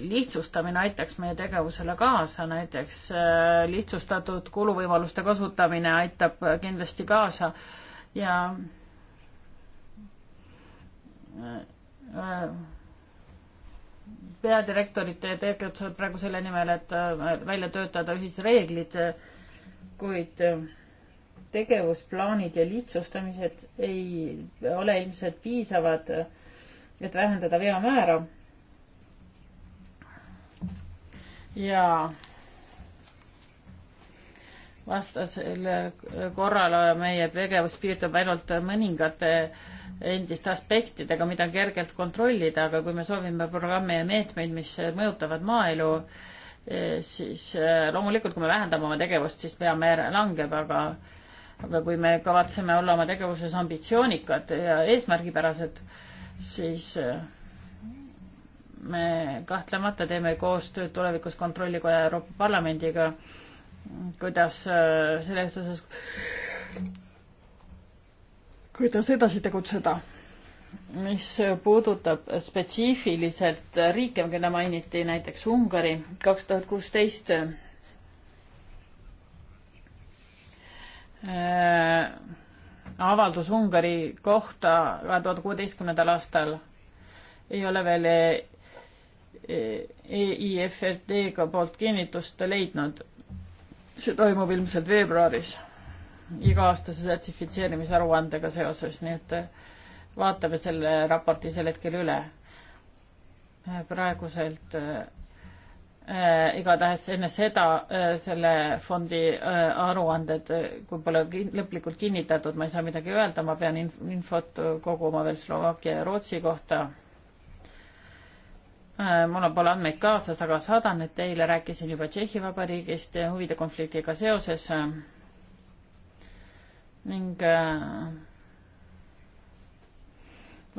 lihtsustamine aitaks meie tegevusele kaasa, näiteks äh, lihtsustatud kuluvõimaluste kasutamine aitab kindlasti kaasa ja äh, peadirektorid tegutsevad praegu selle nimel, et äh, välja töötada ühisreeglid, kuid tegevusplaanid ja lihtsustamised ei ole ilmselt piisavad, et vähendada veamäära ja vastasel korral meie tegevus piirdub ainult mõningate endiste aspektidega, mida on kergelt kontrollida, aga kui me soovime programme ja meetmeid, mis mõjutavad maaelu, eh, siis eh, loomulikult, kui me vähendame oma tegevust, siis peamäär langeb, aga aga kui me kavatseme olla oma tegevuses ambitsioonikad ja eesmärgipärased, siis eh, me kahtlemata teeme koostööd tulevikus Kontrollikoja Euroopa Parlamendiga, kuidas äh, selles osas, kuidas edasi tegutseda. mis puudutab spetsiifiliselt riike, keda mainiti, näiteks Ungari, kaks tuhat kuusteist äh, avaldus Ungari kohta kahe tuhande kuueteistkümnendal aastal ei ole veel EIFRD-ga poolt kinnitust leidnud. see toimub ilmselt veebruaris iga-aastase sertifitseerimisaruandega seoses, nii et äh, vaatame selle raporti sel hetkel üle. Äh, praeguselt äh, äh, igatahes enne seda äh, selle fondi äh, aruanded, kui pole kin lõplikult kinnitatud, ma ei saa midagi öelda, ma pean inf infot koguma veel Slovakkia ja Rootsi kohta Äh, mul pole andmeid kaasas, aga saadan need teile, rääkisin juba Tšehhi Vabariigist huvide konfliktiga seoses. ning äh,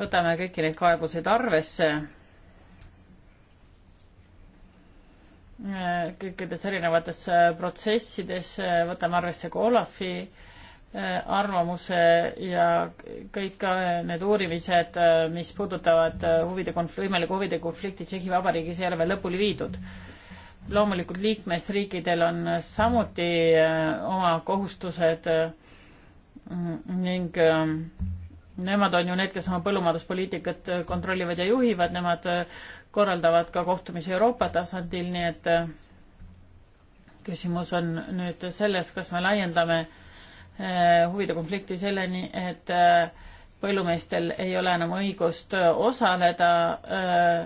võtame kõiki neid kaebuseid arvesse. Äh, kõikides erinevates protsessides võtame arvesse ka Olafi äh, arvamuse ja kõik need uurimised, mis puudutavad huvide konflikt, võimalikku huvide konflikti Tšehhi Vabariigis ei ole veel lõpuni viidud. loomulikult liikmesriikidel on samuti äh, oma kohustused mm, ning ähm, nemad on ju need, kes oma põllumajanduspoliitikat äh, kontrollivad ja juhivad, nemad äh, korraldavad ka kohtumisi Euroopa tasandil, nii et küsimus on nüüd selles, kas me laiendame äh, Eh, huvide konflikti selleni, et eh, põllumeestel ei ole enam õigust osaleda eh,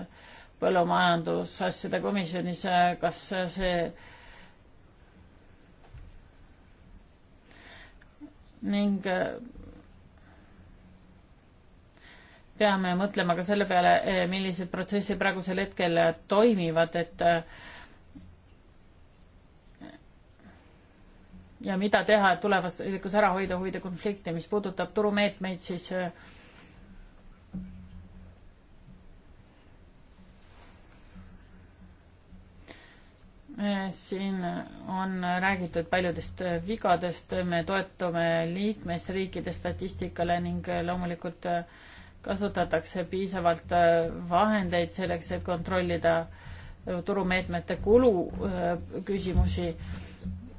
põllumajandusasjade komisjonis, kas see ning peame mõtlema ka selle peale, millised protsessid praegusel hetkel toimivad, et äh, ja mida teha, et tulevikus ära hoida huvide konflikte, mis puudutab turumeetmeid, siis äh, äh, siin on räägitud paljudest vigadest, me toetume liikmesriikide statistikale ning loomulikult äh, kasutatakse piisavalt vahendeid selleks, et kontrollida turumeetmete kulu küsimusi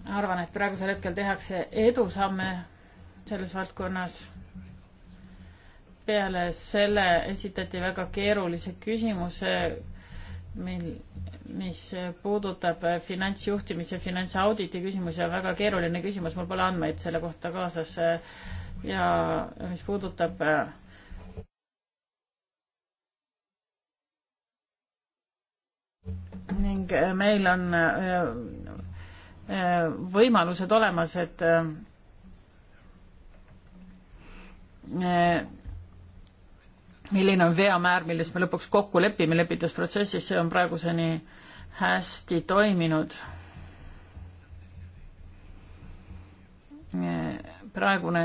arvan, et praegusel hetkel tehakse edusamme selles valdkonnas. peale selle esitati väga keerulise küsimuse, mil, mis puudutab finantsjuhtimise, finantsauditi küsimusi, on väga keeruline küsimus, mul pole andmeid selle kohta kaasas. ja mis puudutab ning meil on Äh, võimalused olemas, et äh, äh, milline on veamäär, milles me lõpuks kokku lepime lepitusprotsessis, see on praeguseni hästi toiminud. praegune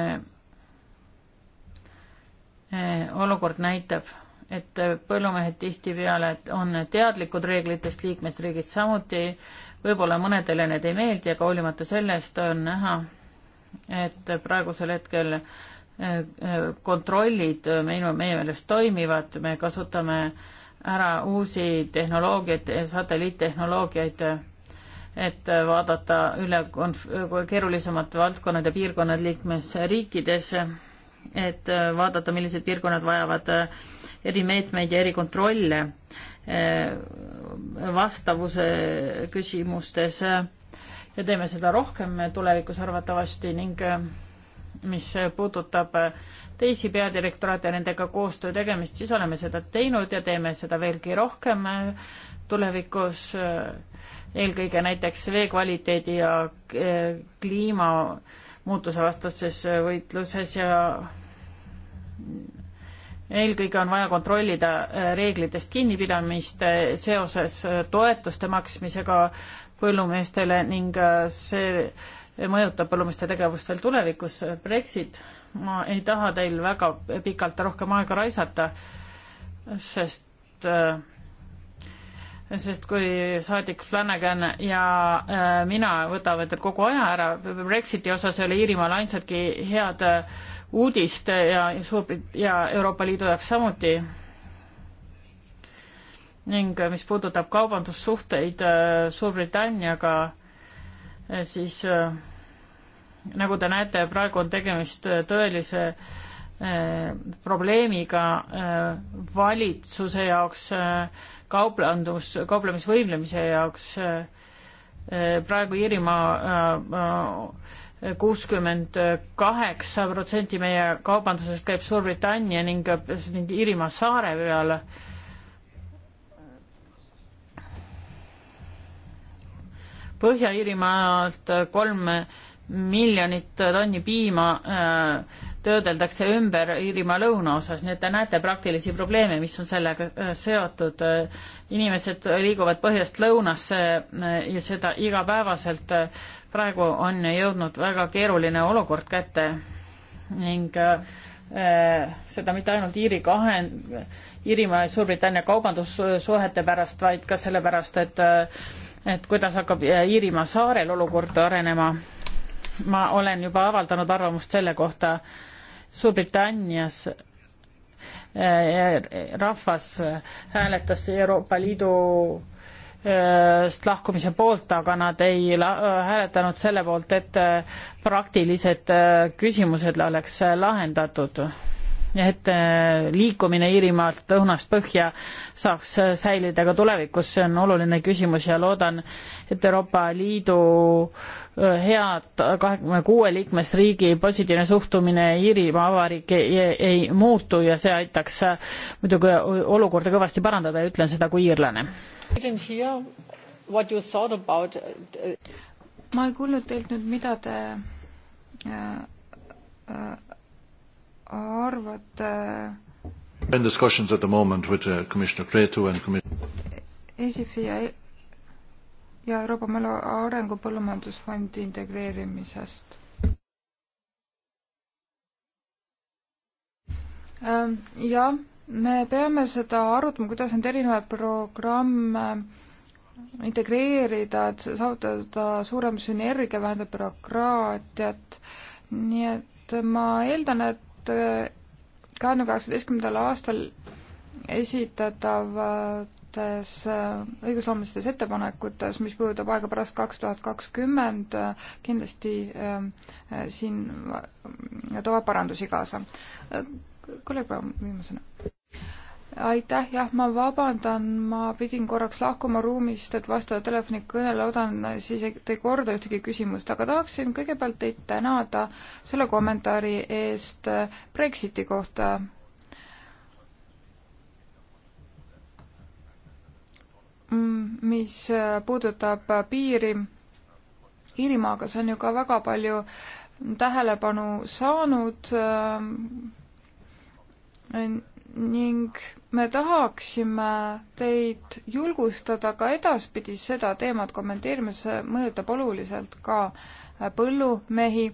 olukord näitab, et põllumehed tihtipeale on teadlikud reeglitest, liikmesriigid samuti võib-olla mõnedele need ei meeldi, aga hoolimata sellest on näha, et praegusel hetkel eh, eh, kontrollid eh, minu, meie meelest toimivad, me kasutame ära uusi tehnoloogiaid, satelliittehnoloogiaid, et vaadata üle konf-, keerulisemad valdkonnad ja piirkonnad liikmesriikides, et vaadata, millised piirkonnad vajavad erimeetmeid ja erikontrolle Eh, vastavuse küsimustes ja teeme seda rohkem tulevikus arvatavasti ning eh, mis puudutab eh, teisi peadirektoraate ja nendega koostöö tegemist, siis oleme seda teinud ja teeme seda veelgi rohkem tulevikus, eelkõige näiteks vee kvaliteedi ja kliimamuutuse vastases võitluses ja eelkõige on vaja kontrollida äh, reeglitest kinnipidamist äh, seoses äh, toetuste maksmisega põllumeestele ning see mõjutab põllumeeste tegevust veel tulevikus. Brexit, ma ei taha teil väga pikalt rohkem aega raisata, sest sest kui saadik Flanagan ja mina võtame teilt kogu aja ära, Brexiti osas ei ole Iirimaal ainsadki head äh, uudist ja Suurbrit- ja Euroopa Liidu jaoks samuti. ning äh, mis puudutab kaubandussuhteid äh, Suurbritanniaga, äh, siis nagu te näete, praegu on tegemist tõelise probleemiga valitsuse jaoks, kaubandus, kauplemisvõimlemise jaoks. praegu Iirimaa kuuskümmend kaheksa protsenti meie kaubandusest käib Suurbritannia ning, ning Iirimaa saare peale. Põhja-Iirimaalt kolm miljonit tonni piima äh, töödeldakse ümber Iirimaa lõunaosas, nii et te näete praktilisi probleeme, mis on sellega äh, seotud. inimesed liiguvad põhjast lõunasse äh, ja seda igapäevaselt praegu on jõudnud väga keeruline olukord kätte ning äh, seda mitte ainult Iiri kahe, Iirimaa ja Suurbritannia kaubandussuhete pärast, vaid ka sellepärast, et äh, et kuidas hakkab äh, Iirimaa saarel olukord arenema. ma olen juba avaldanud arvamust selle kohta Suurbritannias äh, rahvas hääletas Euroopa Liidu äh, Äh, lahkumise poolt, aga nad ei äh, hääletanud selle poolt, et äh, praktilised küsimused oleks lahendatud et äh, liikumine Iirimaalt õunast põhja saaks äh, säilida ka tulevikus, see on oluline küsimus ja loodan, et Euroopa Liidu äh, head kahekümne kuue liikmesriigi positiivne suhtumine Iirimaa Vabariiki ei, ei muutu ja see aitaks muidugi olukorda kõvasti parandada ja ütlen seda kui iirlane. Uh, ma ei kuulnud teilt nüüd, mida te arvate? In discussions at the moment with uh, Commissioner Cretu and Commissioner ESIF-i ja, e- ja Euroopa Maaelu Arengu Põllumajandusfondi integreerimisest ähm,. jah, me peame seda arutama, kuidas need erinevad programme integreerida, et saavutada suurem sünergia, vähendab bürokraatiat, nii et ma eeldan, et et äh, kahe tuhande kaheksateistkümnendal aastal esitatavates äh, õigusloomelistes ettepanekutes, mis puudutab aega pärast kaks tuhat kakskümmend, äh, kindlasti siin toovad parandusi kaasa. kolleeg Paul, viimasena aitäh, jah, ma vabandan, ma pidin korraks lahkuma ruumist, et vastada telefonikõnele, loodan siis ei, te ei korda ühtegi küsimust, aga tahaksin kõigepealt teid tänada selle kommentaari eest äh, Brexiti kohta. Mm, mis äh, puudutab äh, piiri Iirimaaga, see on ju ka väga palju tähelepanu saanud ähm, ning me tahaksime teid julgustada ka edaspidi seda teemat kommenteerima, see mõjutab oluliselt ka äh, põllumehi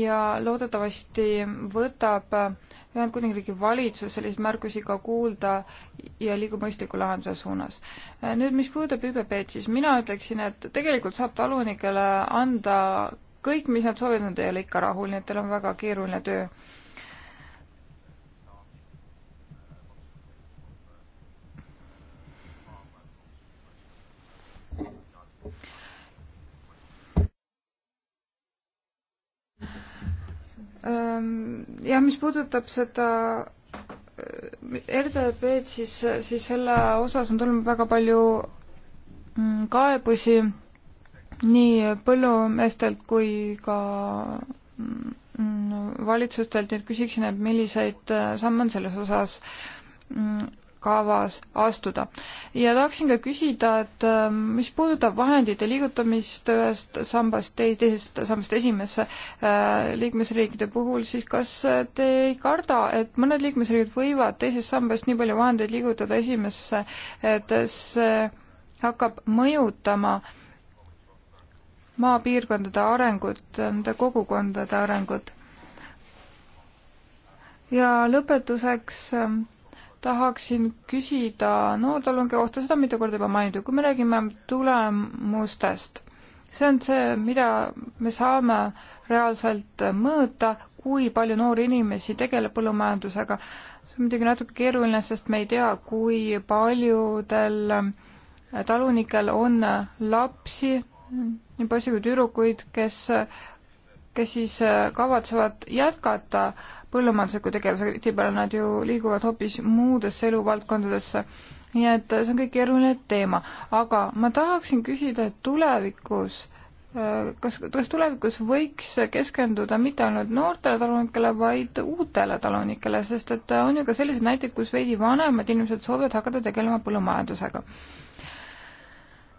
ja loodetavasti võtab äh, Ühendkuningriigi valitsus selliseid märkusi ka kuulda ja liigub mõistliku lahenduse suunas. Äh, nüüd, mis puudutab ÜBB-d, siis mina ütleksin, et tegelikult saab talunikele anda kõik, mis nad soovivad, nad ei ole ikka rahul, nii et teil on väga keeruline töö Ehm, jah, mis puudutab seda eh, RDP-d, siis, siis selle osas on tulnud väga palju mm, kaebusi nii põllumeestelt kui ka mm, valitsustelt, nii et küsiksin, et milliseid eh, samme on selles osas mm, kavas astuda. ja tahaksin ka küsida, et ähm, mis puudutab vahendite liigutamist ühest sambast tei-, teisest sambast esimesse äh, liikmesriikide puhul, siis kas te ei karda, et mõned liikmesriigid võivad teisest sambast nii palju vahendeid liigutada esimesse, et see hakkab mõjutama maapiirkondade arengut, nende kogukondade arengut. ja lõpetuseks ähm, tahaksin küsida noortalunge kohta seda, mida kord juba mainiti, kui me räägime tulemustest, see on see, mida me saame reaalselt mõõta, kui palju noori inimesi tegeleb põllumajandusega. see on muidugi natuke keeruline, sest me ei tea, kui paljudel talunikel on lapsi, nii poisse kui tüdrukuid, kes kes siis äh, kavatsevad jätkata põllumajandusliku tegevusega, tihtipeale nad ju liiguvad hoopis muudesse eluvaldkondadesse. nii et äh, see on kõik keeruline teema, aga ma tahaksin küsida, et tulevikus äh, kas, kas tulevikus võiks keskenduda mitte ainult noortele talunikele, vaid uutele talunikele, sest et on ju ka selliseid näiteid, kus veidi vanemad inimesed soovivad hakata tegelema põllumajandusega.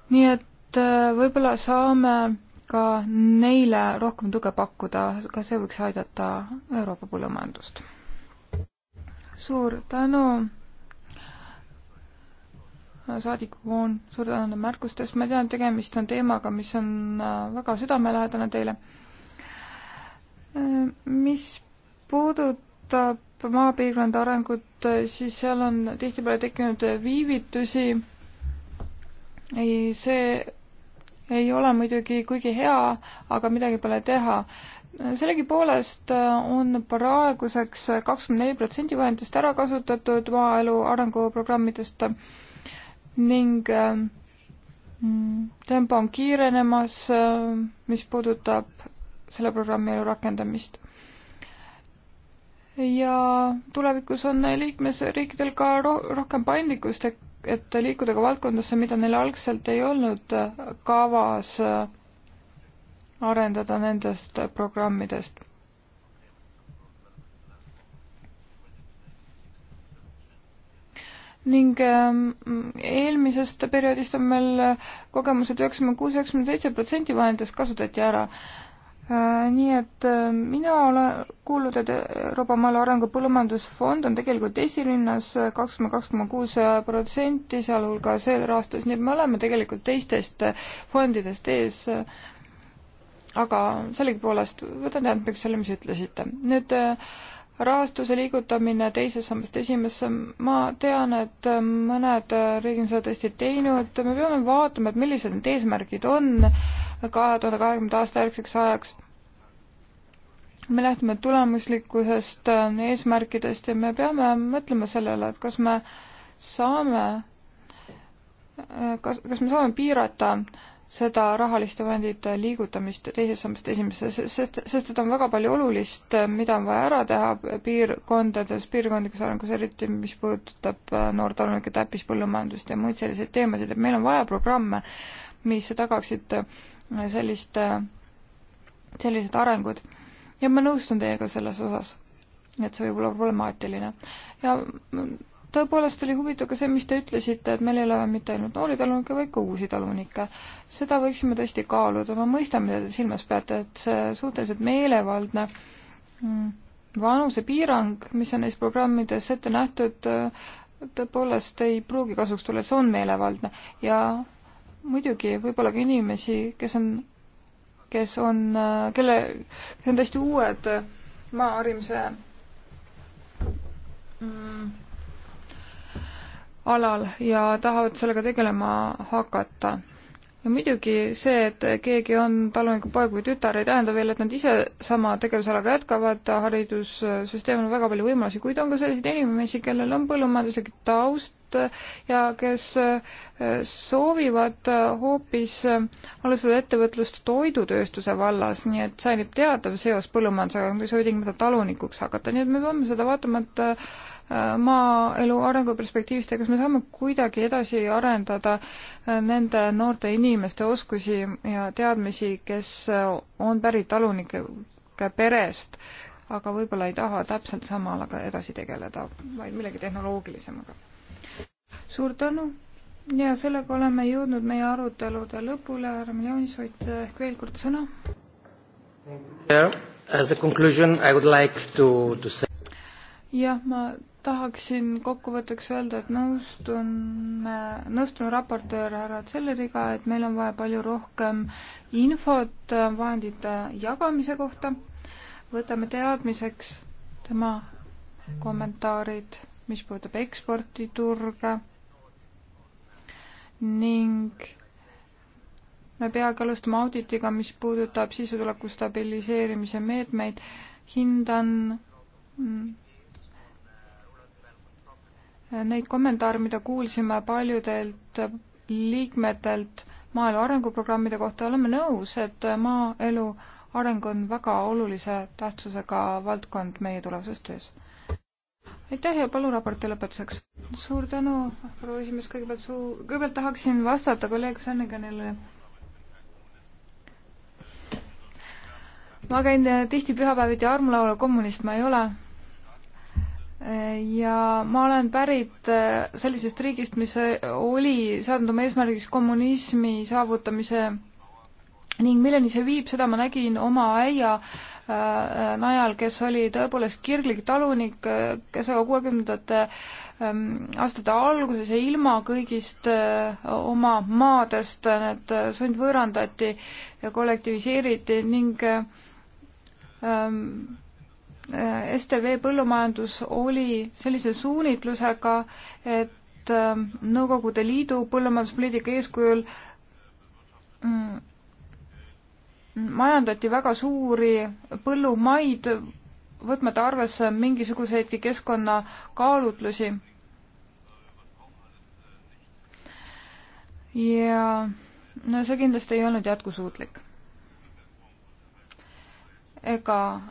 nii et võib-olla saame ka neile rohkem tuge pakkuda, ka see võiks aidata Euroopa põllumajandust. suur tänu saadik Voon, suur tänu nende märkustest, ma tean, tegemist on teemaga, mis on äh, väga südamelähedane teile. Äh, mis puudutab maapiirkondade arengut, äh, siis seal on tihtipeale tekkinud viivitusi. ei, see ei ole muidugi kuigi hea, aga midagi pole teha. sellegipoolest äh, on praeguseks kakskümmend neli protsenti vahenditest ära kasutatud maaelu arenguprogrammidest ning äh, tempo on kiirenemas, äh, mis puudutab selle programmi elu rakendamist. ja tulevikus on liikmesriikidel ka ro rohkem paindlikkust, et et liikuda ka valdkondasse, mida neil algselt ei olnud äh, kavas äh, arendada nendest programmidest. ning ähm, eelmisest perioodist on meil äh, kogemused üheksakümmend kuus, üheksakümmend seitse protsenti vahenditest kasutati ära Äh, nii et äh, mina olen kuulnud, et Euroopa Maaelu Arengu Põllumajandusfond on tegelikult esirinnas äh, kakskümmend kaks koma kuus protsenti, sealhulgas eelrahastus, nii et me oleme tegelikult teistest fondidest ees. aga sellegipoolest võtan teadmiseks selle, mis ütlesite. nüüd rahastuse liigutamine teisest sambast esimesse, ma tean, et mõned riigid on seda tõesti teinud, me peame vaatama, et millised need eesmärgid on kahe tuhande kahekümnenda aasta järgseks ajaks me lähtume tulemuslikkusest, äh, eesmärkidest ja me peame mõtlema sellele, et kas me saame, äh, kas, kas me saame piirata seda rahaliste vahendite liigutamist teisest sambast esimesse, sest, sest et on väga palju olulist, äh, mida on vaja ära teha piirkondades, piirkondlikus arengus, eriti mis puudutab noortalunike täppispõllumajandust ja muid selliseid teemasid, et meil on vaja programme, mis tagaksid sellist, sellised arengud ja ma nõustun teiega selles osas, et see võib olla problemaatiline. ja tõepoolest oli huvitav ka see, mis te ütlesite, et meil ei ole mitte ainult noori talunikke, vaid ka uusi talunikke. seda võiksime tõesti kaaluda, ma mõistan, mida te silmas peate, et see suhteliselt meelevaldne mm, vanusepiirang, mis on neis programmides ette nähtud, tõepoolest ei pruugi kasuks tulla, see on meelevaldne ja muidugi võib olla ka inimesi, kes on kes on, kelle, kes on täiesti uued maa harimise mm, alal ja tahavad sellega tegelema hakata ja muidugi see, et keegi on talunikupoeg või tütar, ei tähenda veel, et nad ise sama tegevusalaga jätkavad, haridussüsteemil on väga palju võimalusi, kuid on ka selliseid inimesi, kellel on põllumajanduslik taust ja kes eh, soovivad eh, hoopis eh, alustada ettevõtlust toidutööstuse vallas, nii et säilib teatav seos põllumajandusega, nad ei soovi tingimata talunikuks hakata, nii et me peame seda vaatama, et maaelu arenguperspektiivist ja kas me saame kuidagi edasi arendada äh, nende noorte inimeste oskusi ja teadmisi, kes äh, on pärit talunike perest, aga võib-olla ei taha täpselt sama alaga edasi tegeleda, vaid millegi tehnoloogilisemaga. suur tänu ja sellega oleme jõudnud meie arutelude lõpule, härra Miljonis, võite ehk veel kord sõna? As a conclusion I would like to, to say jah, ma tahaksin kokkuvõtteks öelda, et nõustun, nõustun raportöör härra Tselleriga, et meil on vaja palju rohkem infot vahendite jagamise kohta. võtame teadmiseks tema kommentaarid, mis puudutab eksporditurge ning me peagi alustame auditiga, mis puudutab sissetuleku stabiliseerimise meetmeid. hindan mm, neid kommentaare, mida kuulsime paljudelt liikmetelt maaelu arenguprogrammide kohta, oleme nõus, et maaelu areng on väga olulise tähtsusega valdkond meie tulevases töös. aitäh ja palun raporti lõpetuseks. suur tänu, proua esimees, kõigepealt suu-, kõigepealt tahaksin vastata kolleeg Fenniganile. ma käin tihti pühapäeviti armulaulul kommunist, ma ei ole ja ma olen pärit äh, sellisest riigist, mis äh, oli seadnud oma eesmärgiks kommunismi saavutamise ning milleni see viib, seda ma nägin oma äia äh, äh najal, kes oli tõepoolest kirglik talunik, kes aga kuuekümnendate ähm, aastate alguses ja ilma kõigist äh, oma maadest need äh, sundvõõrandati ja kollektiviseeriti ning ähm, STV Põllumajandus oli sellise suunitlusega, et ähm, Nõukogude Liidu põllumajanduspoliitika eeskujul mm, majandati väga suuri põllumaid, võtmata arvesse mingisuguseidki keskkonnakaalutlusi. ja no see kindlasti ei olnud jätkusuutlik ega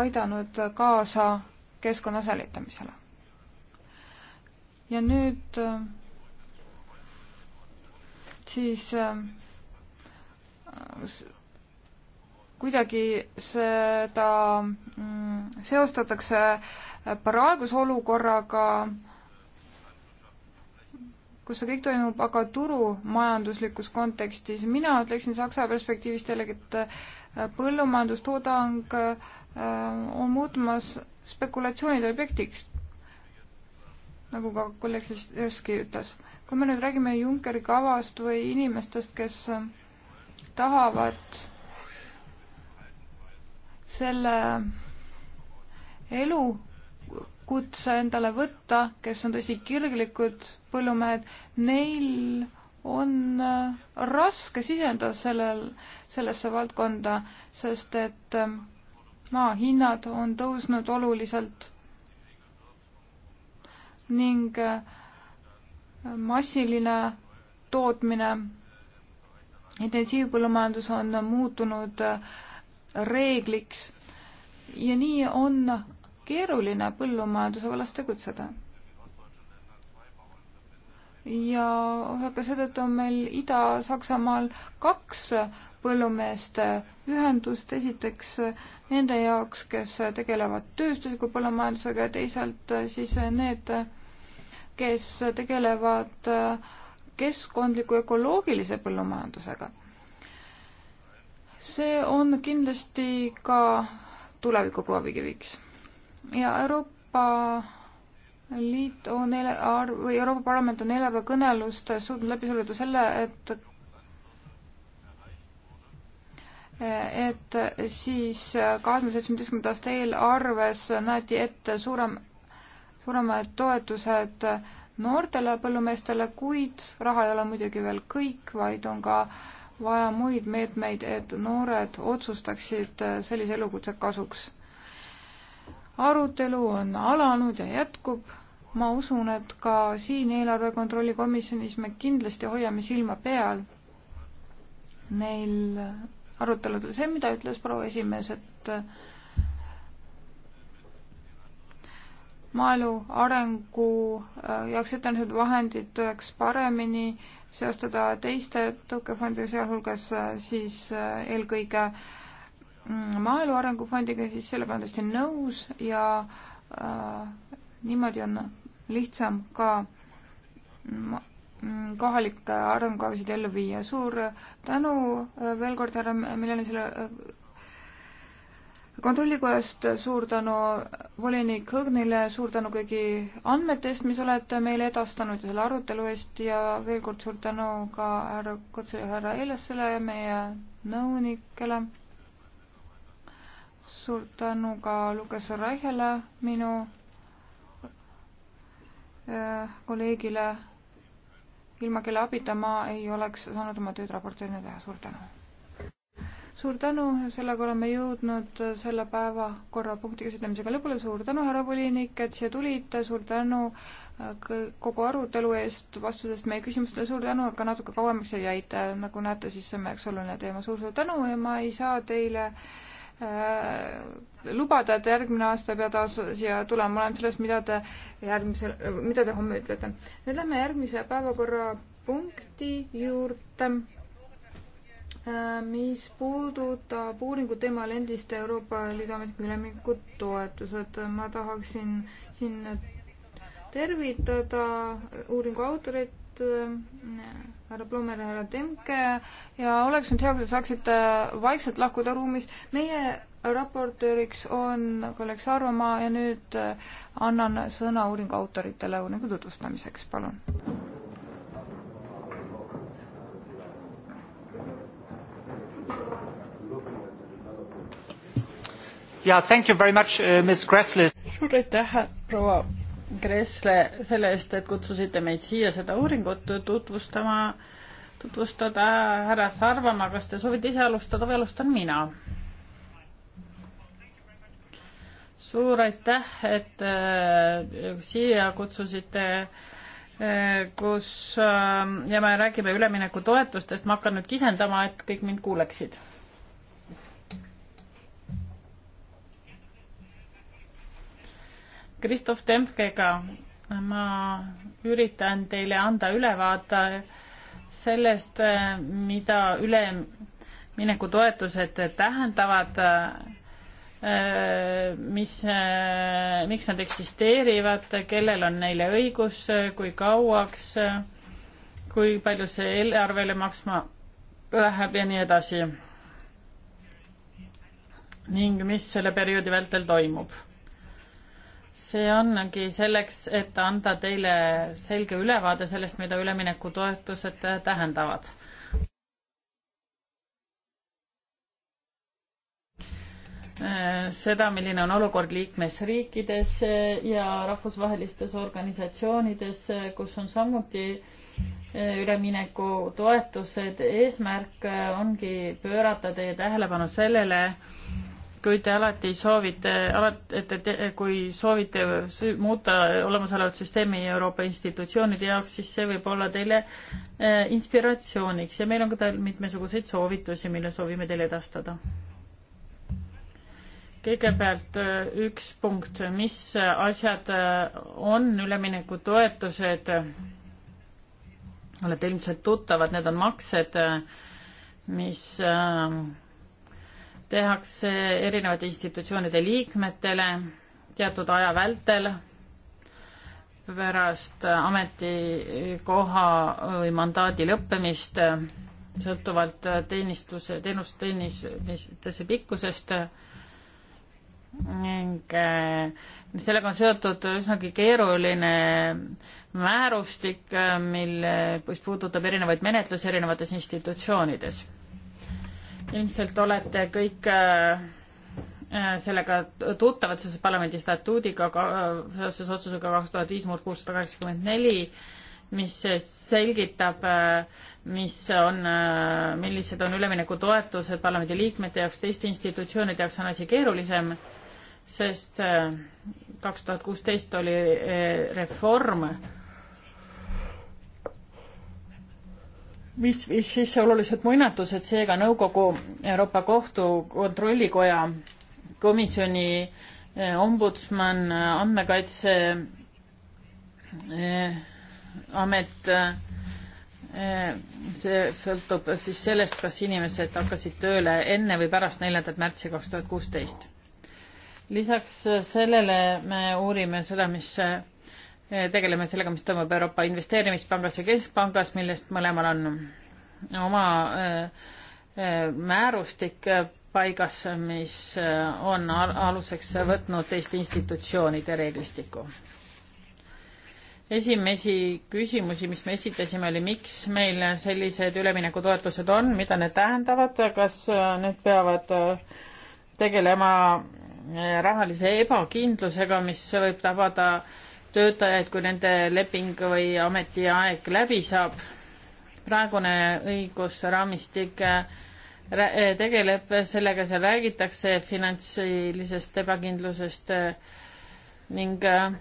aidanud kaasa keskkonna säilitamisele. ja nüüd äh, siis äh, kuidagi seda mm, seostatakse äh, praeguse olukorraga, kus see kõik toimub, aga turumajanduslikus kontekstis, mina ütleksin Saksa perspektiivist jällegi, et põllumajandustoodang äh, on muutumas spekulatsioonide objektiks, nagu ka kolleeg Žirski ütles. kui me nüüd räägime Junckeri kavast või inimestest, kes tahavad selle elukutse endale võtta, kes on tõesti kirglikud põllumehed, neil on äh, raske sisenda sellel, sellesse valdkonda, sest et ähm, maa hinnad on tõusnud oluliselt ning äh, massiline tootmine, intensiivpõllumajandus on muutunud äh, reegliks ja nii on keeruline põllumajanduse vallas tegutseda ja aga seetõttu on meil Ida-Saksamaal kaks põllumeeste ühendust, esiteks nende jaoks, kes tegelevad tööstusliku põllumajandusega ja teisalt siis need, kes tegelevad keskkondliku ökoloogilise põllumajandusega. see on kindlasti ka tuleviku proovikiviks ja Euroopa liit on eile, või Euroopa Parlament on eelarvekõnelustes suutnud läbi suruda selle, et et siis kahe tuhande seitsmeteistkümnenda aasta eelarves näeti ette suurem, suuremad toetused noortele põllumeestele, kuid raha ei ole muidugi veel kõik, vaid on ka vaja muid meetmeid, et noored otsustaksid sellise elukutse kasuks. arutelu on alanud ja jätkub ma usun, et ka siin eelarve kontrolli komisjonis me kindlasti hoiame silma peal neil aruteludel. see, mida ütles proua esimees, et äh, maaelu arengu äh, jaoks ette antud vahendid tuleks paremini seostada teiste tõukefondidega, sealhulgas äh, siis eelkõige mm, maaelu arengufondiga, siis sellega olen täiesti nõus ja äh, niimoodi on lihtsam ka kohalikke arengukavasid ellu viia. suur tänu veel kord härra Miljonisele kontrollikojast, suur tänu volinik Hõgnile, suur tänu kõigi andmete eest, mis olete meile edastanud ja selle arutelu eest ja veel kord suur tänu ka härra Kotse ja härra Eilesele, meie nõunikele. suur tänu ka Lukas Raihele, minu Äh, kolleegile, ilma kelle abita ma ei oleks saanud oma tööd raportöörina teha, suur tänu. suur tänu, sellega oleme jõudnud selle päevakorrapunkti käsitlemisega lõpule, suur tänu, härra volinik, et siia tulite, suur tänu äh, kogu arutelu eest, vastusest meie küsimustele, suur tänu, et ka natuke kauemaks jäite, nagu näete, siis see on meie jaoks oluline teema, suur-suur tänu ja ma ei saa teile äh, Äh, lubada, et järgmine aasta pead siia tulema, oleneb sellest, mida te järgmisel, äh, mida te homme ütlete. nüüd lähme järgmise päevakorrapunkti juurde, äh, mis puudutab uuringu teemal endiste Euroopa Liidu ametnike ülemineku toetused. ma tahaksin siin tervitada uuringu autoreid, Äh, härra Plummer ja härra Temke ja oleks nüüd hea, kui te saaksite vaikselt lahkuda ruumist. meie raportööriks on kolleeg Sarvamaa ja nüüd äh, annan sõna uuringu autoritele uuringu tutvustamiseks, palun. jaa, thank you very much uh,, Miss Gressle. suur aitäh, proua Kressle selle eest, et kutsusite meid siia seda uuringut tutvustama, tutvustada. härra Sarvamaa, kas te soovite ise alustada või alustan mina? suur aitäh, et äh, siia kutsusite äh,, kus äh, ja me räägime üleminekutoetustest, ma hakkan nüüd kisendama, et kõik mind kuuleksid Kristof Tempkega. ma üritan teile anda ülevaate sellest, mida üleminekutoetused tähendavad, mis, miks nad eksisteerivad, kellel on neile õigus, kui kauaks, kui palju see eelarvele maksma läheb ja nii edasi. ning mis selle perioodi vältel toimub see ongi selleks, et anda teile selge ülevaade sellest, mida üleminekutoetused tähendavad. seda, milline on olukord liikmesriikides ja rahvusvahelistes organisatsioonides, kus on samuti üleminekutoetused, eesmärk ongi pöörata teie tähelepanu sellele, kuid te alati soovite, alati, et te, kui soovite muuta olemasolevat süsteemi Euroopa institutsioonide jaoks, siis see võib olla teile eh, inspiratsiooniks ja meil on ka mitmesuguseid soovitusi, mille soovime teile edastada. kõigepealt eh, üks punkt, mis asjad eh, on üleminekutoetused? olete ilmselt tuttavad, need on maksed, mis äh, tehakse erinevate institutsioonide liikmetele teatud aja vältel pärast ametikoha või mandaadi lõppemist sõltuvalt teenistuse, teenust, teenistuse pikkusest ning äh, sellega on seotud üsnagi keeruline määrustik, äh, mille, mis puudutab erinevaid menetlusi erinevates institutsioonides ilmselt olete kõik äh, äh, sellega tuttavad seoses parlamendi statuudiga, äh, seoses otsusega kaks tuhat viis murd kuussada kaheksakümmend neli, mis selgitab, mis on, millised on üleminekutoetused parlamendi liikmete jaoks, teiste institutsioonide jaoks on asi keerulisem, sest kaks tuhat kuusteist oli reform mis viis sisse olulised muinatused, seega nõukogu Euroopa Kohtu kontrollikoja komisjoni eh, ombudsman, andmekaitse eh, amet, eh, see sõltub siis sellest, kas inimesed hakkasid tööle enne või pärast neljandat märtsi kaks tuhat kuusteist. lisaks sellele me uurime seda, mis tegeleme sellega, mis toimub Euroopa Investeerimispangas ja Keskpangas, millest mõlemal on oma äh, äh, määrustik paigas, mis äh, on aluseks võtnud Eesti institutsioonide reeglistiku. esimesi küsimusi, mis me esitasime, oli miks meil sellised üleminekutoetused on, mida need tähendavad, kas need peavad tegelema rahalise ebakindlusega, mis võib tabada äh, töötajaid, kui nende leping või ametiaeg läbi saab. praegune õigusraamistik eh, tegeleb sellega, seal räägitakse finantsilisest ebakindlusest eh, ning eh,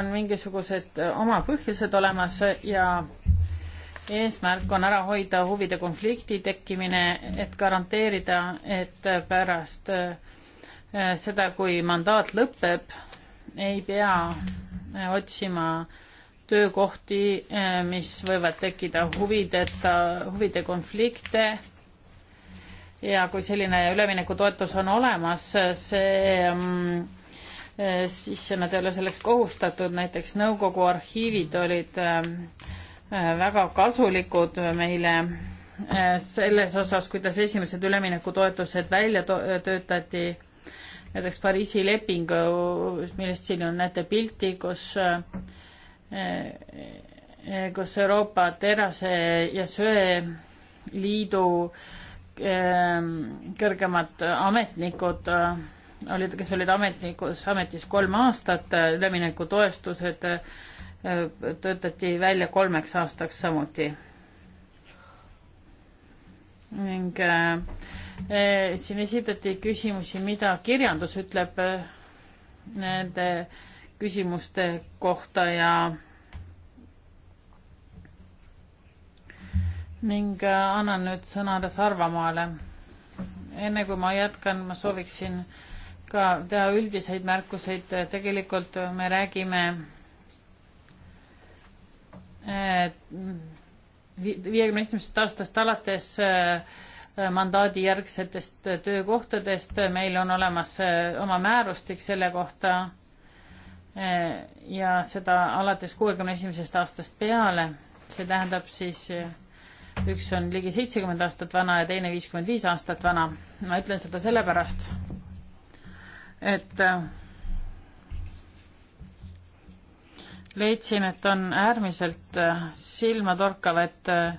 on mingisugused oma põhjused olemas ja eesmärk on ära hoida huvide konflikti tekkimine, et garanteerida, et pärast äh, seda, kui mandaat lõpeb, ei pea äh, otsima töökohti, äh, mis võivad tekkida huvideta, huvide konflikte. ja kui selline üleminekutoetus on olemas, see mm, siis nad ei ole selleks kohustatud, näiteks nõukogu arhiivid olid äh, Äh, väga kasulikud meile äh, selles osas, kuidas esimesed üleminekutoetused välja töötati, näiteks Pariisi leping, millest siin on, näete pilti, kus äh, kus Euroopa Terase ja Söeliidu ähm, kõrgemad ametnikud olid, kes olid ametnikus, ametis kolm aastat, üleminekutoestused äh, töötati välja kolmeks aastaks samuti. ning äh, eh, siin esitati küsimusi, mida kirjandus ütleb äh, nende küsimuste kohta ja ning äh, annan nüüd sõna Sarvamaale. enne kui ma jätkan, ma sooviksin ka teha üldiseid märkuseid, tegelikult me räägime viiekümne esimesest aastast alates äh, mandaadi järgsetest äh, töökohtadest, meil on olemas äh, oma määrustik selle kohta ja seda alates kuuekümne esimesest aastast peale, see tähendab siis üks on ligi seitsekümmend aastat vana ja teine viiskümmend viis aastat vana. ma ütlen seda sellepärast, et leidsin, et on äärmiselt äh, silmatorkav, et, äh,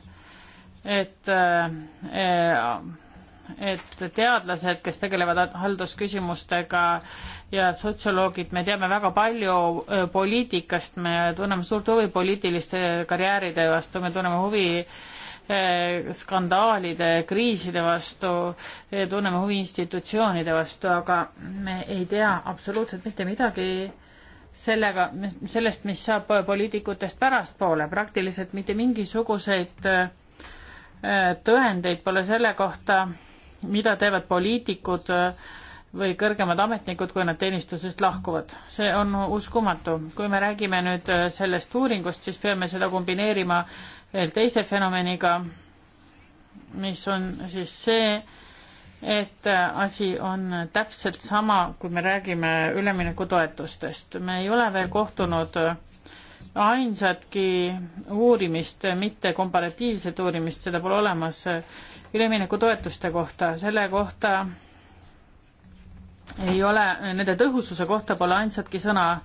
et, äh, et teadlased, kes tegelevad haldusküsimustega ja sotsioloogid, me teame väga palju poliitikast, me tunneme suurt huvi poliitiliste karjääride vastu, me tunneme huvi skandaalide, kriiside vastu, tunneme huvi institutsioonide vastu, aga me ei tea absoluutselt mitte midagi äh, sellega, sellest, mis saab poliitikutest pärastpoole, praktiliselt mitte mingisuguseid äh, tõendeid pole selle kohta, mida teevad poliitikud äh, või kõrgemad ametnikud, kui nad teenistusest lahkuvad. see on uskumatu. kui me räägime nüüd äh, sellest uuringust, siis peame seda kombineerima veel teise fenomeniga, mis on siis see, et äh, asi on täpselt sama, kui me räägime üleminekutoetustest. me ei ole veel kohtunud äh, ainsatki uurimist, mitte komparatiivset uurimist, seda pole olemas, äh, üleminekutoetuste kohta, selle kohta ei ole, nende tõhususe kohta pole ainsatki sõna.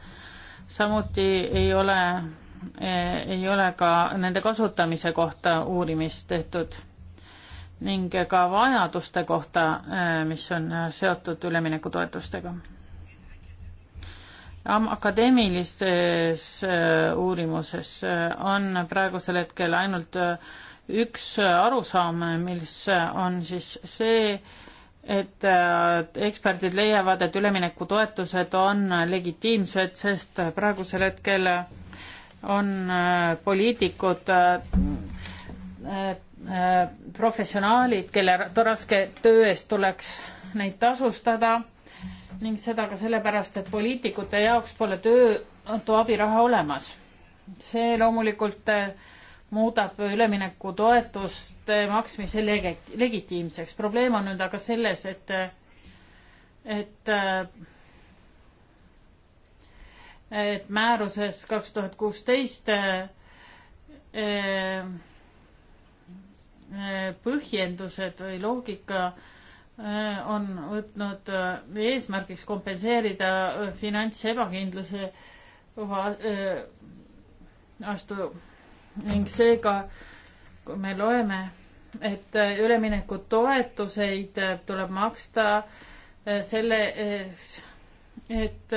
samuti ei ole, ei ole ka nende kasutamise kohta uurimist tehtud ning ka vajaduste kohta, äh, mis on äh, seotud üleminekutoetustega. akadeemilises äh, uurimuses on praegusel hetkel ainult üks arusaam, mis on siis see, et eksperdid leiavad, et üleminekutoetused on legitiimsed, sest praegusel hetkel on poliitikud Äh, professionaalid, kelle raske töö eest tuleks neid tasustada ning seda ka sellepärast, et poliitikute jaoks pole töötu abiraha olemas. see loomulikult äh, muudab üleminekutoetuste äh, maksmise legit-, legitiimseks. probleem on nüüd aga selles, et, et et määruses kaks tuhat kuusteist põhjendused või loogika äh, on võtnud äh, eesmärgiks kompenseerida äh, finantsebakindluse vastu ning seega, kui me loeme, et üleminekutoetuseid tuleb maksta selle ees, et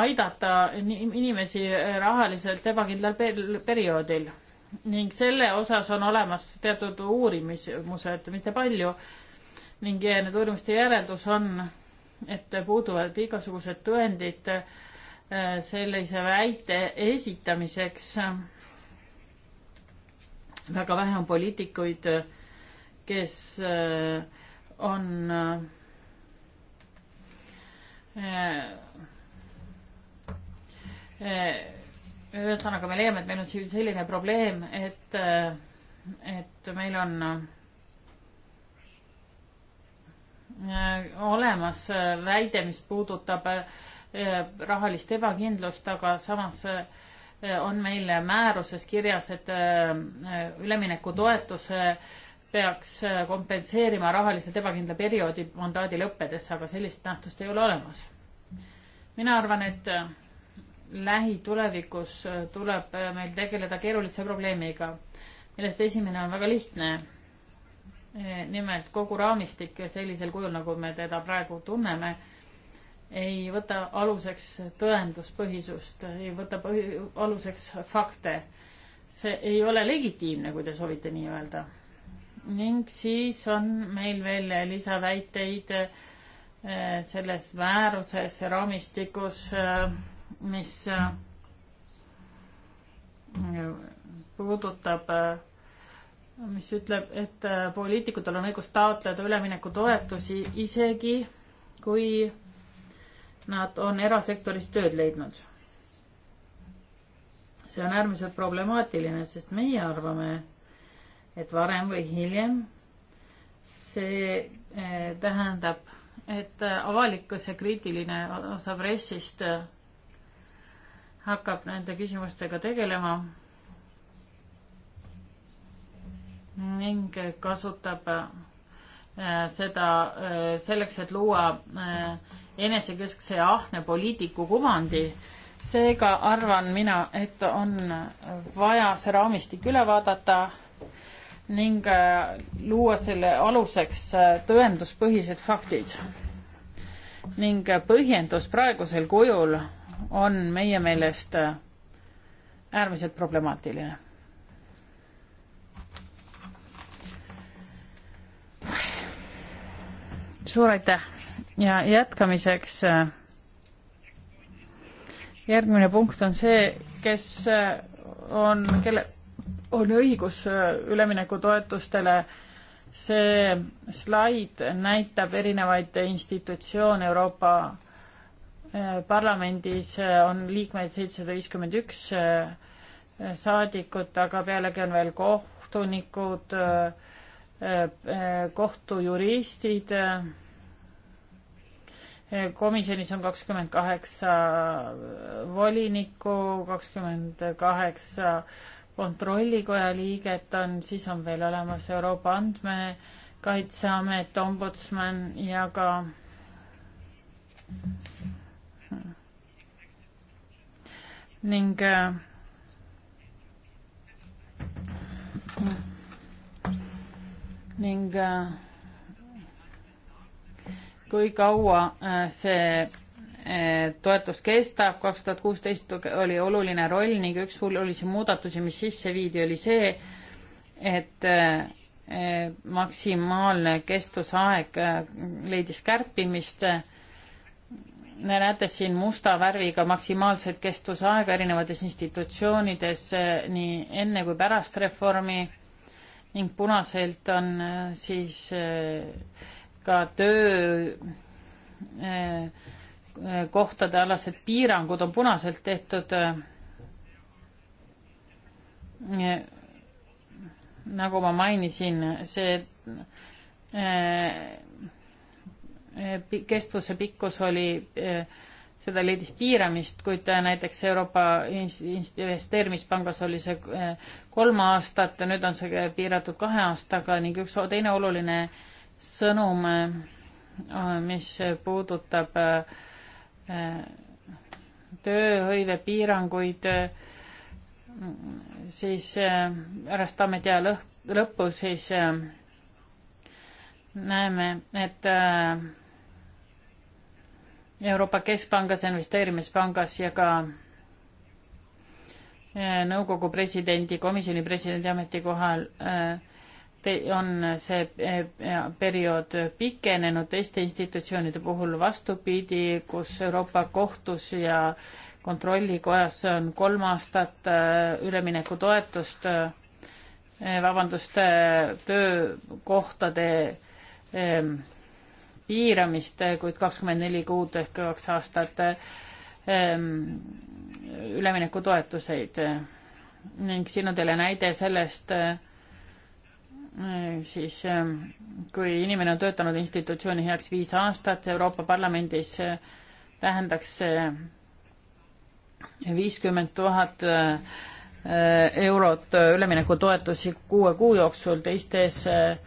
aidata inimesi rahaliselt ebakindlal perioodil ning selle osas on olemas teatud uurimismused, mitte palju. ning need uurimuste järeldus on, et puuduvad igasugused tõendid äh, sellise väite esitamiseks. väga vähe on poliitikuid, kes äh, on äh, äh, ühesõnaga, me leiame, et meil on siin selline probleem, et, äh, et meil on äh, olemas äh, väide, mis puudutab rahalist ebakindlust, aga samas on meil määruses kirjas, et üleminekutoetuse peaks kompenseerima rahaliselt ebakindla perioodi mandaadi lõppedes, aga sellist nähtust ei ole olemas. mina arvan, et lähitulevikus tuleb meil tegeleda keerulise probleemiga, millest esimene on väga lihtne. nimelt kogu raamistik sellisel kujul, nagu me teda praegu tunneme, ei võta aluseks tõenduspõhisust, ei võta põhi, aluseks fakte. see ei ole legitiimne, kui te soovite nii öelda. ning siis on meil veel lisaväiteid eh, selles määruses, raamistikus äh, mis äh, puudutab, äh, mis ütleb, et äh, poliitikutel on õigus taotleda üleminekutoetusi isegi, kui nad on erasektoris tööd leidnud. see on äärmiselt problemaatiline, sest meie arvame, et varem või hiljem see tähendab, et avalik see kriitiline osa pressist hakkab nende küsimustega tegelema ning kasutab äh, seda äh, selleks, et luua äh, enesekeskse ja ahne poliitiku kuvandi. seega arvan mina, et on vaja see raamistik üle vaadata ning luua selle aluseks tõenduspõhised faktid. ning põhjendus praegusel kujul on meie meelest äh, äärmiselt problemaatiline. suur aitäh ja jätkamiseks. Äh, järgmine punkt on see, kes äh, on, kelle, on õigus üleminekutoetustele see slaid näitab erinevaid institutsioone Euroopa Äh, parlamendis äh, on liikmeid seitsesada viiskümmend üks äh, saadikut, aga pealegi on veel kohtunikud, kohtujuristid. komisjonis on kakskümmend kaheksa volinikku, kakskümmend kaheksa kontrollikoja liiget on, siis on veel olemas Euroopa Andmekaitseamet, ombudsman ja ka ning äh, ning äh, kui kaua äh, see toetus kestab, kaks tuhat kuusteist oli oluline roll ning üks olulisi muudatusi, mis sisse viidi, oli see, et maksimaalne kestusaeg leidis kärpimist näete siin musta värviga maksimaalset kestvusaega erinevates institutsioonides eh, nii enne kui pärast reformi ning punaselt on eh, siis eh, ka töö kohtade alased piirangud on punaselt tehtud nagu ma mainisin, see kestvuse pikkus oli, eh, seda leidis piiramist, kuid eh, näiteks Euroopa Investeerimispangas oli see eh, kolm aastat, nüüd on see piiratud kahe aastaga ning üks teine oluline sõnum, mis puudutab tööhõive piiranguid, siis pärast ametiaja lõppu siis näeme, et äh, Euroopa Keskpangas ja Investeerimispangas ja ka eh, nõukogu presidendi, komisjoni presidendi ametikohal eh, on see eh, periood pikenenud teiste institutsioonide puhul vastupidi, kus Euroopa Kohtus ja kontrollikojas on kolm aastat üleminekutoetust, vabandust, töökohtade piiramist, kuid kakskümmend neli kuud ehk kaks aastat ehm, üleminekutoetuseid. ning siin on teile näide sellest, eh, siis ehm, kui inimene on töötanud institutsiooni heaks viis aastat Euroopa Parlamendis, tähendaks see viiskümmend tuhat eh, eurot üleminekutoetusi kuue kuu jooksul, teistes eh,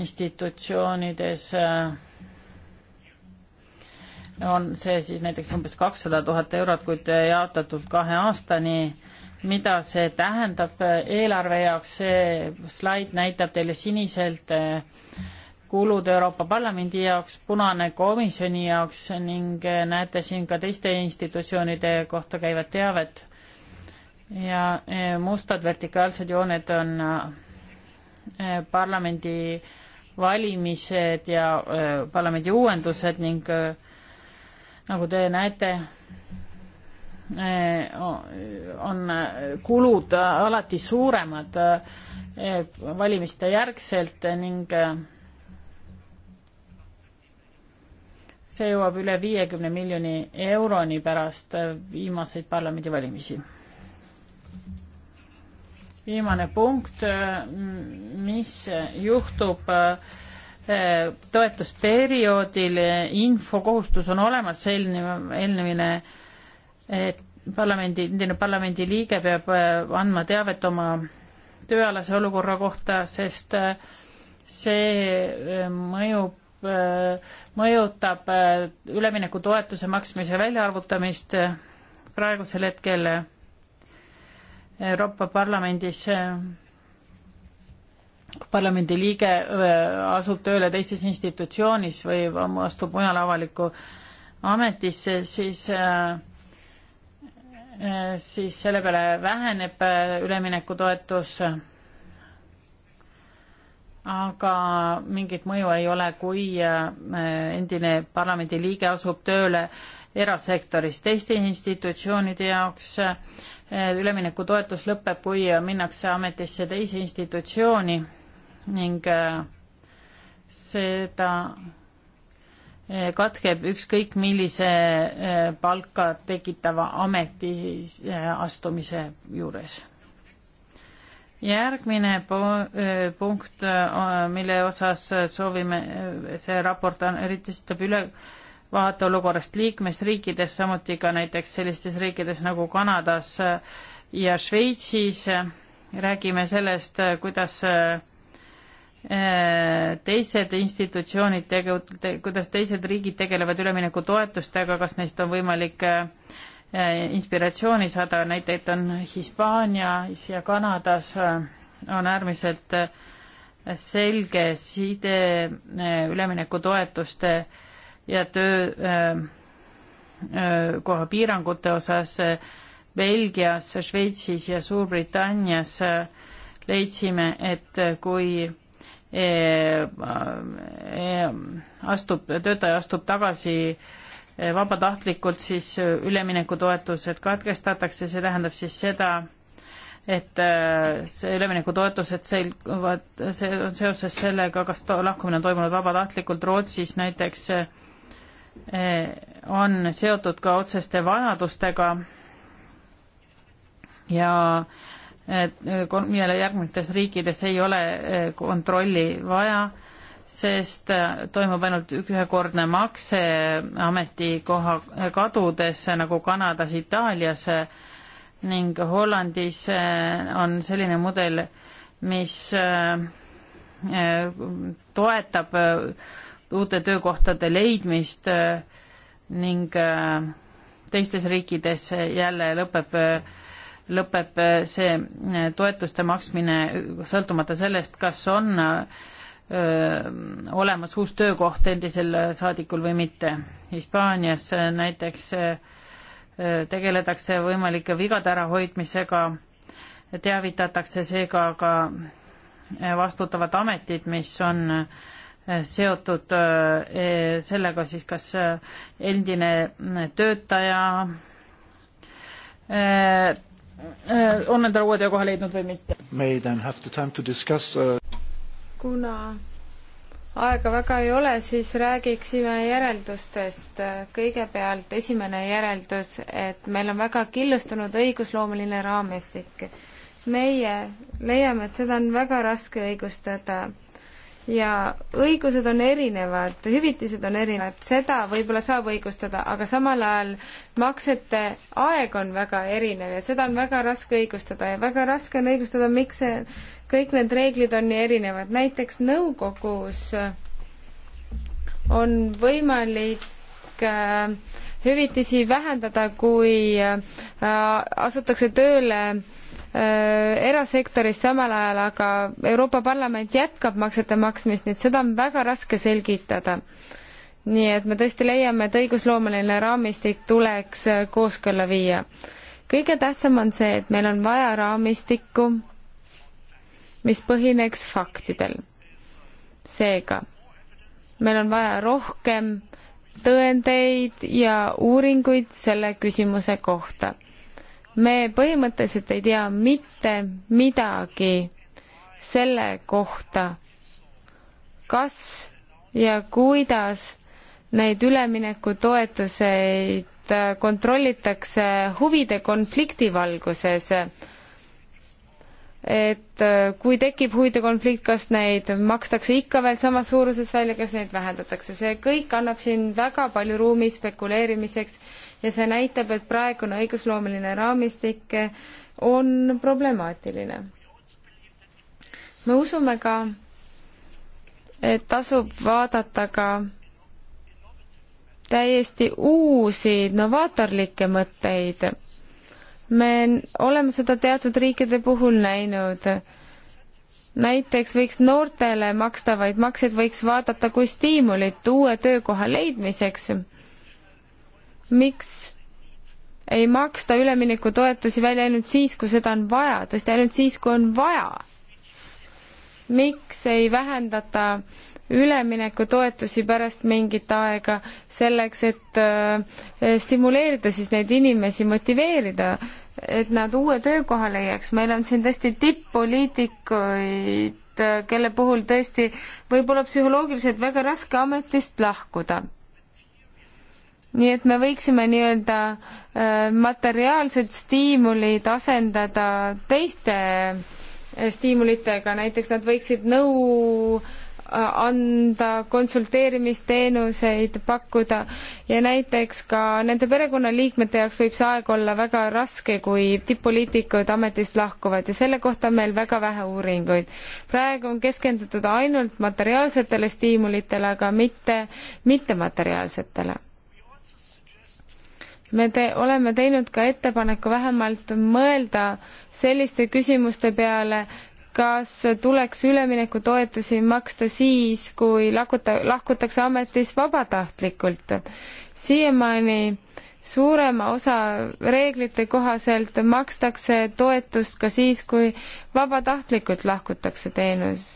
institutsioonides äh, on see siis näiteks umbes kakssada tuhat eurot, kuid jaotatud kahe aastani. mida see tähendab eelarve jaoks, see slaid näitab teile siniselt eh, kulud Euroopa Parlamendi jaoks, punane komisjoni jaoks ning eh, näete siin ka teiste institutsioonide kohta käivat teavet. ja eh, mustad vertikaalsed jooned on parlamendi valimised ja parlamendi uuendused ning nagu te näete, on kulud alati suuremad eh, valimiste järgselt ning eh, see jõuab üle viiekümne miljoni euroni pärast viimaseid parlamendivalimisi. viimane punkt, mis juhtub äh, toetusperioodil infokohustus on olemas, eelmine parlamendi, endine parlamendiliige peab äh, andma teavet oma tööalase olukorra kohta, sest äh, see äh, mõjub, mõjutab üleminekutoetuse maksmise väljaarvutamist praegusel hetkel Euroopa Parlamendis parlamendi liige asub tööle teises institutsioonis või astub mujale avalikku ametisse, siis siis selle peale väheneb üleminekutoetus. aga mingit mõju ei ole, kui endine parlamendi liige asub tööle erasektoris teiste institutsioonide jaoks. üleminekutoetus lõpeb, kui minnakse ametisse teise institutsiooni ning äh, seda äh, katkeb ükskõik millise äh, palka tekitava ameti astumise juures. järgmine punkt, mille osas soovime, see raport on, eriti esitab üle vaate olukorrast liikmesriikides, samuti ka näiteks sellistes riikides nagu Kanadas ja Šveitsis. räägime sellest, kuidas teised institutsioonid tege-, te, kuidas teised riigid tegelevad üleminekutoetustega, kas neist on võimalik äh, inspiratsiooni saada, näiteid on Hispaanias ja Kanadas äh, on äärmiselt äh, selge side üleminekutoetuste ja töökoha piirangute osas Belgias, Šveitsis ja Suurbritannias leidsime, et kui astub, töötaja astub tagasi vabatahtlikult, siis üleminekutoetused katkestatakse, see tähendab siis seda, et see üleminekutoetused selguvad, see on seoses sellega, kas to-, lahkumine on toimunud vabatahtlikult, Rootsis näiteks on seotud ka otseste vajadustega ja äh, Äh, millele järgnevates riikides ei ole äh, kontrolli vaja, sest äh, toimub ainult ühekordne makse ametikoha kadudes nagu Kanadas, Itaalias ning Hollandis on selline mudel, mis toetab uute töökohtade leidmist ning teistes riikides jälle lõpeb lõpeb äh, see äh, toetuste maksmine sõltumata sellest, kas on öö, äh, olemas uus töökoht endisel saadikul või mitte. Hispaanias näiteks öö, tegeletakse võimalike vigade ärahoidmisega, teavitatakse seega ka vastutavat ametit, mis on seotud sellega siis, kas endine töötaja Äh, on endale uue töökoha leidnud või mitte. Uh... kuna aega väga ei ole, siis räägiksime järeldustest. kõigepealt esimene järeldus, et meil on väga killustunud õigusloomeline raamistik. meie leiame, et seda on väga raske õigustada ja õigused on erinevad, hüvitised on erinevad, seda võib-olla saab õigustada, aga samal ajal maksete aeg on väga erinev ja seda on väga raske õigustada ja väga raske on õigustada, miks see, kõik need reeglid on nii erinevad. näiteks nõukogus on võimalik äh, hüvitisi vähendada, kui äh, asutakse tööle Äh, erasektoris, samal ajal aga Euroopa Parlament jätkab maksete maksmist, nii et seda on väga raske selgitada. nii et me tõesti leiame, et õigusloomeline raamistik tuleks äh, kooskõlla viia. kõige tähtsam on see, et meil on vaja raamistikku, mis põhineks faktidel. seega, meil on vaja rohkem tõendeid ja uuringuid selle küsimuse kohta me põhimõtteliselt ei tea mitte midagi selle kohta, kas ja kuidas neid üleminekutoetuseid äh, kontrollitakse huvide konflikti valguses. et äh, kui tekib huvide konflikt, kas neid makstakse ikka veel samas suuruses välja, kas neid vähendatakse, see kõik annab siin väga palju ruumi spekuleerimiseks ja see näitab, et praegune õigusloomeline raamistik on problemaatiline. me usume ka, et tasub vaadata ka täiesti uusi novaatorlikke mõtteid. me oleme seda teatud riikide puhul näinud. näiteks võiks noortele makstavaid makseid võiks vaadata kui stiimulit uue töökoha leidmiseks miks ei maksta üleminekutoetusi välja ainult siis, kui seda on vaja, tõesti ainult siis, kui on vaja. miks ei vähendata üleminekutoetusi pärast mingit aega selleks, et äh, stimuleerida siis neid inimesi, motiveerida, et nad uue töökoha leiaks, meil on siin tõesti tipp-poliitikuid, äh, kelle puhul tõesti võib olla psühholoogiliselt väga raske ametist lahkuda nii et me võiksime nii-öelda äh, materiaalsed stiimulid asendada teiste äh, stiimulitega, näiteks nad võiksid nõu äh, anda konsulteerimisteenuseid pakkuda ja näiteks ka nende perekonnaliikmete jaoks võib see aeg olla väga raske, kui tipp-poliitikud ametist lahkuvad ja selle kohta on meil väga vähe uuringuid. praegu on keskendutud ainult materiaalsetele stiimulitele, aga mitte mittemateriaalsetele me te-, oleme teinud ka ettepaneku vähemalt mõelda selliste küsimuste peale, kas tuleks üleminekutoetusi maksta siis, kui lakuta-, lahkutakse ametis vabatahtlikult. siiamaani suurema osa reeglite kohaselt makstakse toetust ka siis, kui vabatahtlikult lahkutakse teenus,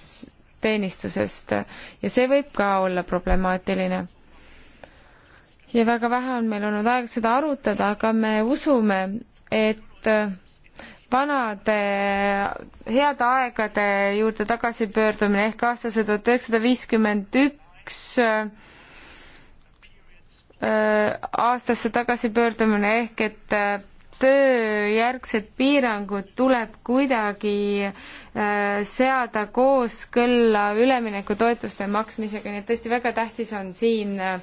teenistusest ja see võib ka olla problemaatiline ja väga vähe on meil olnud aega seda arutada, aga me usume, et äh, vanade heade aegade juurde tagasipöördumine ehk aastasse tuhat üheksasada viiskümmend üks äh, äh, aastasse tagasipöördumine ehk et tööjärgsed piirangud tuleb kuidagi seada kooskõlla üleminekutoetuste maksmisega, nii et tõesti väga tähtis on siin äh,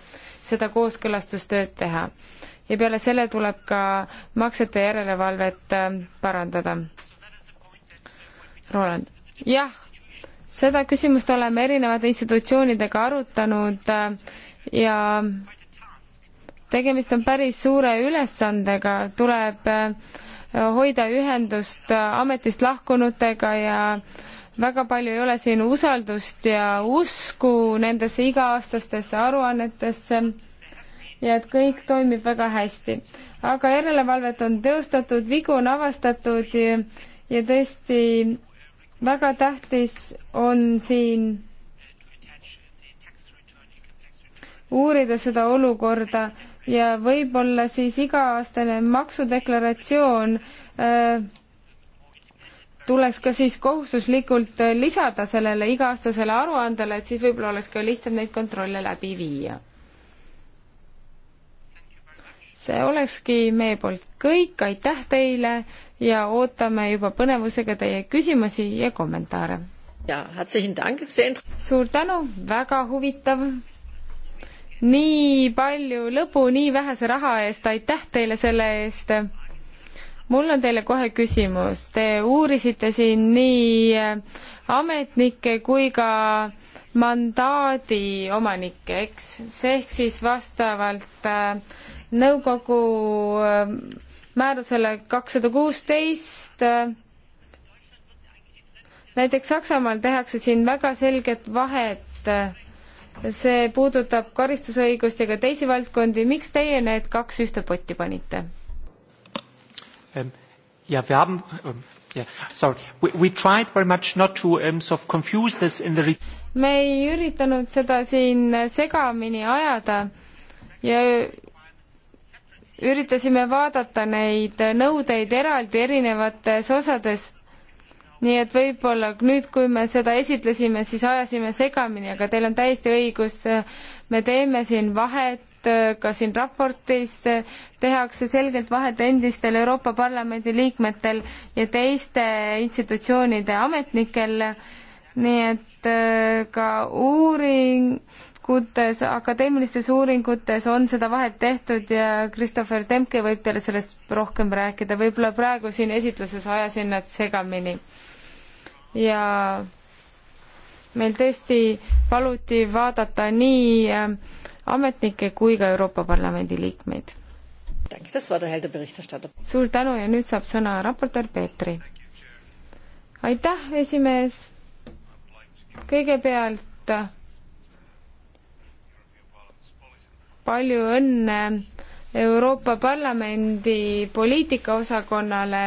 seda kooskõlastustööd teha. ja peale selle tuleb ka maksete järelevalvet äh, parandada. Roland. jah, seda küsimust oleme erinevate institutsioonidega arutanud äh, ja tegemist on päris suure ülesandega, tuleb äh, hoida ühendust ametist lahkunutega ja äh, väga palju ei ole siin usaldust ja usku nendesse iga-aastastesse aruannetesse ja et kõik toimib väga hästi. aga järelevalvet on teostatud, vigu on avastatud ja, ja tõesti väga tähtis on siin uurida seda olukorda ja võib-olla siis iga-aastane maksudeklaratsioon äh, tuleks ka siis kohustuslikult äh, lisada sellele iga-aastasele aruandele, et siis võib-olla oleks ka lihtsam neid kontrolle läbi viia. see olekski meie poolt kõik, aitäh teile ja ootame juba põnevusega teie küsimusi ja kommentaare. suur tänu, väga huvitav nii palju lõbu nii vähese raha eest, aitäh teile selle eest mul on teile kohe küsimus, te uurisite siin nii äh, ametnikke kui ka mandaadi omanikke, eks, ehk siis vastavalt äh, nõukogu äh, määrusele kakssada kuusteist näiteks Saksamaal tehakse siin väga selget vahet, see puudutab karistusõigust ja ka teisi valdkondi, miks teie need kaks ühte potti panite? Um, yeah, wir haben. Um, yeah, sorry. We, we tried very much not to um, sort of confuse this in the. me ei üritanud seda siin segamini ajada ja üritasime vaadata neid nõudeid eraldi erinevates osades. nii et võib-olla nüüd, kui me seda esitlesime, siis ajasime segamini, aga teil on täiesti õigus, me teeme siin vahet et äh, ka siin raportis äh, tehakse selgelt vahet endistel Euroopa Parlamendi liikmetel ja teiste institutsioonide ametnikel, nii et äh, ka uuringutes, akadeemilistes uuringutes on seda vahet tehtud ja Christopher Temke võib teile sellest rohkem rääkida, võib-olla praegu siin esitluses ajasin nad segamini. ja meil tõesti paluti vaadata nii ähm, ametnikke kui ka Euroopa Parlamendi liikmeid. suur tänu ja nüüd saab sõna raportöör Peetri. aitäh, esimees. kõigepealt äh, palju õnne Euroopa Parlamendi poliitikaosakonnale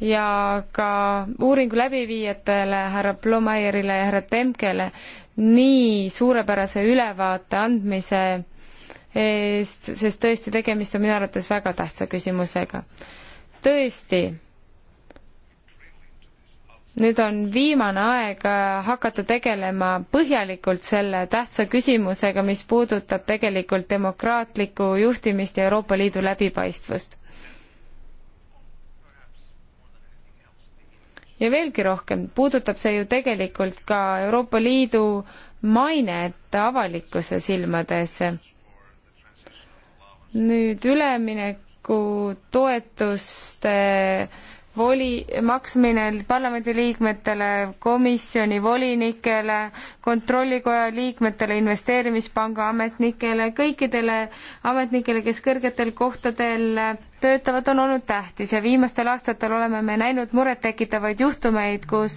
ja ka uuringu läbiviijatele, härra Blomeierile ja härra Temkele, nii suurepärase ülevaate andmise eest, sest tõesti, tegemist on minu arvates väga tähtsa küsimusega. tõesti, nüüd on viimane aeg hakata tegelema põhjalikult selle tähtsa küsimusega, mis puudutab tegelikult demokraatlikku juhtimist ja Euroopa Liidu läbipaistvust ja veelgi rohkem puudutab see ju tegelikult ka Euroopa Liidu mainet avalikkuse silmades. nüüd ülemineku toetuste äh, voli, maksmine parlamendiliikmetele, komisjoni volinikele, kontrollikoja liikmetele, investeerimispanga ametnikele, kõikidele ametnikele, kes kõrgetel kohtadel töötavad, on olnud tähtis ja viimastel aastatel oleme me näinud murettekitavaid juhtumeid, kus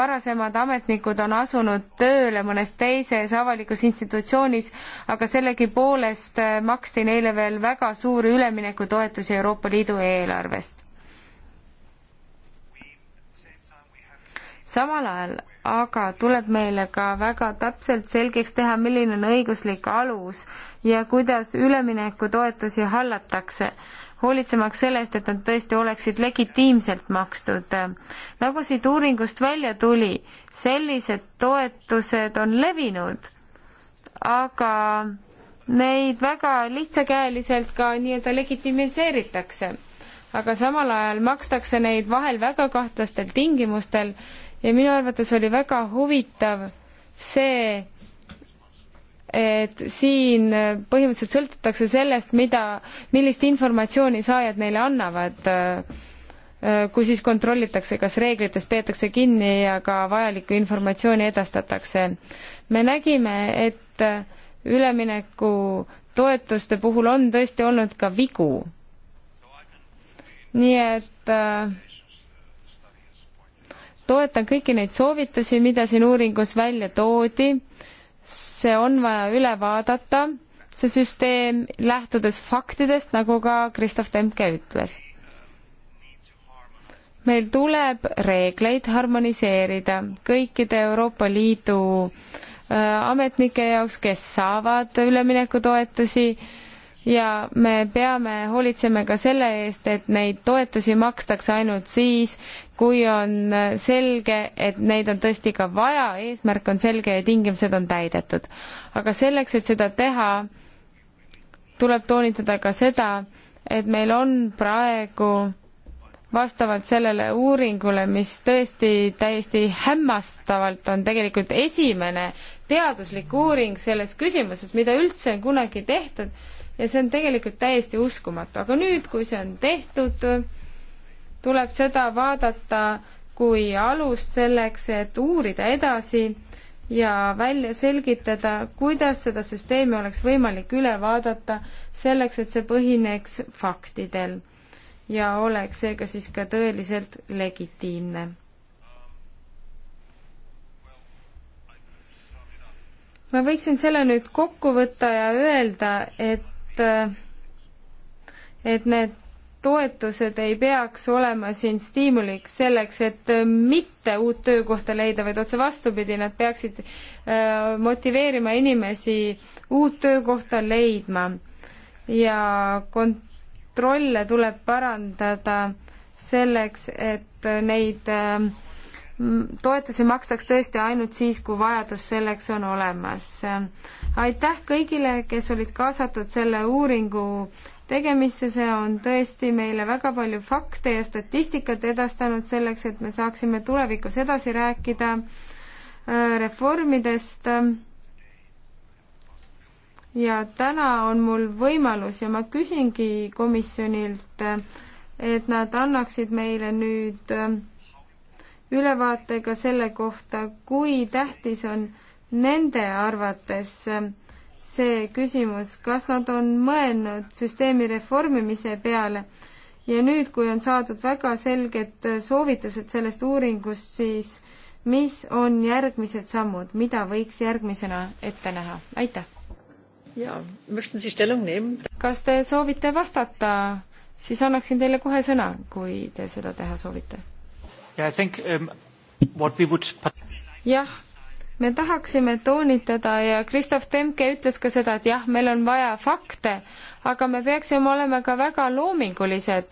varasemad ametnikud on asunud tööle mõnes teises avalikus institutsioonis, aga sellegipoolest maksti neile veel väga suuri üleminekutoetusi Euroopa Liidu eelarvest samal ajal aga tuleb meile ka väga täpselt selgeks teha, milline on õiguslik alus ja kuidas üleminekutoetusi hallatakse hoolitsemaks selle eest, et nad tõesti oleksid legitiimselt makstud. nagu siit uuringust välja tuli, sellised toetused on levinud, aga neid väga lihtsakäeliselt ka nii-öelda legitimiseeritakse. aga samal ajal makstakse neid vahel väga kahtlastel tingimustel ja minu arvates oli väga huvitav see, et siin põhimõtteliselt sõltutakse sellest, mida, millist informatsiooni saajad neile annavad, äh, kui siis kontrollitakse, kas reeglitest peetakse kinni ja ka vajalikku informatsiooni edastatakse. me nägime, et ülemineku toetuste puhul on tõesti olnud ka vigu. nii et äh, toetan kõiki neid soovitusi, mida siin uuringus välja toodi. see on vaja üle vaadata, see süsteem, lähtudes faktidest, nagu ka Kristof Temke ütles. meil tuleb reegleid harmoniseerida kõikide Euroopa Liidu äh, ametnike jaoks, kes saavad üleminekutoetusi ja me peame hoolitsema ka selle eest, et neid toetusi makstakse ainult siis, kui on selge, et neid on tõesti ka vaja, eesmärk on selge ja tingimused on täidetud. aga selleks, et seda teha, tuleb toonitada ka seda, et meil on praegu vastavalt sellele uuringule, mis tõesti täiesti hämmastavalt on tegelikult esimene teaduslik uuring selles küsimuses, mida üldse kunagi tehtud ja see on tegelikult täiesti uskumatu, aga nüüd, kui see on tehtud, tuleb seda vaadata kui alust selleks, et uurida edasi ja välja selgitada, kuidas seda süsteemi oleks võimalik üle vaadata selleks, et see põhineks faktidel ja oleks seega siis ka tõeliselt legitiimne. ma võiksin selle nüüd kokku võtta ja öelda, et et need toetused ei peaks olema siin stiimuliks selleks, et mitte uut töökohta leida, vaid otse vastupidi, nad peaksid äh, motiveerima inimesi uut töökohta leidma. ja kontrolle tuleb parandada selleks, et neid äh, toetusi makstaks tõesti ainult siis, kui vajadus selleks on olemas. aitäh kõigile, kes olid kaasatud selle uuringu tegemisse, see on tõesti meile väga palju fakte ja statistikat edastanud selleks, et me saaksime tulevikus edasi rääkida äh, reformidest. ja täna on mul võimalus ja ma küsingi komisjonilt, et nad annaksid meile nüüd äh, ülevaate ka selle kohta, kui tähtis on nende arvates see küsimus, kas nad on mõelnud süsteemi reformimise peale ja nüüd, kui on saadud väga selged soovitused sellest uuringust, siis mis on järgmised sammud, mida võiks järgmisena ette näha? aitäh! kas te soovite vastata, siis annaksin teile kohe sõna, kui te seda teha soovite Um, jah, me tahaksime toonitada ja Kristof Temke ütles ka seda, et jah, meil on vaja fakte, aga me peaksime olema ka väga loomingulised.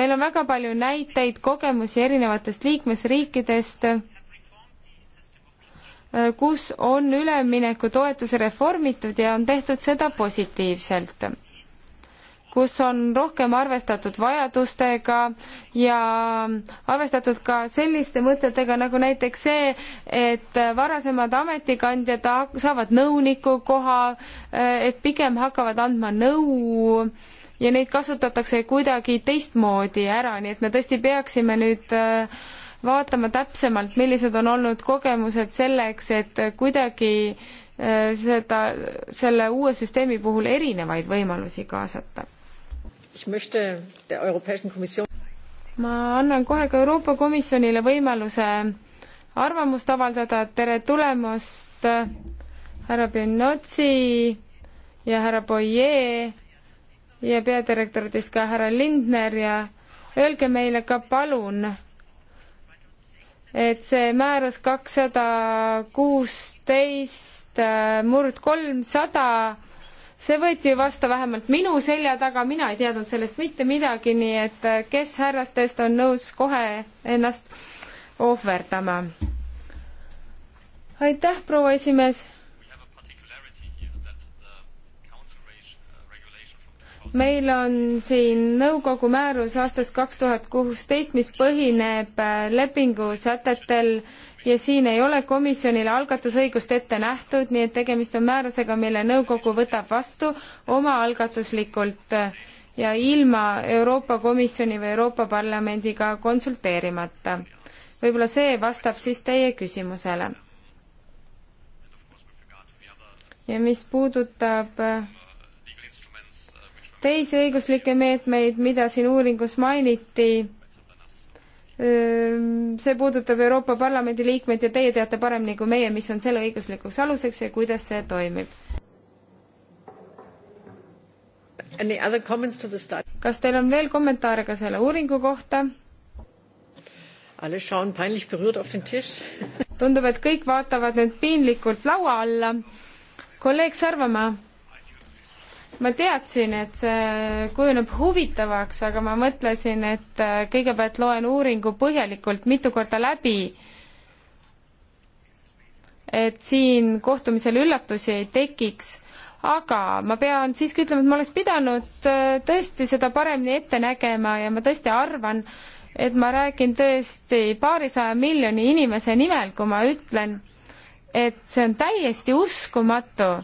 meil on väga palju näiteid, kogemusi erinevatest liikmesriikidest, kus on üleminekutoetuse reformitud ja on tehtud seda positiivselt kus on rohkem arvestatud vajadustega ja arvestatud ka selliste mõtetega nagu näiteks see, et varasemad ametikandjad saavad nõuniku koha, et pigem hakkavad andma nõu ja neid kasutatakse kuidagi teistmoodi ära, nii et me tõesti peaksime nüüd äh, vaatama täpsemalt, millised on olnud kogemused selleks, et kuidagi äh, seda, selle uue süsteemi puhul erinevaid võimalusi kaasata ma annan kohe ka Euroopa Komisjonile võimaluse arvamust avaldada, tere tulemast härra Benotsi ja härra Boyer ja peadirektoritest ka härra Lindner ja öelge meile ka palun, et see määrus kakssada kuusteist murd kolmsada see võeti vastu vähemalt minu selja taga, mina ei teadnud sellest mitte midagi, nii et äh, kes härrastest on nõus kohe ennast ohverdama. aitäh, proua esimees. meil on siin nõukogu määrus aastast kaks tuhat kuusteist, mis põhineb äh, lepingusätetel ja siin ei ole komisjonile algatusõigust ette nähtud, nii et tegemist on määrusega, mille nõukogu võtab vastu omaalgatuslikult äh, ja ilma Euroopa Komisjoni või Euroopa Parlamendiga konsulteerimata. võib-olla see vastab siis teie küsimusele. ja mis puudutab äh, teisi õiguslikke meetmeid, mida siin uuringus mainiti, see puudutab Euroopa Parlamendi liikmeid ja teie teate paremini kui meie, mis on selle õiguslikuks aluseks ja kuidas see toimib. kas teil on veel kommentaare ka selle uuringu kohta? tundub, et kõik vaatavad nüüd piinlikult laua alla. kolleeg Sarvamaa ma teadsin, et see kujuneb huvitavaks, aga ma mõtlesin, et äh, kõigepealt loen uuringu põhjalikult mitu korda läbi, et siin kohtumisel üllatusi ei tekiks, aga ma pean siiski ütlema, et ma oleks pidanud äh, tõesti seda paremini ette nägema ja ma tõesti arvan, et ma räägin tõesti paarisaja miljoni inimese nimel, kui ma ütlen, et see on täiesti uskumatu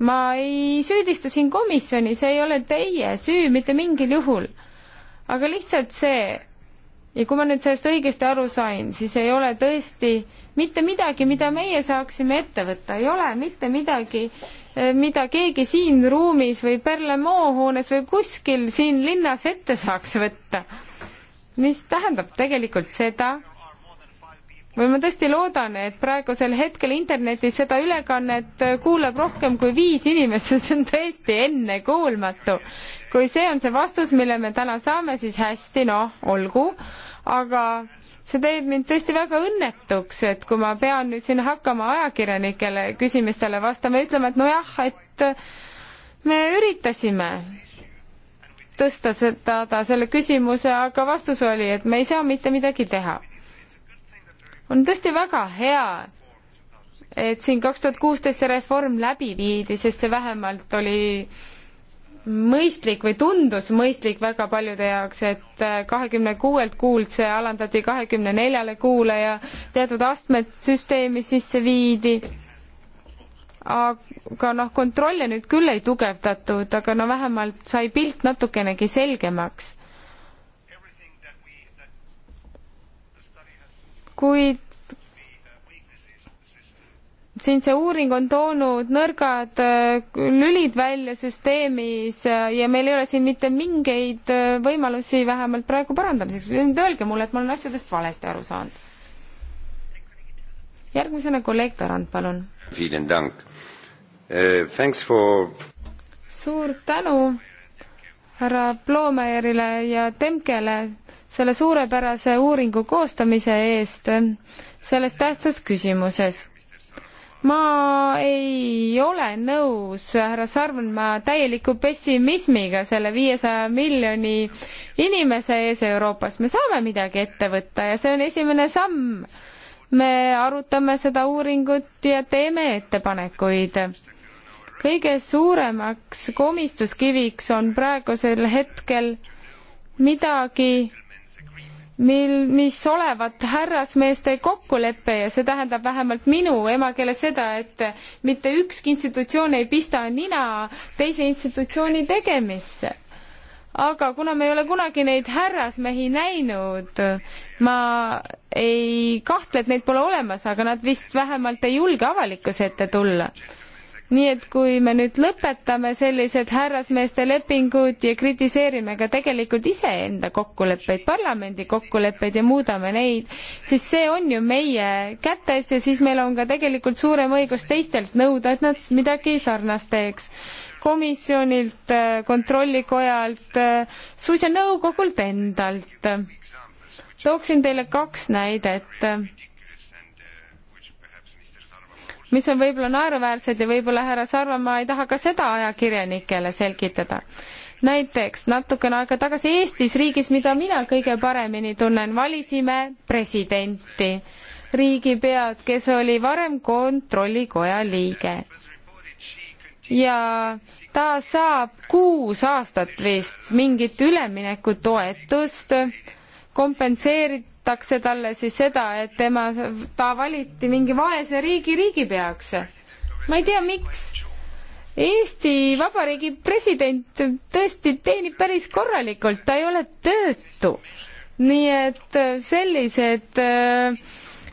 ma ei süüdista siin komisjoni, see ei ole teie süü mitte mingil juhul. aga lihtsalt see, ja kui ma nüüd sellest õigesti aru sain, siis ei ole tõesti mitte midagi, mida meie saaksime ette võtta, ei ole mitte midagi, eh, mida keegi siin ruumis või Berlemoo hoones või kuskil siin linnas ette saaks võtta. mis tähendab tegelikult seda, või ma tõesti loodan, et praegusel hetkel internetis seda ülekannet kuulab rohkem kui viis inimest, sest see on tõesti ennekuulmatu. kui see on see vastus, mille me täna saame, siis hästi, noh, olgu, aga see teeb mind tõesti väga õnnetuks, et kui ma pean nüüd siin hakkama ajakirjanikele küsimustele vastama ja ütlema, et nojah, et me üritasime tõsta seda, selle küsimuse, aga vastus oli, et me ei saa mitte midagi teha on tõesti väga hea, et siin kaks tuhat kuusteist see reform läbi viidi, sest see vähemalt oli mõistlik või tundus mõistlik väga paljude jaoks, et kahekümne kuuelt kuult see alandati kahekümne neljale kuule ja teatud astmed süsteemi sisse viidi. aga noh, kontrolle nüüd küll ei tugevdatud, aga no vähemalt sai pilt natukenegi selgemaks kuid siin see uuring on toonud nõrgad äh, lülid välja süsteemis äh, ja meil ei ole siin mitte mingeid äh, võimalusi vähemalt praegu parandamiseks. nüüd öelge mulle, et ma olen asjadest valesti aru saanud. järgmisena kolleeg Tarand, palun. For... suur tänu härra Ploomerile ja Temkele selle suurepärase uuringu koostamise eest selles tähtsas küsimuses. ma ei ole nõus härra Sarvenmaa täieliku pessimismiga selle viiesaja miljoni inimese ees Euroopas. me saame midagi ette võtta ja see on esimene samm. me arutame seda uuringut ja teeme ettepanekuid kõige suuremaks komistuskiviks on praegusel hetkel midagi, mil, mis olevat härrasmeeste kokkulepe ja see tähendab vähemalt minu emakeeles seda, et mitte ükski institutsioon ei pista nina teise institutsiooni tegemisse. aga kuna me ei ole kunagi neid härrasmehi näinud, ma ei kahtle, et neid pole olemas, aga nad vist vähemalt ei julge avalikkuse ette tulla nii et kui me nüüd lõpetame sellised härrasmeeste lepingud ja kritiseerime ka tegelikult iseenda kokkuleppeid, parlamendi kokkuleppeid ja muudame neid, siis see on ju meie kätes ja siis meil on ka tegelikult suurem õigus teistelt nõuda, et nad midagi sarnast teeks. komisjonilt, äh, kontrollikojalt, äh, suisa nõukogult endalt. tooksin teile kaks näidet mis on võib-olla naeruväärsed ja võib-olla härra Sarvamaa ei taha ka seda ajakirjanikele selgitada. näiteks natukene aega tagasi Eestis, riigis, mida mina kõige paremini tunnen, valisime presidenti, riigipead, kes oli varem kontrollikoja liige ja ta saab kuus aastat vist mingit üleminekutoetust kompenseerit-, meenutatakse talle siis seda, et tema, ta valiti mingi vaese riigi riigipeaks. ma ei tea, miks. Eesti Vabariigi president tõesti teenib päris korralikult, ta ei ole töötu. nii et äh, sellised äh,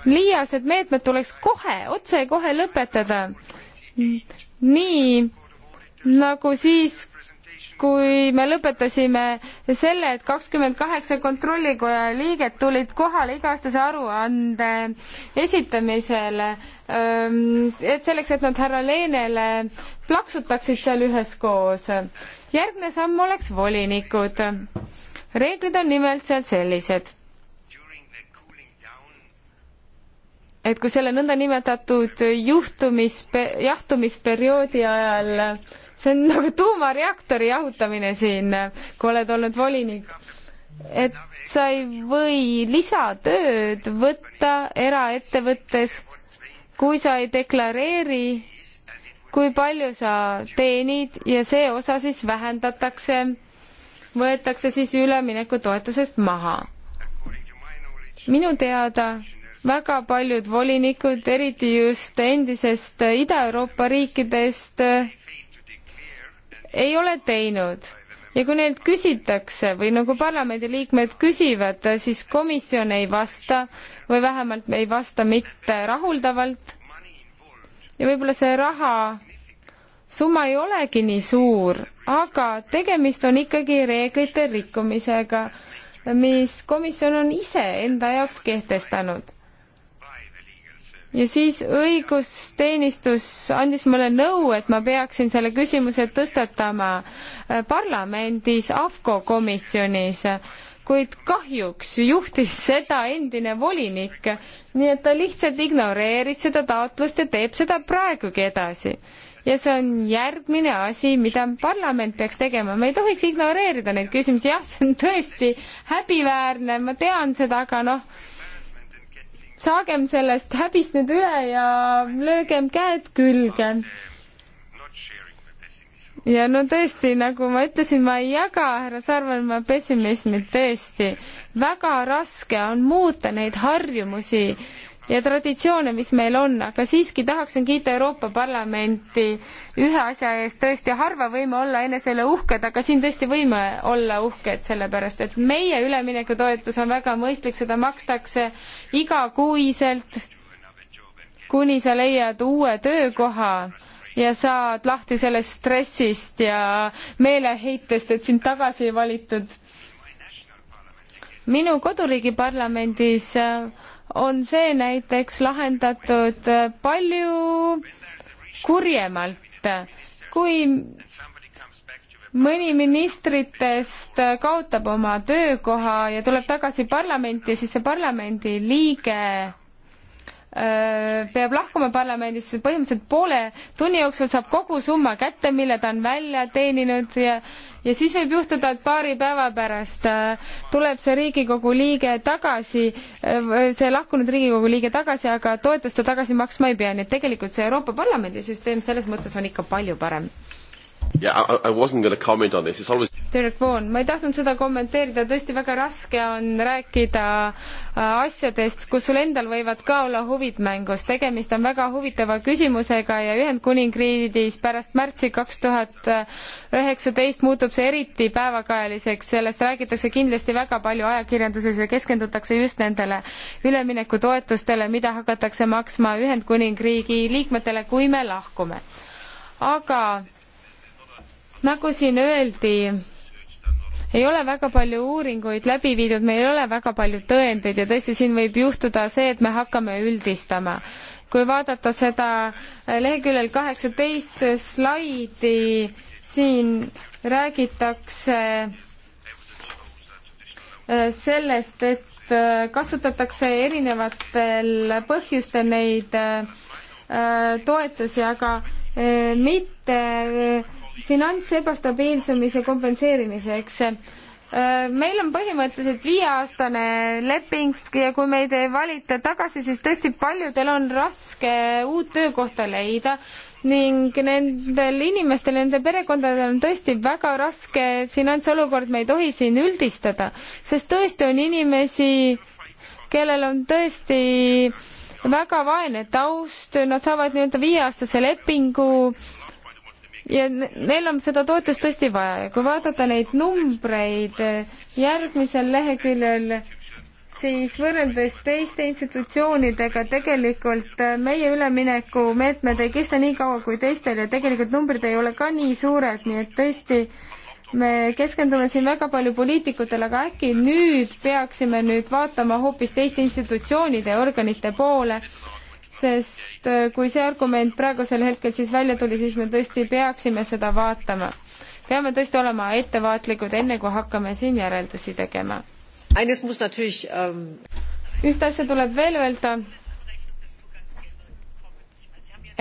liiased meetmed tuleks kohe, otsekohe lõpetada. nii nagu siis, kui me lõpetasime selle, et kakskümmend kaheksa kontrollikoja liiget tulid kohale iga-aastase aruande esitamisele, ähm, et selleks, et nad härra Leenele plaksutaksid seal üheskoos. järgmine samm oleks volinikud. reeglid on nimelt seal sellised. et kui selle nõndanimetatud juhtumis, jahtumisperioodi ajal äh, see on nagu tuumareaktori jahutamine siin, kui oled olnud volinik. et sa ei või lisatööd võtta eraettevõttes, kui sa ei deklareeri, kui palju sa teenid ja see osa siis vähendatakse, võetakse siis üleminekutoetusest maha. minu teada väga paljud volinikud, eriti just endisest Ida-Euroopa riikidest, ei ole teinud ja kui neilt küsitakse või nagu parlamendiliikmed küsivad, siis komisjon ei vasta või vähemalt ei vasta mitte rahuldavalt. ja võib-olla see raha summa ei olegi nii suur, aga tegemist on ikkagi reeglite rikkumisega, mis komisjon on ise enda jaoks kehtestanud ja siis õigusteenistus andis mulle nõu, et ma peaksin selle küsimuse tõstatama äh, parlamendis AFCO komisjonis, kuid kahjuks juhtis seda endine volinik, nii et ta lihtsalt ignoreeris seda taotlust ja teeb seda praegugi edasi ja see on järgmine asi, mida parlament peaks tegema, me ei tohiks ignoreerida neid küsimusi, jah, see on tõesti häbiväärne, ma tean seda, aga noh, saagem sellest häbist nüüd üle ja löögem käed külge. ja no tõesti, nagu ma ütlesin, ma ei jaga härra Sarvelmaa pessimismit, tõesti. väga raske on muuta neid harjumusi ja traditsioone, mis meil on, aga siiski tahaksin kiita Euroopa Parlamenti ühe asja eest, tõesti harva võime olla enesele uhked, aga siin tõesti võime olla uhked, sellepärast et meie üleminekutoetus on väga mõistlik, seda makstakse igakuiselt, kuni sa leiad uue töökoha ja saad lahti sellest stressist ja meeleheitest, et sind tagasi ei valitud. minu koduriigi parlamendis äh, on see näiteks lahendatud palju kurjemalt, kui mõni ministritest kaotab oma töökoha ja tuleb tagasi parlamenti, siis see parlamendi liige Äh, peab lahkuma parlamendist, põhimõtteliselt poole tunni jooksul saab kogu summa kätte, mille ta on välja teeninud ja ja siis võib juhtuda, et paari päeva pärast äh, tuleb see Riigikogu liige tagasi, äh, see lahkunud Riigikogu liige tagasi, aga toetust ta tagasi maksma ei pea, nii et tegelikult see Euroopa Parlamendi süsteem selles mõttes on ikka palju parem Derek Vaughan, ma ei tahtnud seda kommenteerida, tõesti väga raske on rääkida äh, asjadest, kus sul endal võivad ka olla huvid mängus. tegemist on väga huvitava küsimusega ja Ühendkuningriigis pärast märtsi kaks tuhat äh, üheksateist muutub see eriti päevakajaliseks, sellest räägitakse kindlasti väga palju ajakirjanduses ja keskendutakse just nendele üleminekutoetustele, mida hakatakse maksma Ühendkuningriigi liikmetele, kui me lahkume. aga nagu siin öeldi, ei ole väga palju uuringuid läbi viidud, meil ei ole väga palju tõendeid ja tõesti, siin võib juhtuda see, et me hakkame üldistama. kui vaadata seda leheküljel kaheksateist slaidi, siin räägitakse äh, sellest, et äh, kasutatakse erinevatel põhjustel neid äh, toetusi, aga mitte finantsebastabiilsumise kompenseerimiseks. Äh, meil on põhimõtteliselt viieaastane leping ja kui meid ei valita tagasi, siis tõesti paljudel on raske uut töökohta leida ning nendel inimestel, nende perekondadel on tõesti väga raske finantsolukord, me ei tohi siin üldistada, sest tõesti on inimesi, kellel on tõesti väga vaene taust, nad saavad nii-öelda viieaastase lepingu ja neil on seda toetust tõesti vaja ja kui vaadata neid numbreid eh, järgmisel leheküljel, siis võrreldes teiste institutsioonidega tegelikult eh, meie üleminekumeetmed ei kesta nii kaua kui teistel ja tegelikult numbrid ei ole ka nii suured, nii et tõesti me keskendume siin väga palju poliitikutele, aga äkki nüüd peaksime nüüd vaatama hoopis teiste institutsioonide ja organite poole sest äh, kui see argument praegusel hetkel siis välja tuli, siis me tõesti peaksime seda vaatama. peame tõesti olema ettevaatlikud, enne kui hakkame siin järeldusi tegema. Ähm, ühte asja tuleb veel öelda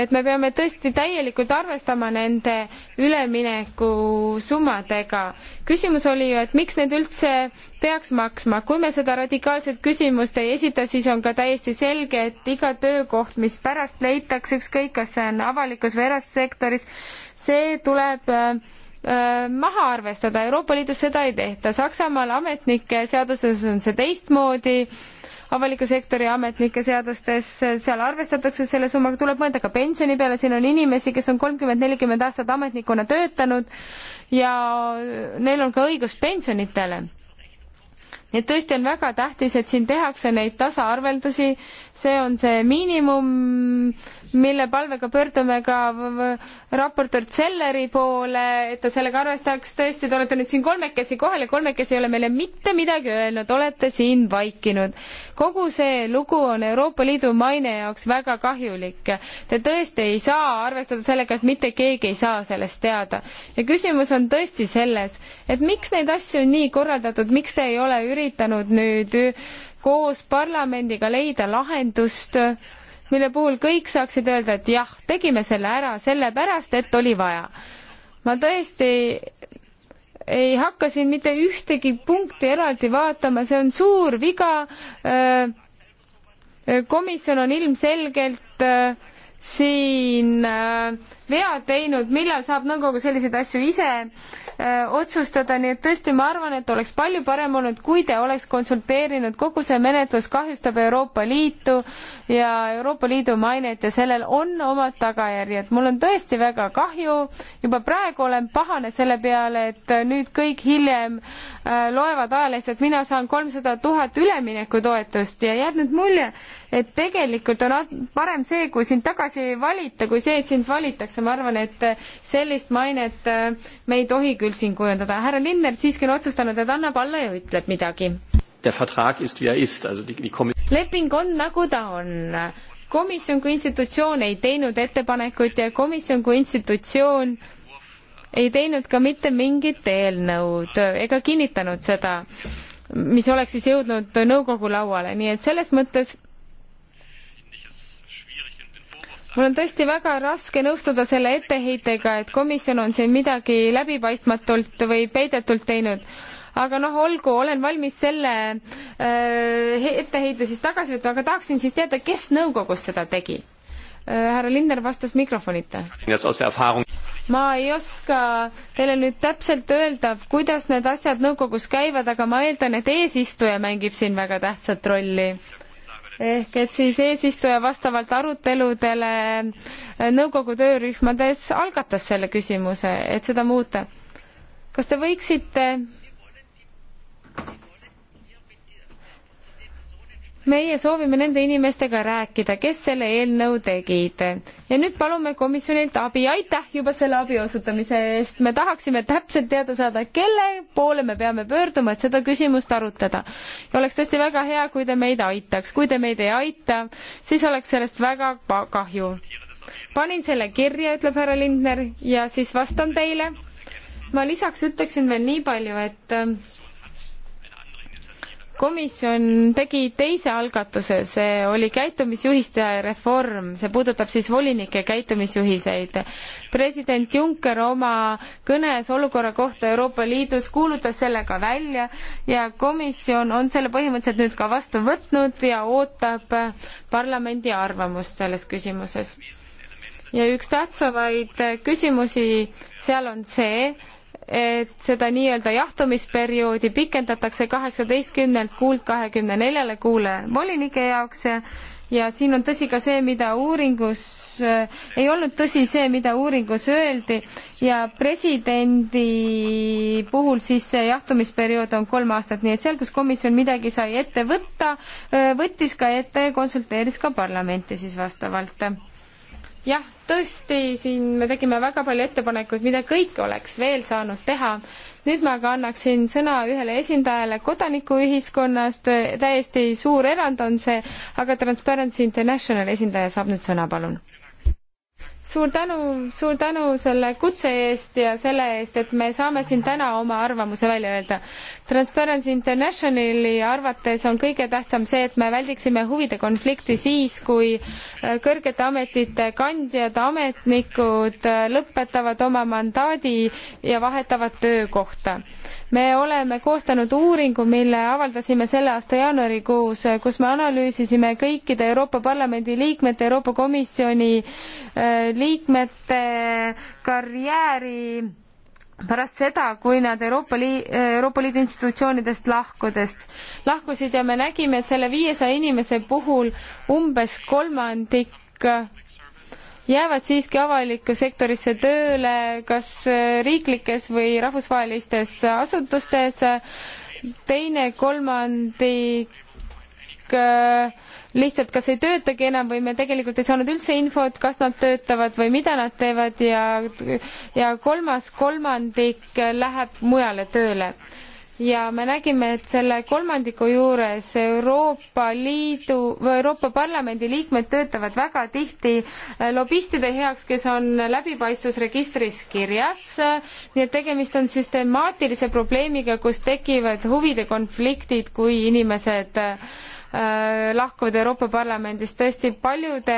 et me peame tõesti täielikult arvestama nende üleminekusummadega. küsimus oli ju, et miks need üldse peaks maksma, kui me seda radikaalset küsimust ei esita, siis on ka täiesti selge, et iga töökoht, mis pärast leitakse, ükskõik kas see on avalikus või erasektoris, see tuleb äh, äh, maha arvestada, Euroopa Liidus seda ei tehta, Saksamaal ametnike seaduses on see teistmoodi äh,, avaliku sektori ametnike seadustes, seal arvestatakse selle summaga, tuleb mõelda ka pensioni peale, siin on inimesi, kes on kolmkümmend, nelikümmend aastat ametnikuna töötanud ja neil on ka õigus pensionitele nii et tõesti on väga tähtis, et siin tehakse neid tasaarveldusi, see on see miinimum, mille palvega pöördume ka raportöör Zelleri poole, et ta sellega arvestaks. tõesti, te olete nüüd siin kolmekesi kohal ja kolmekesi ei ole meile mitte midagi öelnud, olete siin vaikinud. kogu see lugu on Euroopa Liidu maine jaoks väga kahjulik. Te tõesti ei saa arvestada sellega, et mitte keegi ei saa sellest teada. ja küsimus on tõesti selles, et miks neid asju on nii korraldatud, miks te ei ole üritanud nüüd koos parlamendiga leida lahendust mille puhul kõik saaksid öelda, et jah, tegime selle ära sellepärast, et oli vaja. ma tõesti ei hakka siin mitte ühtegi punkti eraldi vaatama, see on suur viga. komisjon on ilmselgelt siin vea teinud, millal saab nõukogu selliseid asju ise öö, äh, otsustada, nii et tõesti, ma arvan, et oleks palju parem olnud, kui te oleks konsulteerinud, kogu see menetlus kahjustab Euroopa Liitu ja Euroopa Liidu mainet ja sellel on omad tagajärjed. mul on tõesti väga kahju, juba praegu olen pahane selle peale, et nüüd kõik hiljem öö, äh, loevad ajalehest, et mina saan kolmsada tuhat üleminekutoetust ja jääb nüüd mulje, et tegelikult on parem see, kui sind tagasi ei valita, kui see, et sind valitakse tehakse, ma arvan, et äh, sellist mainet äh, me ei tohi küll siin kujundada. härra Linnert siiski on otsustanud, et annab alla ja ütleb midagi. Er leping on, nagu ta on. komisjon kui institutsioon ei teinud ettepanekuid ja komisjon kui institutsioon ei teinud ka mitte mingit eelnõud ega kinnitanud seda, mis oleks siis jõudnud nõukogu lauale, nii et selles mõttes mul on tõesti väga raske nõustuda selle etteheitega, et komisjon on siin midagi läbipaistmatult või peidetult teinud aga noh, olgu, olen valmis selle äh, etteheite siis tagasi võtma, aga tahaksin siis teada, kes nõukogus seda tegi äh,? härra Linder vastas mikrofonita. ma ei oska teile nüüd täpselt öelda, kuidas need asjad nõukogus käivad, aga ma eeldan, et eesistuja mängib siin väga tähtsat rolli ehk et siis eesistuja vastavalt aruteludele nõukogu töörühmades algatas selle küsimuse, et seda muuta. kas te võiksite meie soovime nende inimestega rääkida, kes selle eelnõu tegid. ja nüüd palume komisjonilt abi, aitäh juba selle abi osutamise eest, me tahaksime täpselt teada saada, kelle poole me peame pöörduma, et seda küsimust arutada. ja oleks tõesti väga hea, kui te meid aitaks, kui te meid ei aita, siis oleks sellest väga kahju. panin selle kirja, ütleb härra Lindner, ja siis vastan teile. ma lisaks ütleksin veel nii palju, et komisjon tegi teise algatuse, see oli käitumisjuhiste reform, see puudutab siis volinike käitumisjuhiseid. president Juncker oma kõnes olukorra kohta Euroopa Liidus kuulutas selle ka välja ja komisjon on selle põhimõtteliselt nüüd ka vastu võtnud ja ootab parlamendi arvamust selles küsimuses. ja üks tähtsamaid küsimusi seal on see, et seda nii-öelda jahtumisperioodi pikendatakse kaheksateistkümnelt kuult kahekümne neljale kuule volinike jaoks ja siin on tõsi ka see, mida uuringus äh,, ei olnud tõsi see, mida uuringus öeldi ja presidendi puhul siis see jahtumisperiood on kolm aastat, nii et seal, kus komisjon midagi sai ette võtta, äh, võttis ka ette ja konsulteeris ka parlamenti siis vastavalt jah, tõesti, siin me tegime väga palju ettepanekuid, mida kõik oleks veel saanud teha. nüüd ma aga annaksin sõna ühele esindajale kodanikuühiskonnast, täiesti suur erand on see, aga Transparency International esindaja saab nüüd sõna, palun suur tänu, suur tänu selle kutse eest ja selle eest, et me saame siin täna oma arvamuse välja öelda. Transparency Internationali arvates on kõige tähtsam see, et me väldiksime huvide konflikti siis, kui äh, kõrgete ametite kandjad, ametnikud äh, lõpetavad oma mandaadi ja vahetavad töökohta. me oleme koostanud uuringu, mille avaldasime selle aasta jaanuarikuus, äh, kus me analüüsisime kõikide Euroopa Parlamendi liikmete, Euroopa Komisjoni liikmete karjääri pärast seda, kui nad Euroopa Liidu, Euroopa Liidu institutsioonidest lahkudest, lahkusid ja me nägime, et selle viiesaja inimese puhul umbes kolmandik jäävad siiski avalikku sektorisse tööle, kas riiklikes või rahvusvahelistes asutustes, teine kolmandik äh, lihtsalt kas ei töötagi enam või me tegelikult ei saanud üldse infot, kas nad töötavad või mida nad teevad ja, ja kolmas kolmandik läheb mujale tööle ja me nägime, et selle kolmandiku juures Euroopa Liidu või Euroopa Parlamendi liikmed töötavad väga tihti äh, lobistide heaks, kes on läbipaistvusregistris kirjas, nii et tegemist on süstemaatilise probleemiga, kus tekivad huvide konfliktid, kui inimesed äh, Äh, lahkuvad Euroopa Parlamendist. tõesti, paljude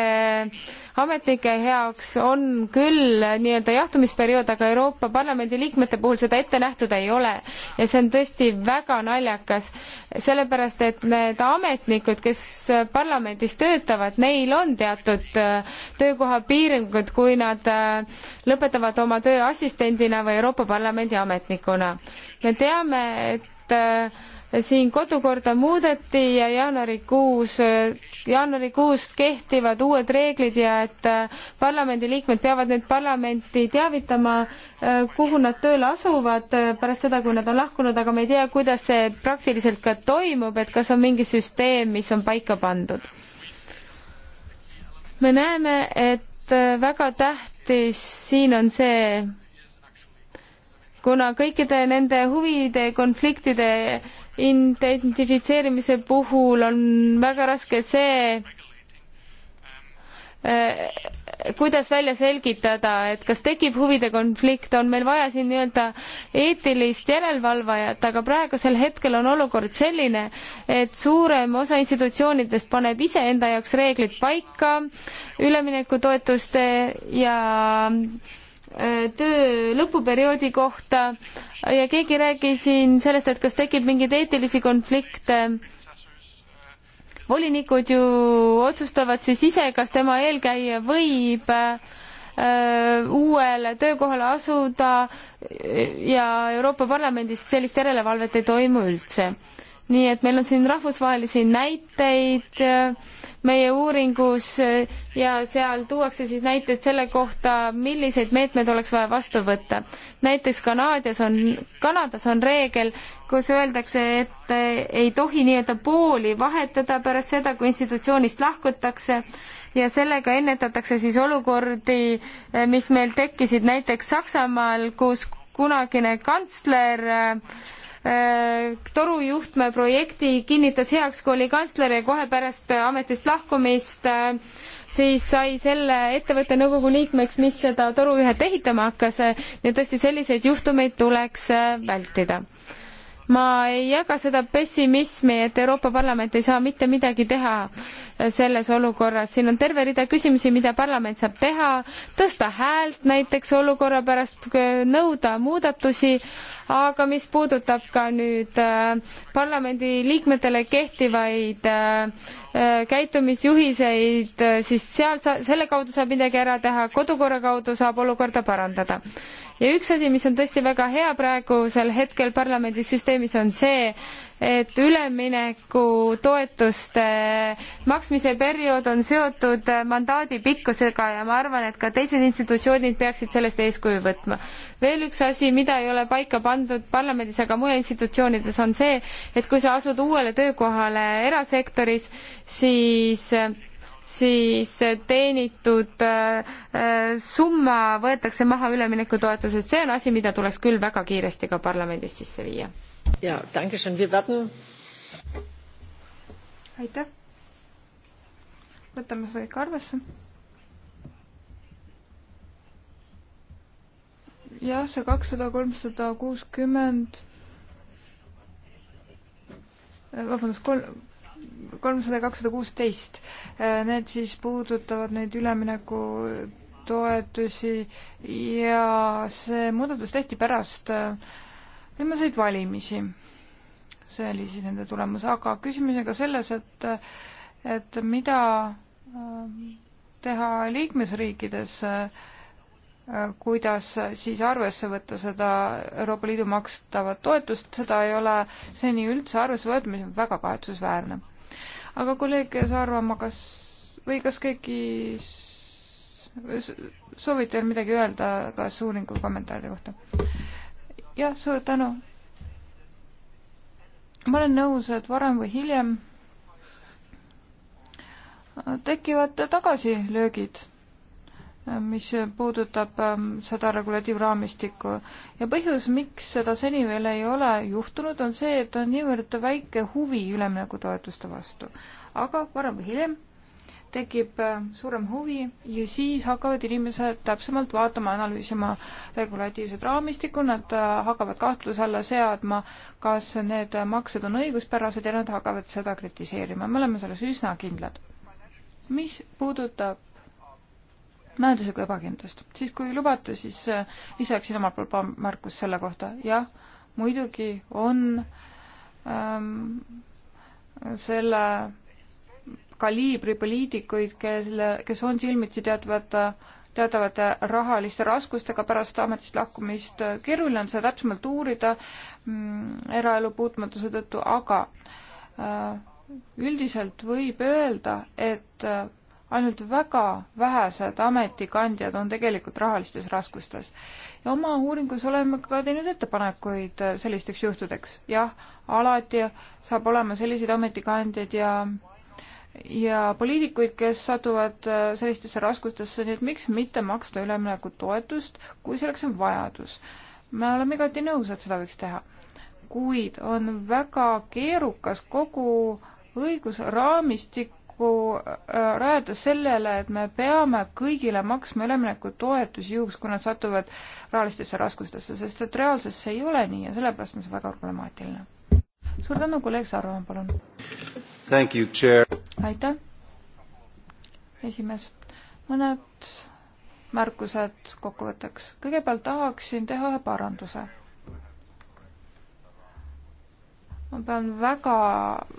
ametnike jaoks on küll nii-öelda jahtumisperiood, aga Euroopa Parlamendi liikmete puhul seda ette nähtud ei ole. ja see on tõesti väga naljakas, sellepärast et need ametnikud, kes parlamendis töötavad, neil on teatud äh, töökoha piirangud, kui nad äh, lõpetavad oma töö assistendina või Euroopa Parlamendi ametnikuna. me teame, et siin kodukorda muudeti ja jaanuarikuus, jaanuarikuus kehtivad uued reeglid ja et äh, parlamendiliikmed peavad nüüd parlamenti teavitama, äh, kuhu nad tööle asuvad äh, pärast seda, kui nad on lahkunud, aga me ei tea, kuidas see praktiliselt ka toimub, et kas on mingi süsteem, mis on paika pandud. me näeme, et väga tähtis siin on see, kuna kõikide nende huvide konfliktide identifitseerimise puhul on väga raske see, eh, kuidas välja selgitada, et kas tekib huvide konflikt, on meil vaja siin nii-öelda eetilist järelevalvajat, aga praegusel hetkel on olukord selline, et suurem osa institutsioonidest paneb iseenda jaoks reeglid paika üleminekutoetuste ja Äh, töö lõpuperioodi kohta ja keegi rääkis siin sellest, et kas tekib mingeid eetilisi konflikte. volinikud ju otsustavad siis ise, kas tema eelkäija võib äh, uuele töökohale asuda ja Euroopa Parlamendis sellist järelevalvet ei toimu üldse nii et meil on siin rahvusvahelisi näiteid äh, meie uuringus äh, ja seal tuuakse siis näiteid selle kohta, milliseid meetmeid oleks vaja vastu võtta. näiteks Kanadias on, Kanadas on reegel, kus öeldakse, et äh, ei tohi nii-öelda pooli vahetada pärast seda, kui institutsioonist lahkutakse ja sellega ennetatakse siis olukordi, mis meil tekkisid näiteks Saksamaal, kus kunagine kantsler äh, Äh, torujuhtme projekti kinnitas heaks, kui oli kantsler ja kohe pärast ametist lahkumist äh, siis sai selle ettevõtte nõukogu liikmeks, mis seda torujuhet ehitama hakkas. nii et tõesti selliseid juhtumeid tuleks äh, vältida. ma ei jaga seda pessimismi, et Euroopa Parlament ei saa mitte midagi teha selles olukorras, siin on terve rida küsimusi, mida parlament saab teha, tõsta häält näiteks olukorra pärast, nõuda muudatusi, aga mis puudutab ka nüüd äh, parlamendi liikmetele kehtivaid äh, äh, käitumisjuhiseid, siis seal sa-, selle kaudu saab midagi ära teha, kodukorra kaudu saab olukorda parandada ja üks asi, mis on tõesti väga hea praegusel hetkel parlamendisüsteemis, on see, et üleminekutoetuste maksmise periood on seotud mandaadi pikkusega ja ma arvan, et ka teised institutsioonid peaksid sellest eeskuju võtma. veel üks asi, mida ei ole paika pandud parlamendis, aga mujal institutsioonides, on see, et kui sa asud uuele töökohale erasektoris, siis siis teenitud äh, äh, summa võetakse maha üleminekutoetusest, see on asi, mida tuleks küll väga kiiresti ka parlamendis sisse viia. jaa, aitäh. võtame seda kõik arvesse. jah, see kakssada, kolmsada kuuskümmend, vabandust, kolm, kolmsada kakssada kuusteist. Need siis puudutavad neid üleminekutoetusi ja see muudatus tehti pärast äh, viimaseid valimisi. see oli siis nende tulemus, aga küsimus on ka selles, et, et mida äh, teha liikmesriikides, äh, kuidas siis arvesse võtta seda Euroopa Liidu makstavat toetust, seda ei ole seni üldse arvesse võetud, mis on väga kahetsusväärne aga kolleeg Saarvamaa, kas või kas keegi soovib teil midagi öelda kas uuringu kommentaaride kohta? jah, suur tänu. ma olen nõus, et varem või hiljem tekivad tagasilöögid mis puudutab ähm, seda regulatiivraamistikku. ja põhjus, miks seda seni veel ei ole juhtunud, on see, et on niivõrd väike huvi üleminekutoetuste vastu. aga varem või hiljem tekib ähm, suurem huvi ja siis hakkavad inimesed täpsemalt vaatama, analüüsima regulatiivset raamistikku, nad äh, hakkavad kahtluse alla seadma, kas need maksed on õiguspärased ja nad hakkavad seda kritiseerima. me oleme selles üsna kindlad. mis puudutab majanduslikku ebakindlust. siis, kui lubate, siis äh, lisaksin omalt poolt paar märkust selle kohta. jah, muidugi on ähm, selle kaliibri poliitikuid, kelle, kes on silmitsi teatavate, teatavate rahaliste raskustega pärast ametist lahkumist, keeruline on seda täpsemalt uurida mm, eraelu puutumatuse tõttu, aga äh, üldiselt võib öelda, et äh, ainult väga vähesed ametikandjad on tegelikult rahalistes raskustes. ja oma uuringus oleme ka teinud ettepanekuid äh, sellisteks juhtudeks. jah, alati saab olema selliseid ametikandjaid ja ja poliitikuid, kes satuvad äh, sellistesse raskustesse, nii et miks mitte maksta üleminekutoetust, kui selleks on vajadus. me oleme igati nõus, et seda võiks teha. kuid on väga keerukas kogu õigusraamistik paraku äh, rajada sellele, et me peame kõigile maksma üleminekutoetusi juhuks, kui nad satuvad rahalistesse raskustesse, sest et reaalses see ei ole nii ja sellepärast on see väga problemaatiline. suur tänu, kolleeg Sarva, palun! aitäh, esimees! mõned märkused kokkuvõtteks. kõigepealt tahaksin teha ühe paranduse ma pean väga,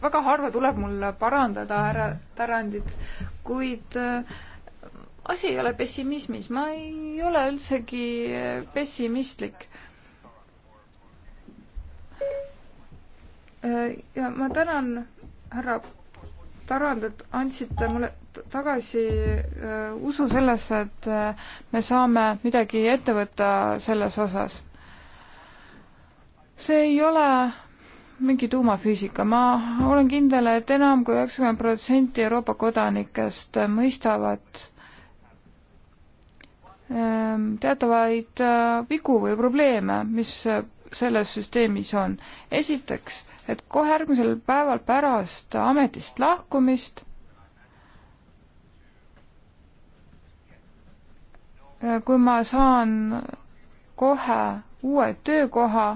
väga harva tuleb mul parandada härra Tarandit, kuid äh, asi ei ole pessimismis, ma ei ole üldsegi äh, pessimistlik äh, ja ma tänan, härra Tarand, et andsite mulle tagasi äh, usu sellesse, et äh, me saame midagi ette võtta selles osas. see ei ole mingi tuumafüüsika. ma olen kindel, et enam kui üheksakümmend protsenti Euroopa kodanikest mõistavad ehm, teatavaid äh, vigu või probleeme, mis selles süsteemis on. esiteks, et kohe järgmisel päeval pärast ametist lahkumist äh, kui ma saan kohe uue töökoha,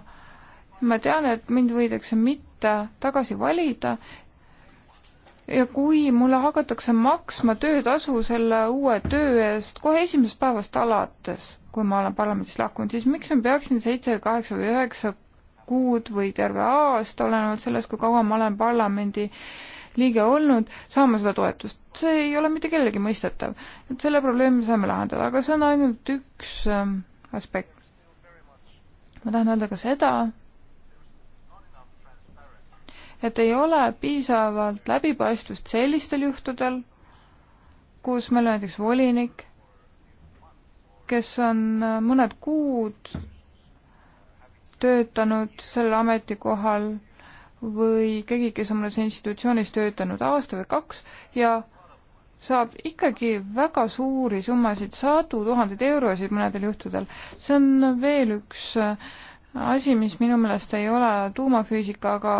ma tean, et mind võidakse mitte tagasi valida ja kui mulle hakatakse maksma töötasu selle uue töö eest kohe esimesest päevast alates, kui ma olen parlamendist lahkunud, siis miks ma peaksin seitse, kaheksa või üheksa kuud või terve aasta, olenevalt sellest, kui kaua ma olen parlamendi liige olnud, saama seda toetust. see ei ole mitte kellelegi mõistetav. et selle probleemi me saame lahendada, aga see on ainult üks ähm, aspekt. ma tahan öelda ka seda, et ei ole piisavalt läbipaistvust sellistel juhtudel, kus meil on näiteks volinik, kes on äh, mõned kuud töötanud sellel ametikohal või keegi, kes on mõnes institutsioonis töötanud aasta või kaks ja saab ikkagi väga suuri summasid, sadu tuhandeid eurosid mõnedel juhtudel. see on veel üks äh, asi, mis minu meelest ei ole tuumafüüsika, aga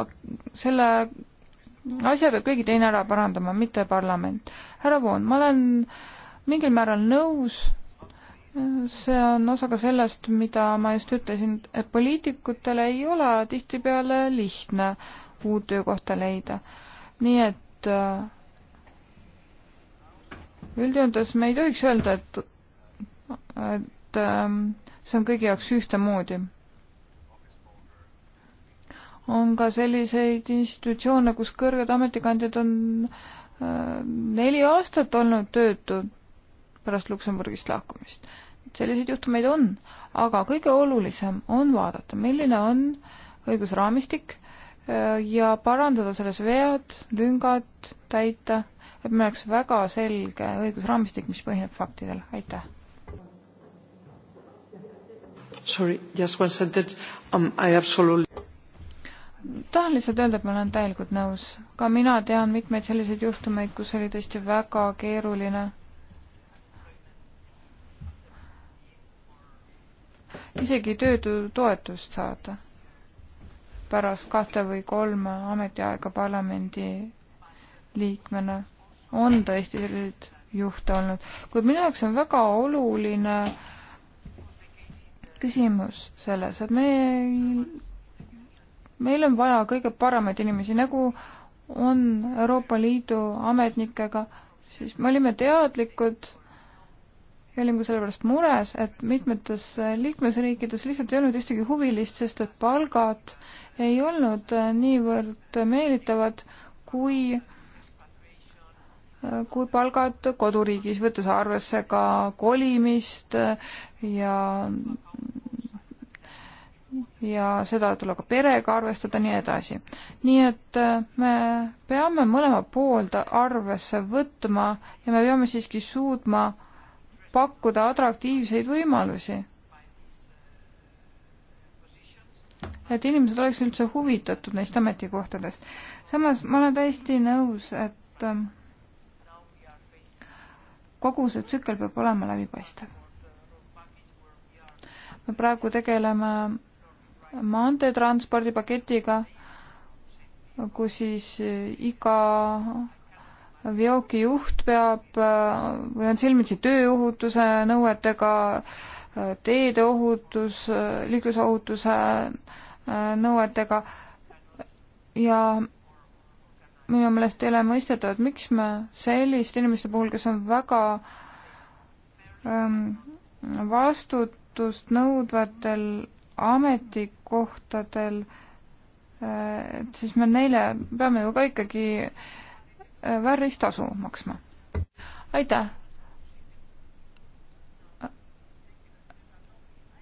selle asja peab keegi teine ära parandama, mitte parlament. härra Voon, ma olen mingil määral nõus, see on osa ka sellest, mida ma just ütlesin, et poliitikutel ei ole tihtipeale lihtne uut töökohta leida. nii et äh, üldjoontes me ei tohiks öelda, et, et ähm, see on kõigi jaoks ühtemoodi on ka selliseid institutsioone, kus kõrged ametikandjad on äh, neli aastat olnud töötud pärast Luksemburgist lahkumist. selliseid juhtumeid on, aga kõige olulisem on vaadata, milline on õigusraamistik äh, ja parandada selles vead, lüngad, täita, et meil oleks väga selge õigusraamistik, mis põhineb faktidel, aitäh. Sorry, just one sentence um,, I absolutely tahan lihtsalt öelda, et ma olen täielikult nõus. ka mina tean mitmeid selliseid juhtumeid, kus oli tõesti väga keeruline. isegi töötutoetust saada pärast kahte või kolme ametiaega parlamendi liikmena on tõesti selliseid juhte olnud, kuid minu jaoks on väga oluline küsimus selles, et meil meil on vaja kõige paremaid inimesi, nagu on Euroopa Liidu ametnikega, siis me olime teadlikud ja olime ka sellepärast mures, et mitmetes liikmesriikides lihtsalt ei olnud ühtegi huvilist, sest et palgad ei olnud äh, niivõrd meelitavad, kui, äh, kui palgad koduriigis, võttes arvesse ka kolimist äh, ja ja seda tuleb ka perega arvestada, nii edasi. nii et äh, me peame mõlema poolde arvesse võtma ja me peame siiski suutma pakkuda atraktiivseid võimalusi. et inimesed oleks üldse huvitatud neist ametikohtadest. samas ma olen täiesti nõus, et ähm, kogu see tsükkel peab olema läbipaistev. me praegu tegeleme maanteetranspordipaketiga, kus siis eh, iga veokijuht peab eh, või on silmitsi tööohutuse nõuetega, eh, teede ohutus, liiklusohutuse nõuetega ja minu meelest ei ole mõistetav, et miks me selliste inimeste puhul, kes on väga ähm, vastutust nõudvatel ametikohtadel, et siis me neile peame ju ka ikkagi äh, väärist tasu maksma. aitäh!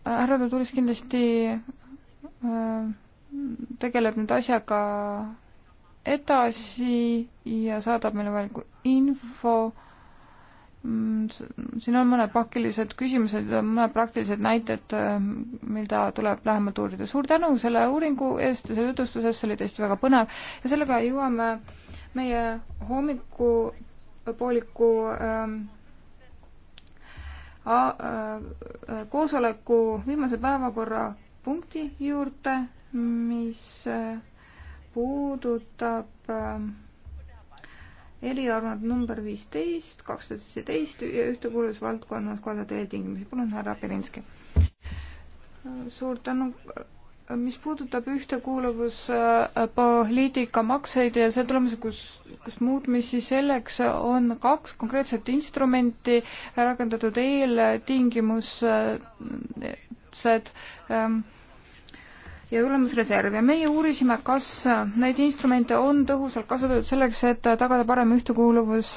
härra Tutulis kindlasti äh, tegeleb nüüd asjaga edasi ja saadab meile vajaliku info Mm, siin on mõned pakilised küsimused ja mõned praktilised näited, äh, mida tuleb lähemalt uurida. suur tänu selle uuringu eest ja selle tutvustuse eest, see oli tõesti väga põnev ja sellega jõuame meie hommikupooliku ähm, a, äh, koosoleku viimase päevakorrapunkti juurde, mis äh, puudutab äh, eriarvamus number viisteist, kaks tuhat seitseteist ühtekuuluvusvaldkonnas kohaldatud eeltingimusi. palun, härra Pirinski. suur tänu. mis puudutab ühtekuuluvuspoliitika makseid ja selle tulemuslikus, kus muutmist, siis selleks on kaks konkreetset instrumenti rakendatud eeltingimused ähm, ja tulemusreserv ja meie uurisime, kas äh, neid instrumente on tõhusalt kasutatud selleks, et äh, tagada parem ühtekuuluvus,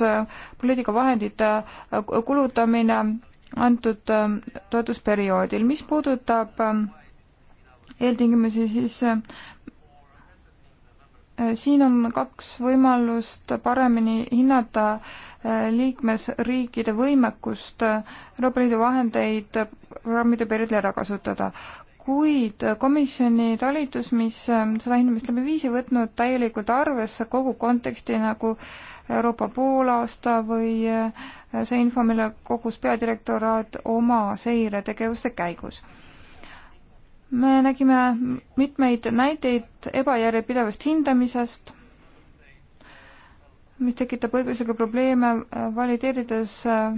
poliitika vahendite äh, kulutamine antud toetusperioodil. mis puudutab eeltingimusi, siis siin on kaks võimalust paremini hinnata liikmesriikide võimekust Euroopa Liidu vahendeid programmide perioodil ära kasutada kuid komisjoni talitus, mis ähm, seda hindamist läbi viis, ei võtnud täielikult arvesse kogu konteksti nagu Euroopa poolaasta või äh, see info, mille kogus peadirektoraat oma seiretegevuste käigus. me nägime mitmeid näiteid ebajärjepidevast hindamisest, mis tekitab õiguslikke probleeme, äh, valideerides äh,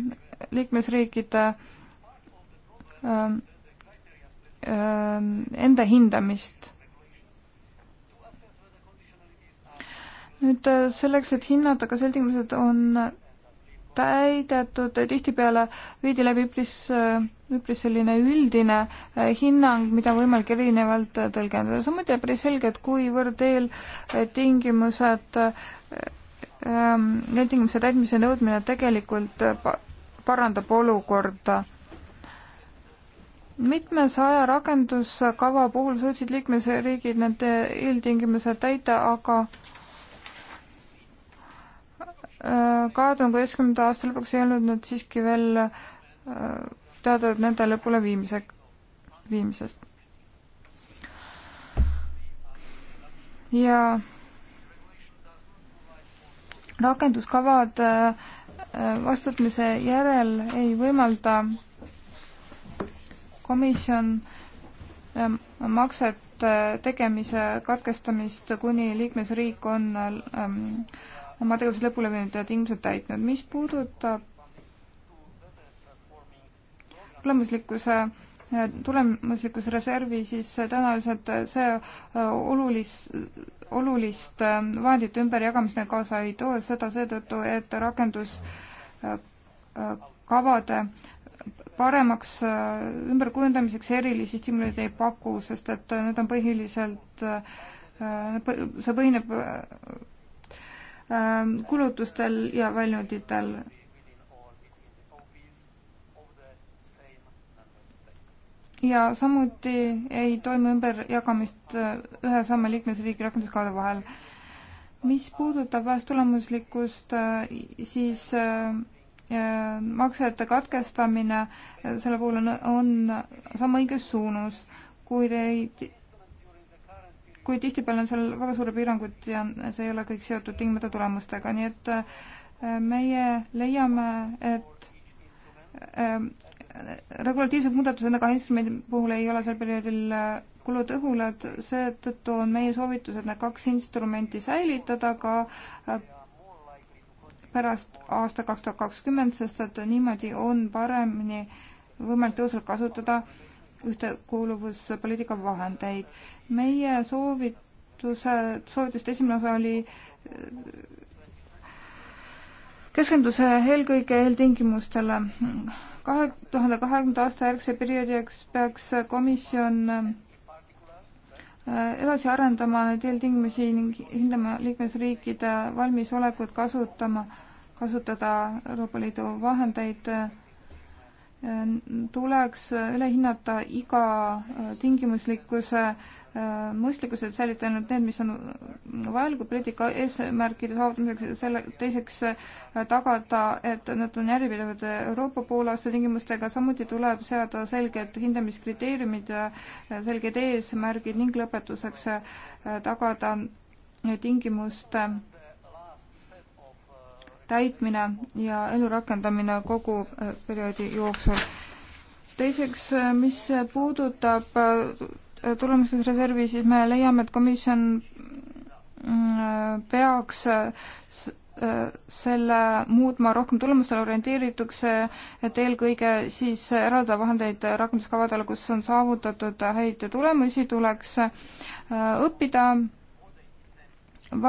liikmesriikide ähm, Ähm, enda hindamist. nüüd äh, selleks, et hinnata, kas eeltingimused on täidetud, tihtipeale viidi läbi üpris, äh, üpris selline üldine äh, hinnang, mida on võimalik erinevalt tõlgendada. samuti on päris selge, et kuivõrd eeltingimused, ähm, eeltingimuste täitmise nõudmine tegelikult parandab olukorda mitmesaja rakenduskava puhul suutsid liikmesriigid need eeltingimused täita, aga äh, kahe tuhande üheksakümnenda aasta lõpuks ei olnud nad siiski veel äh, teada nende lõpule viimise, viimisest. ja rakenduskavad äh, vastutamise järel ei võimalda komisjon ähm, maksete äh, tegemise katkestamist kuni liikmesriik on ähm, oma tegevuse lõpule viinud ja tingimused täitnud. mis puudutab tulemuslikkuse äh, tulemuslikkusreservi, siis äh, tõenäoliselt see olulist, olulist vahendite ümberjagamisele kaasa ei too, seda seetõttu, et rakenduskavade paremaks äh, ümberkujundamiseks erilisi stimuleid ei paku, sest et äh, need on põhiliselt, äh, see põhineb kulutustel ja väljunditel. ja samuti ei toimu ümberjagamist ühe sama liikmesriigi rakenduskaade vahel mis puudutab vähestulemuslikkust, siis maksete katkestamine selle puhul on, on samm õiges suunas, kuid ei, kuid tihtipeale on seal väga suured piirangud ja see ei ole kõik seotud tingimata tulemustega, nii et äh, meie leiame, et äh, regulatiivsed muudatused nende kahe instrumendi puhul ei ole sel perioodil äh, kulutõhulad, seetõttu on meie soovitus, et need kaks instrumenti säilitada ka pärast aasta kaks tuhat kakskümmend, sest et niimoodi on paremini võimalik tõusvalt kasutada ühtekuuluvuspoliitika vahendeid. meie soovituse, soovituste esimene osa oli keskenduse eelkõige eeltingimustele. kahe tuhande kahekümnenda aasta järgse perioodi jaoks peaks komisjon äh, edasi arendama neid eeltingimusi ning hindama liikmesriikide valmisolekut kasutama kasutada Euroopa Liidu vahendeid, tuleks üle hinnata iga äh, tingimuslikkuse äh, mõistlikkus, et säilita ainult need, mis on vajalikud poliitika eesmärkide saavutamiseks ja selle, teiseks äh, tagada, et nad on järjepidevad Euroopa poolaasta tingimustega, samuti tuleb seada selged hindamiskriteeriumid ja selged eesmärgid ning lõpetuseks tagada tingimuste äh, täitmine ja elurakendamine kogu äh, perioodi jooksul. teiseks, äh, mis puudutab äh, tulemusreservi, siis me leiame, et komisjon mm, peaks selle muutma rohkem tulemustele orienteerituks, et eelkõige siis eraldada vahendeid rakenduskavadele, kus on saavutatud häid tulemusi, tuleks õppida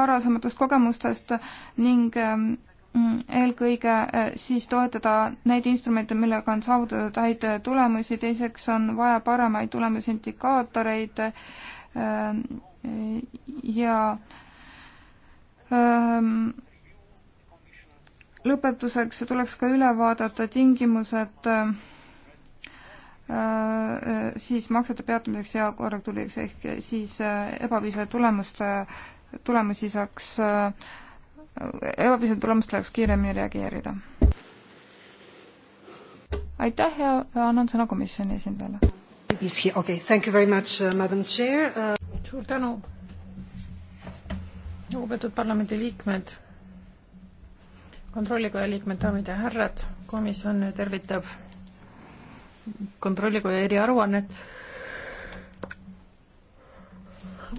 varasematest kogemustest ning ähm, Mm, eelkõige äh, siis toetada neid instrumente, millega on saavutatud häid äh, tulemusi, teiseks on vaja paremaid tulemusindikaatoreid äh, ja ähm, lõpetuseks tuleks ka üle vaadata tingimused siis maksete peatamiseks ja korrektuuriks ehk siis ebapiisavaid tulemuste, tulemusi saaks äh, ebapiisavat tulemust tuleks kiiremini reageerida. aitäh ja annan sõna komisjoni esindajale. Okay, thank you very much uh,, madam chair uh.... suur tänu, lugupeetud parlamendiliikmed, kontrollikoja liikmed, daamid ja härrad, komisjon tervitab kontrollikoja eriaruannet,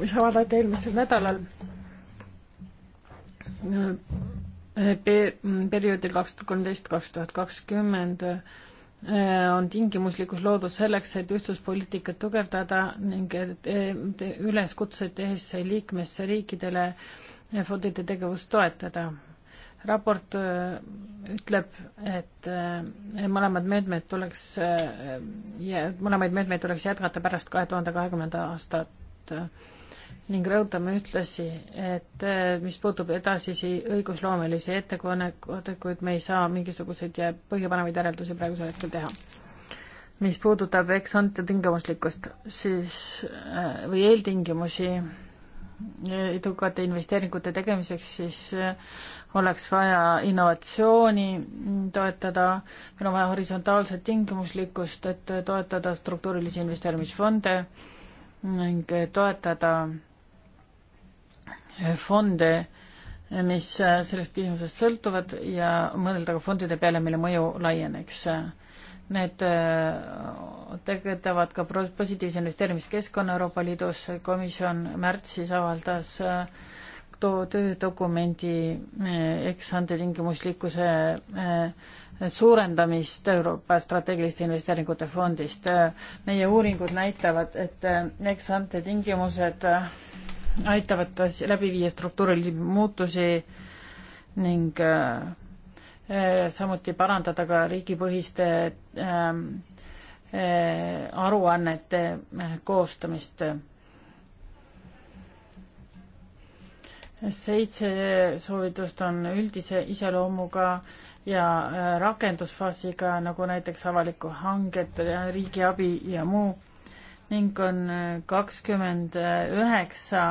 mis avaldati eelmisel nädalal perioodil kaks tuhat kolmteist, kaks tuhat kakskümmend äh, on tingimuslikkus loodud selleks, et ühtsuspoliitikat tugevdada ning üleskutseid tehes liikmesriikidele fondide tegevust toetada. raport äh, ütleb, et äh, mõlemad meetmed tuleks, mõlemaid meetmeid tuleks jätkata pärast kahe tuhande kahekümnenda aastat ning rõhutame ühtlasi, et äh, mis puutub edasisi õigusloomelisi ettepanekuid, me ei saa mingisuguseid põhjapanevaid järeldusi praegusel hetkel teha. mis puudutab eksante tingimuslikkust, siis äh, või eeltingimusi äh, edukate investeeringute tegemiseks, siis oleks vaja innovatsiooni toetada, meil on vaja horisontaalset tingimuslikkust, et toetada struktuurilisi investeerimisfonde ning toetada fonde, mis äh, sellest küsimusest sõltuvad ja mõelda ka fondide peale, mille mõju laieneks. Need äh, tegelevad ka positiivse investeerimiskeskkonna Euroopa Liidus, komisjon märtsis avaldas äh, too töödokumendi eksande tingimuslikkuse suurendamist Euroopa strateegiliste investeeringute fondist. meie uuringud näitavad, et eksante tingimused aitavad läbi viia struktuurilisi muutusi ning äh, äh samuti parandada ka riigipõhiste äh, äh, aruannete äh, koostamist. seitse soovitust on üldise iseloomuga ja äh, rakendusfaasiga, nagu näiteks avaliku hanged, riigiabi ja muu ning on äh, kakskümmend üheksa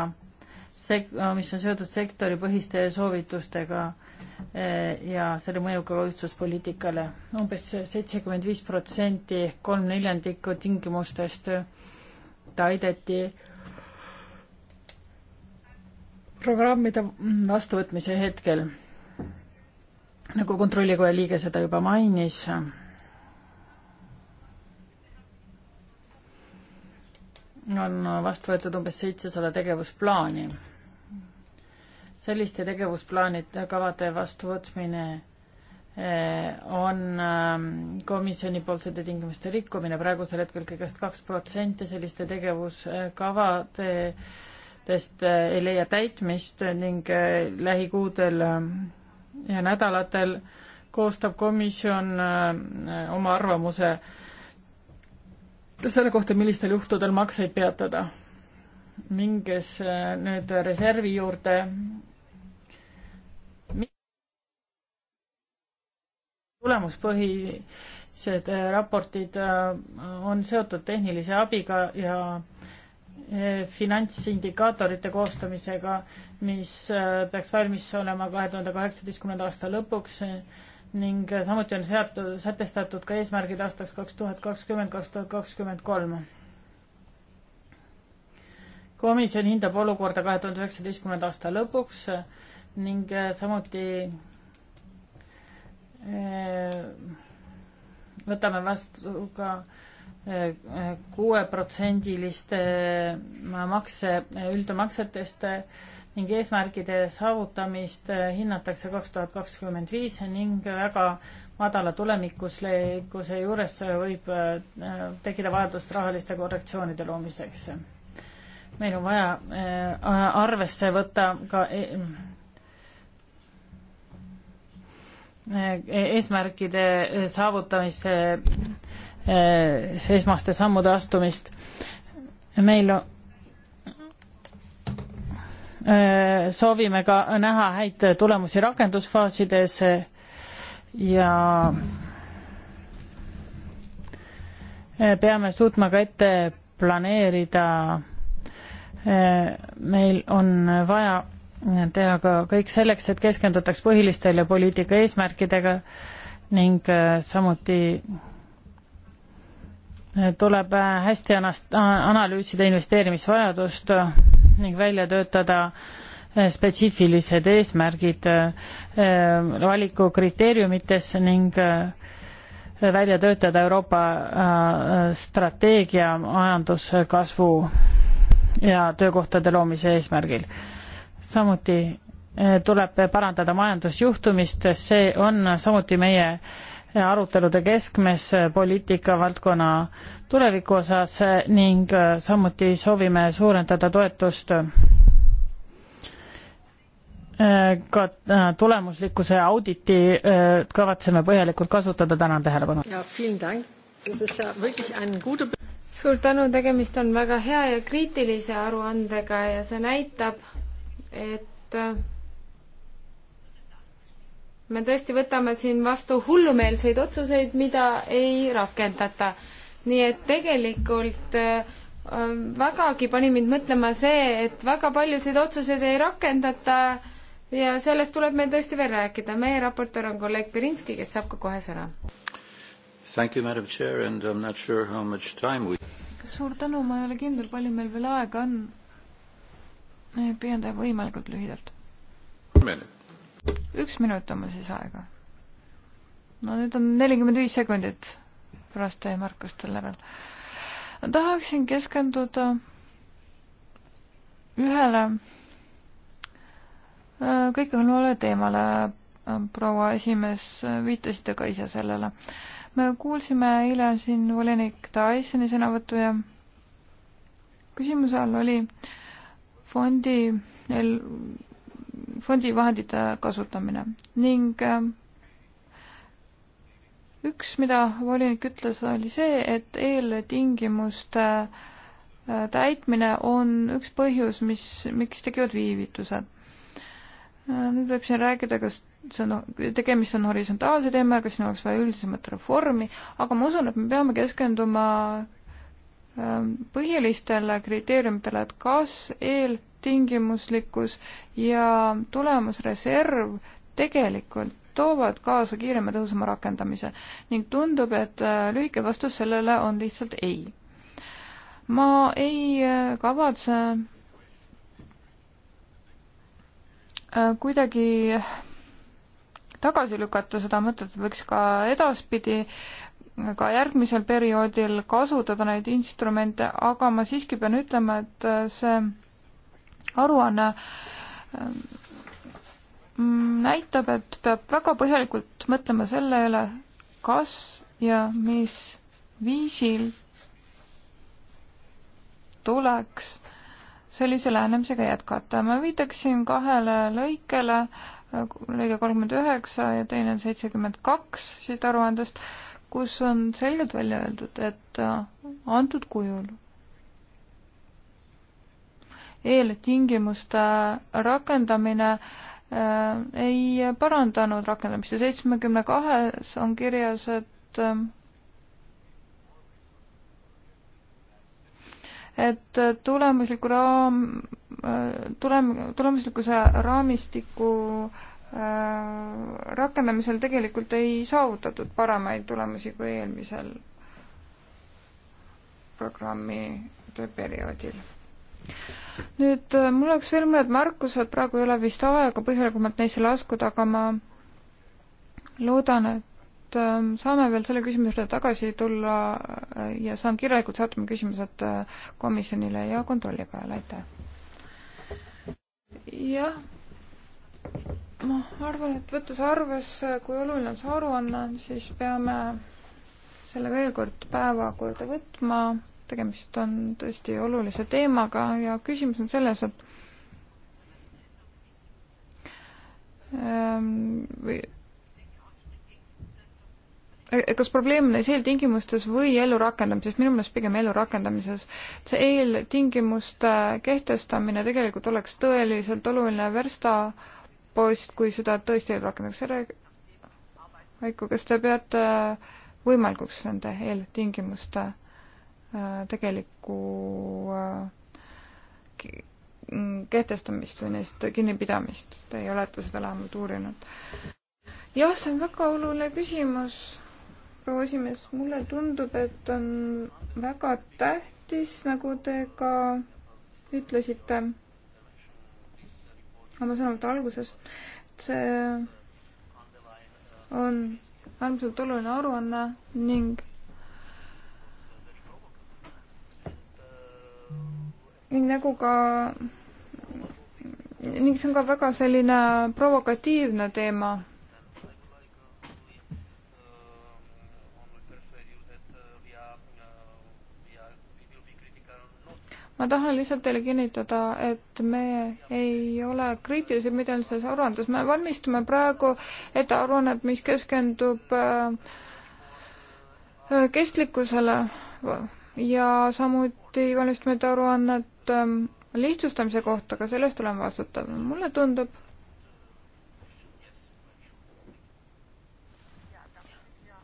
sek-, äh, mis on seotud sektoripõhiste soovitustega äh, ja selle mõjuga ühtsuspoliitikale umbes. umbes seitsekümmend viis protsenti ehk kolm neljandikku tingimustest täideti programmide vastuvõtmise hetkel. nagu Kontrollikoja liige seda juba mainis on vastu võetud umbes seitsesada tegevusplaani. selliste tegevusplaanide, kavade vastuvõtmine eh, on ähm, komisjonipoolsete tingimuste rikkumine praegusel hetkel kõigest kaks protsenti selliste tegevuskavadest äh, ei leia täitmist ning äh, lähikuudel ähm, ja nädalatel koostab komisjon äh, oma arvamuse äh, selle kohta, millistel juhtudel makseid peatada. minges äh, nüüd reservi juurde. tulemuspõhised äh, raportid äh, on seotud tehnilise abiga ja finantsindikaatorite koostamisega, mis peaks valmis olema kahe tuhande kaheksateistkümnenda aasta lõpuks ning samuti on seatud, sätestatud ka eesmärgid aastaks kaks tuhat kakskümmend, kaks tuhat kakskümmend kolm. komisjon hindab olukorda kahe tuhande üheksateistkümnenda aasta lõpuks ning samuti eh, võtame vastu ka eh, kuueprotsendiliste makse, üldmaksetest ning eesmärkide saavutamist äh, hinnatakse kaks tuhat kakskümmend viis ning väga madala tulemikuslikkuse juures võib äh, tekkida vajadust rahaliste korrektsioonide loomiseks. meil on vaja äh, arvesse võtta ka e, e, e, eesmärkide saavutamise esmaste sammude astumist. meil on Äh, soovime ka näha häid tulemusi rakendusfaasides ja äh, peame suutma ka ette planeerida. Äh, meil on vaja teha ka kõik selleks, et keskendutaks põhilistele poliitika eesmärkidega ning samuti tuleb hästi ennast analüüsida investeerimisvajadust ning välja töötada eh, spetsiifilised eesmärgid eh, valikukriteeriumites ning eh, välja töötada Euroopa strateegia majanduskasvu ja töökohtade loomise eesmärgil. samuti tuleb parandada majandusjuhtumist, see on samuti meie arutelude keskmes poliitikavaldkonna tuleviku osas ning äh, samuti soovime suurendada toetust äh, ka äh, tulemuslikkuse auditi kavatseme põhjalikult kasutada, tänan tähelepanu. suur tänu, tegemist on väga hea ja kriitilise aruandega ja see näitab, et me tõesti võtame siin vastu hullumeelseid otsuseid, mida ei rakendata. nii et tegelikult äh, vägagi pani mind mõtlema see, et väga paljusid otsuseid ei rakendata ja sellest tuleb meil tõesti veel rääkida. meie raportöör on kolleeg Pirinski, kes saab ka kohe sõna. Thank you, madam chair and I am not sure how much time we suur tänu, ma ei ole kindel, palju meil veel aega on. püüan teha võimalikult lühidalt. minut üks minut on mul siis aega. no nüüd on nelikümmend viis sekundit pärast teie märkustel järel. tahaksin keskenduda ühele äh, kõikehõlmavale teemale, äh, proua esimees, äh, viitasite ka ise sellele. me kuulsime eile siin volinik Dysoni sõnavõttu ja küsimuse all oli fondi fondivahendite kasutamine ning äh, üks, mida volinik ütles, oli see, et eeltingimuste äh, täitmine on üks põhjus, mis, miks tekivad viivitused. Äh, nüüd võib siin rääkida, kas see on, tegemist on horisontaalse teemaga, siin oleks vaja üldisemat reformi, aga ma usun, et me peame keskenduma põhilistele kriteeriumitele, et kas eel tingimuslikkus ja tulemusreserv tegelikult toovad kaasa kiirema tõhusama rakendamise ning tundub, et äh, lühike vastus sellele on lihtsalt ei. ma ei äh, kavatse äh, kuidagi tagasi lükata seda mõtet, et võiks ka edaspidi ka järgmisel perioodil kasutada neid instrumente, aga ma siiski pean ütlema, et see aruanne ähm, näitab, et peab väga põhjalikult mõtlema selle üle, kas ja mis viisil tuleks sellise lähenemisega jätkata. ma viitaksin kahele lõikele, lõige kolmkümmend üheksa ja teine on seitsekümmend kaks siit aruandest, kus on selgelt välja öeldud, et antud kujul eeltingimuste rakendamine äh, ei parandanud rakendamist ja seitsmekümne kahes on kirjas, et äh, et tulemusliku raam äh,, tulem-, tulemuslikkuse raamistiku äh, rakendamisel tegelikult ei saavutatud paremaid tulemusi kui eelmisel programmi tööperioodil nüüd äh, mul oleks veel mõned märkused, praegu ei ole vist aega põhjalikumalt neisse laskuda, aga ma loodan, et ähm, saame veel selle küsimusele tagasi tulla äh, ja saan kirjalikult saata oma küsimused äh, komisjonile ja kontrollikojale, aitäh! jah, ma arvan, et võttes arvesse, kui oluline on see aruanne, siis peame selle veel kord päevakorda võtma tegemist on tõesti olulise teemaga ja küsimus on selles, et ähm, või e-, e-, kas probleem on neis eeltingimustes või elu rakendamises, minu meelest pigem elu rakendamises. see eeltingimuste kehtestamine tegelikult oleks tõeliselt oluline verstapost, kui seda tõesti ellu rakendatakse. Veiko, kas te peate võimalikuks nende eeltingimuste Äh, tegelikku äh, mm, kehtestamist või neist kinnipidamist. Te ei olete seda lähemalt uurinud. jah, see on väga oluline küsimus, proua esimees. mulle tundub, et on väga tähtis, nagu te ka ütlesite oma sõnavõtu alguses, et see on äärmiselt oluline aruanne ning ning nagu ka ning see on ka väga selline provokatiivne teema. ma tahan lihtsalt teile kinnitada, et me ei ole kriitilised mitte ainult selles aruandes, me valmistume praegu ette aruannet, mis keskendub äh, kestlikkusele ja samuti valmistume ette aruannet nüüd ähm, lihtsustamise kohta, ka sellest olen vastutav. mulle tundub,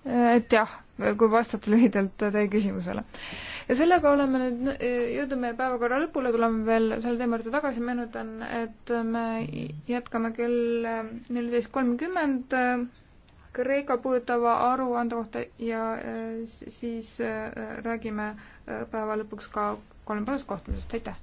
et jah, kui vastata lühidalt teie küsimusele. ja sellega oleme nüüd jõudnud meie päevakorra lõpule, tuleme veel selle teema juurde tagasi, meenutan, et me jätkame kell äh, neliteist kolmkümmend äh, Kreeka puudutava aruande kohta ja äh, siis räägime päeva lõpuks ka kolmepoolsest kohtumisest, aitäh!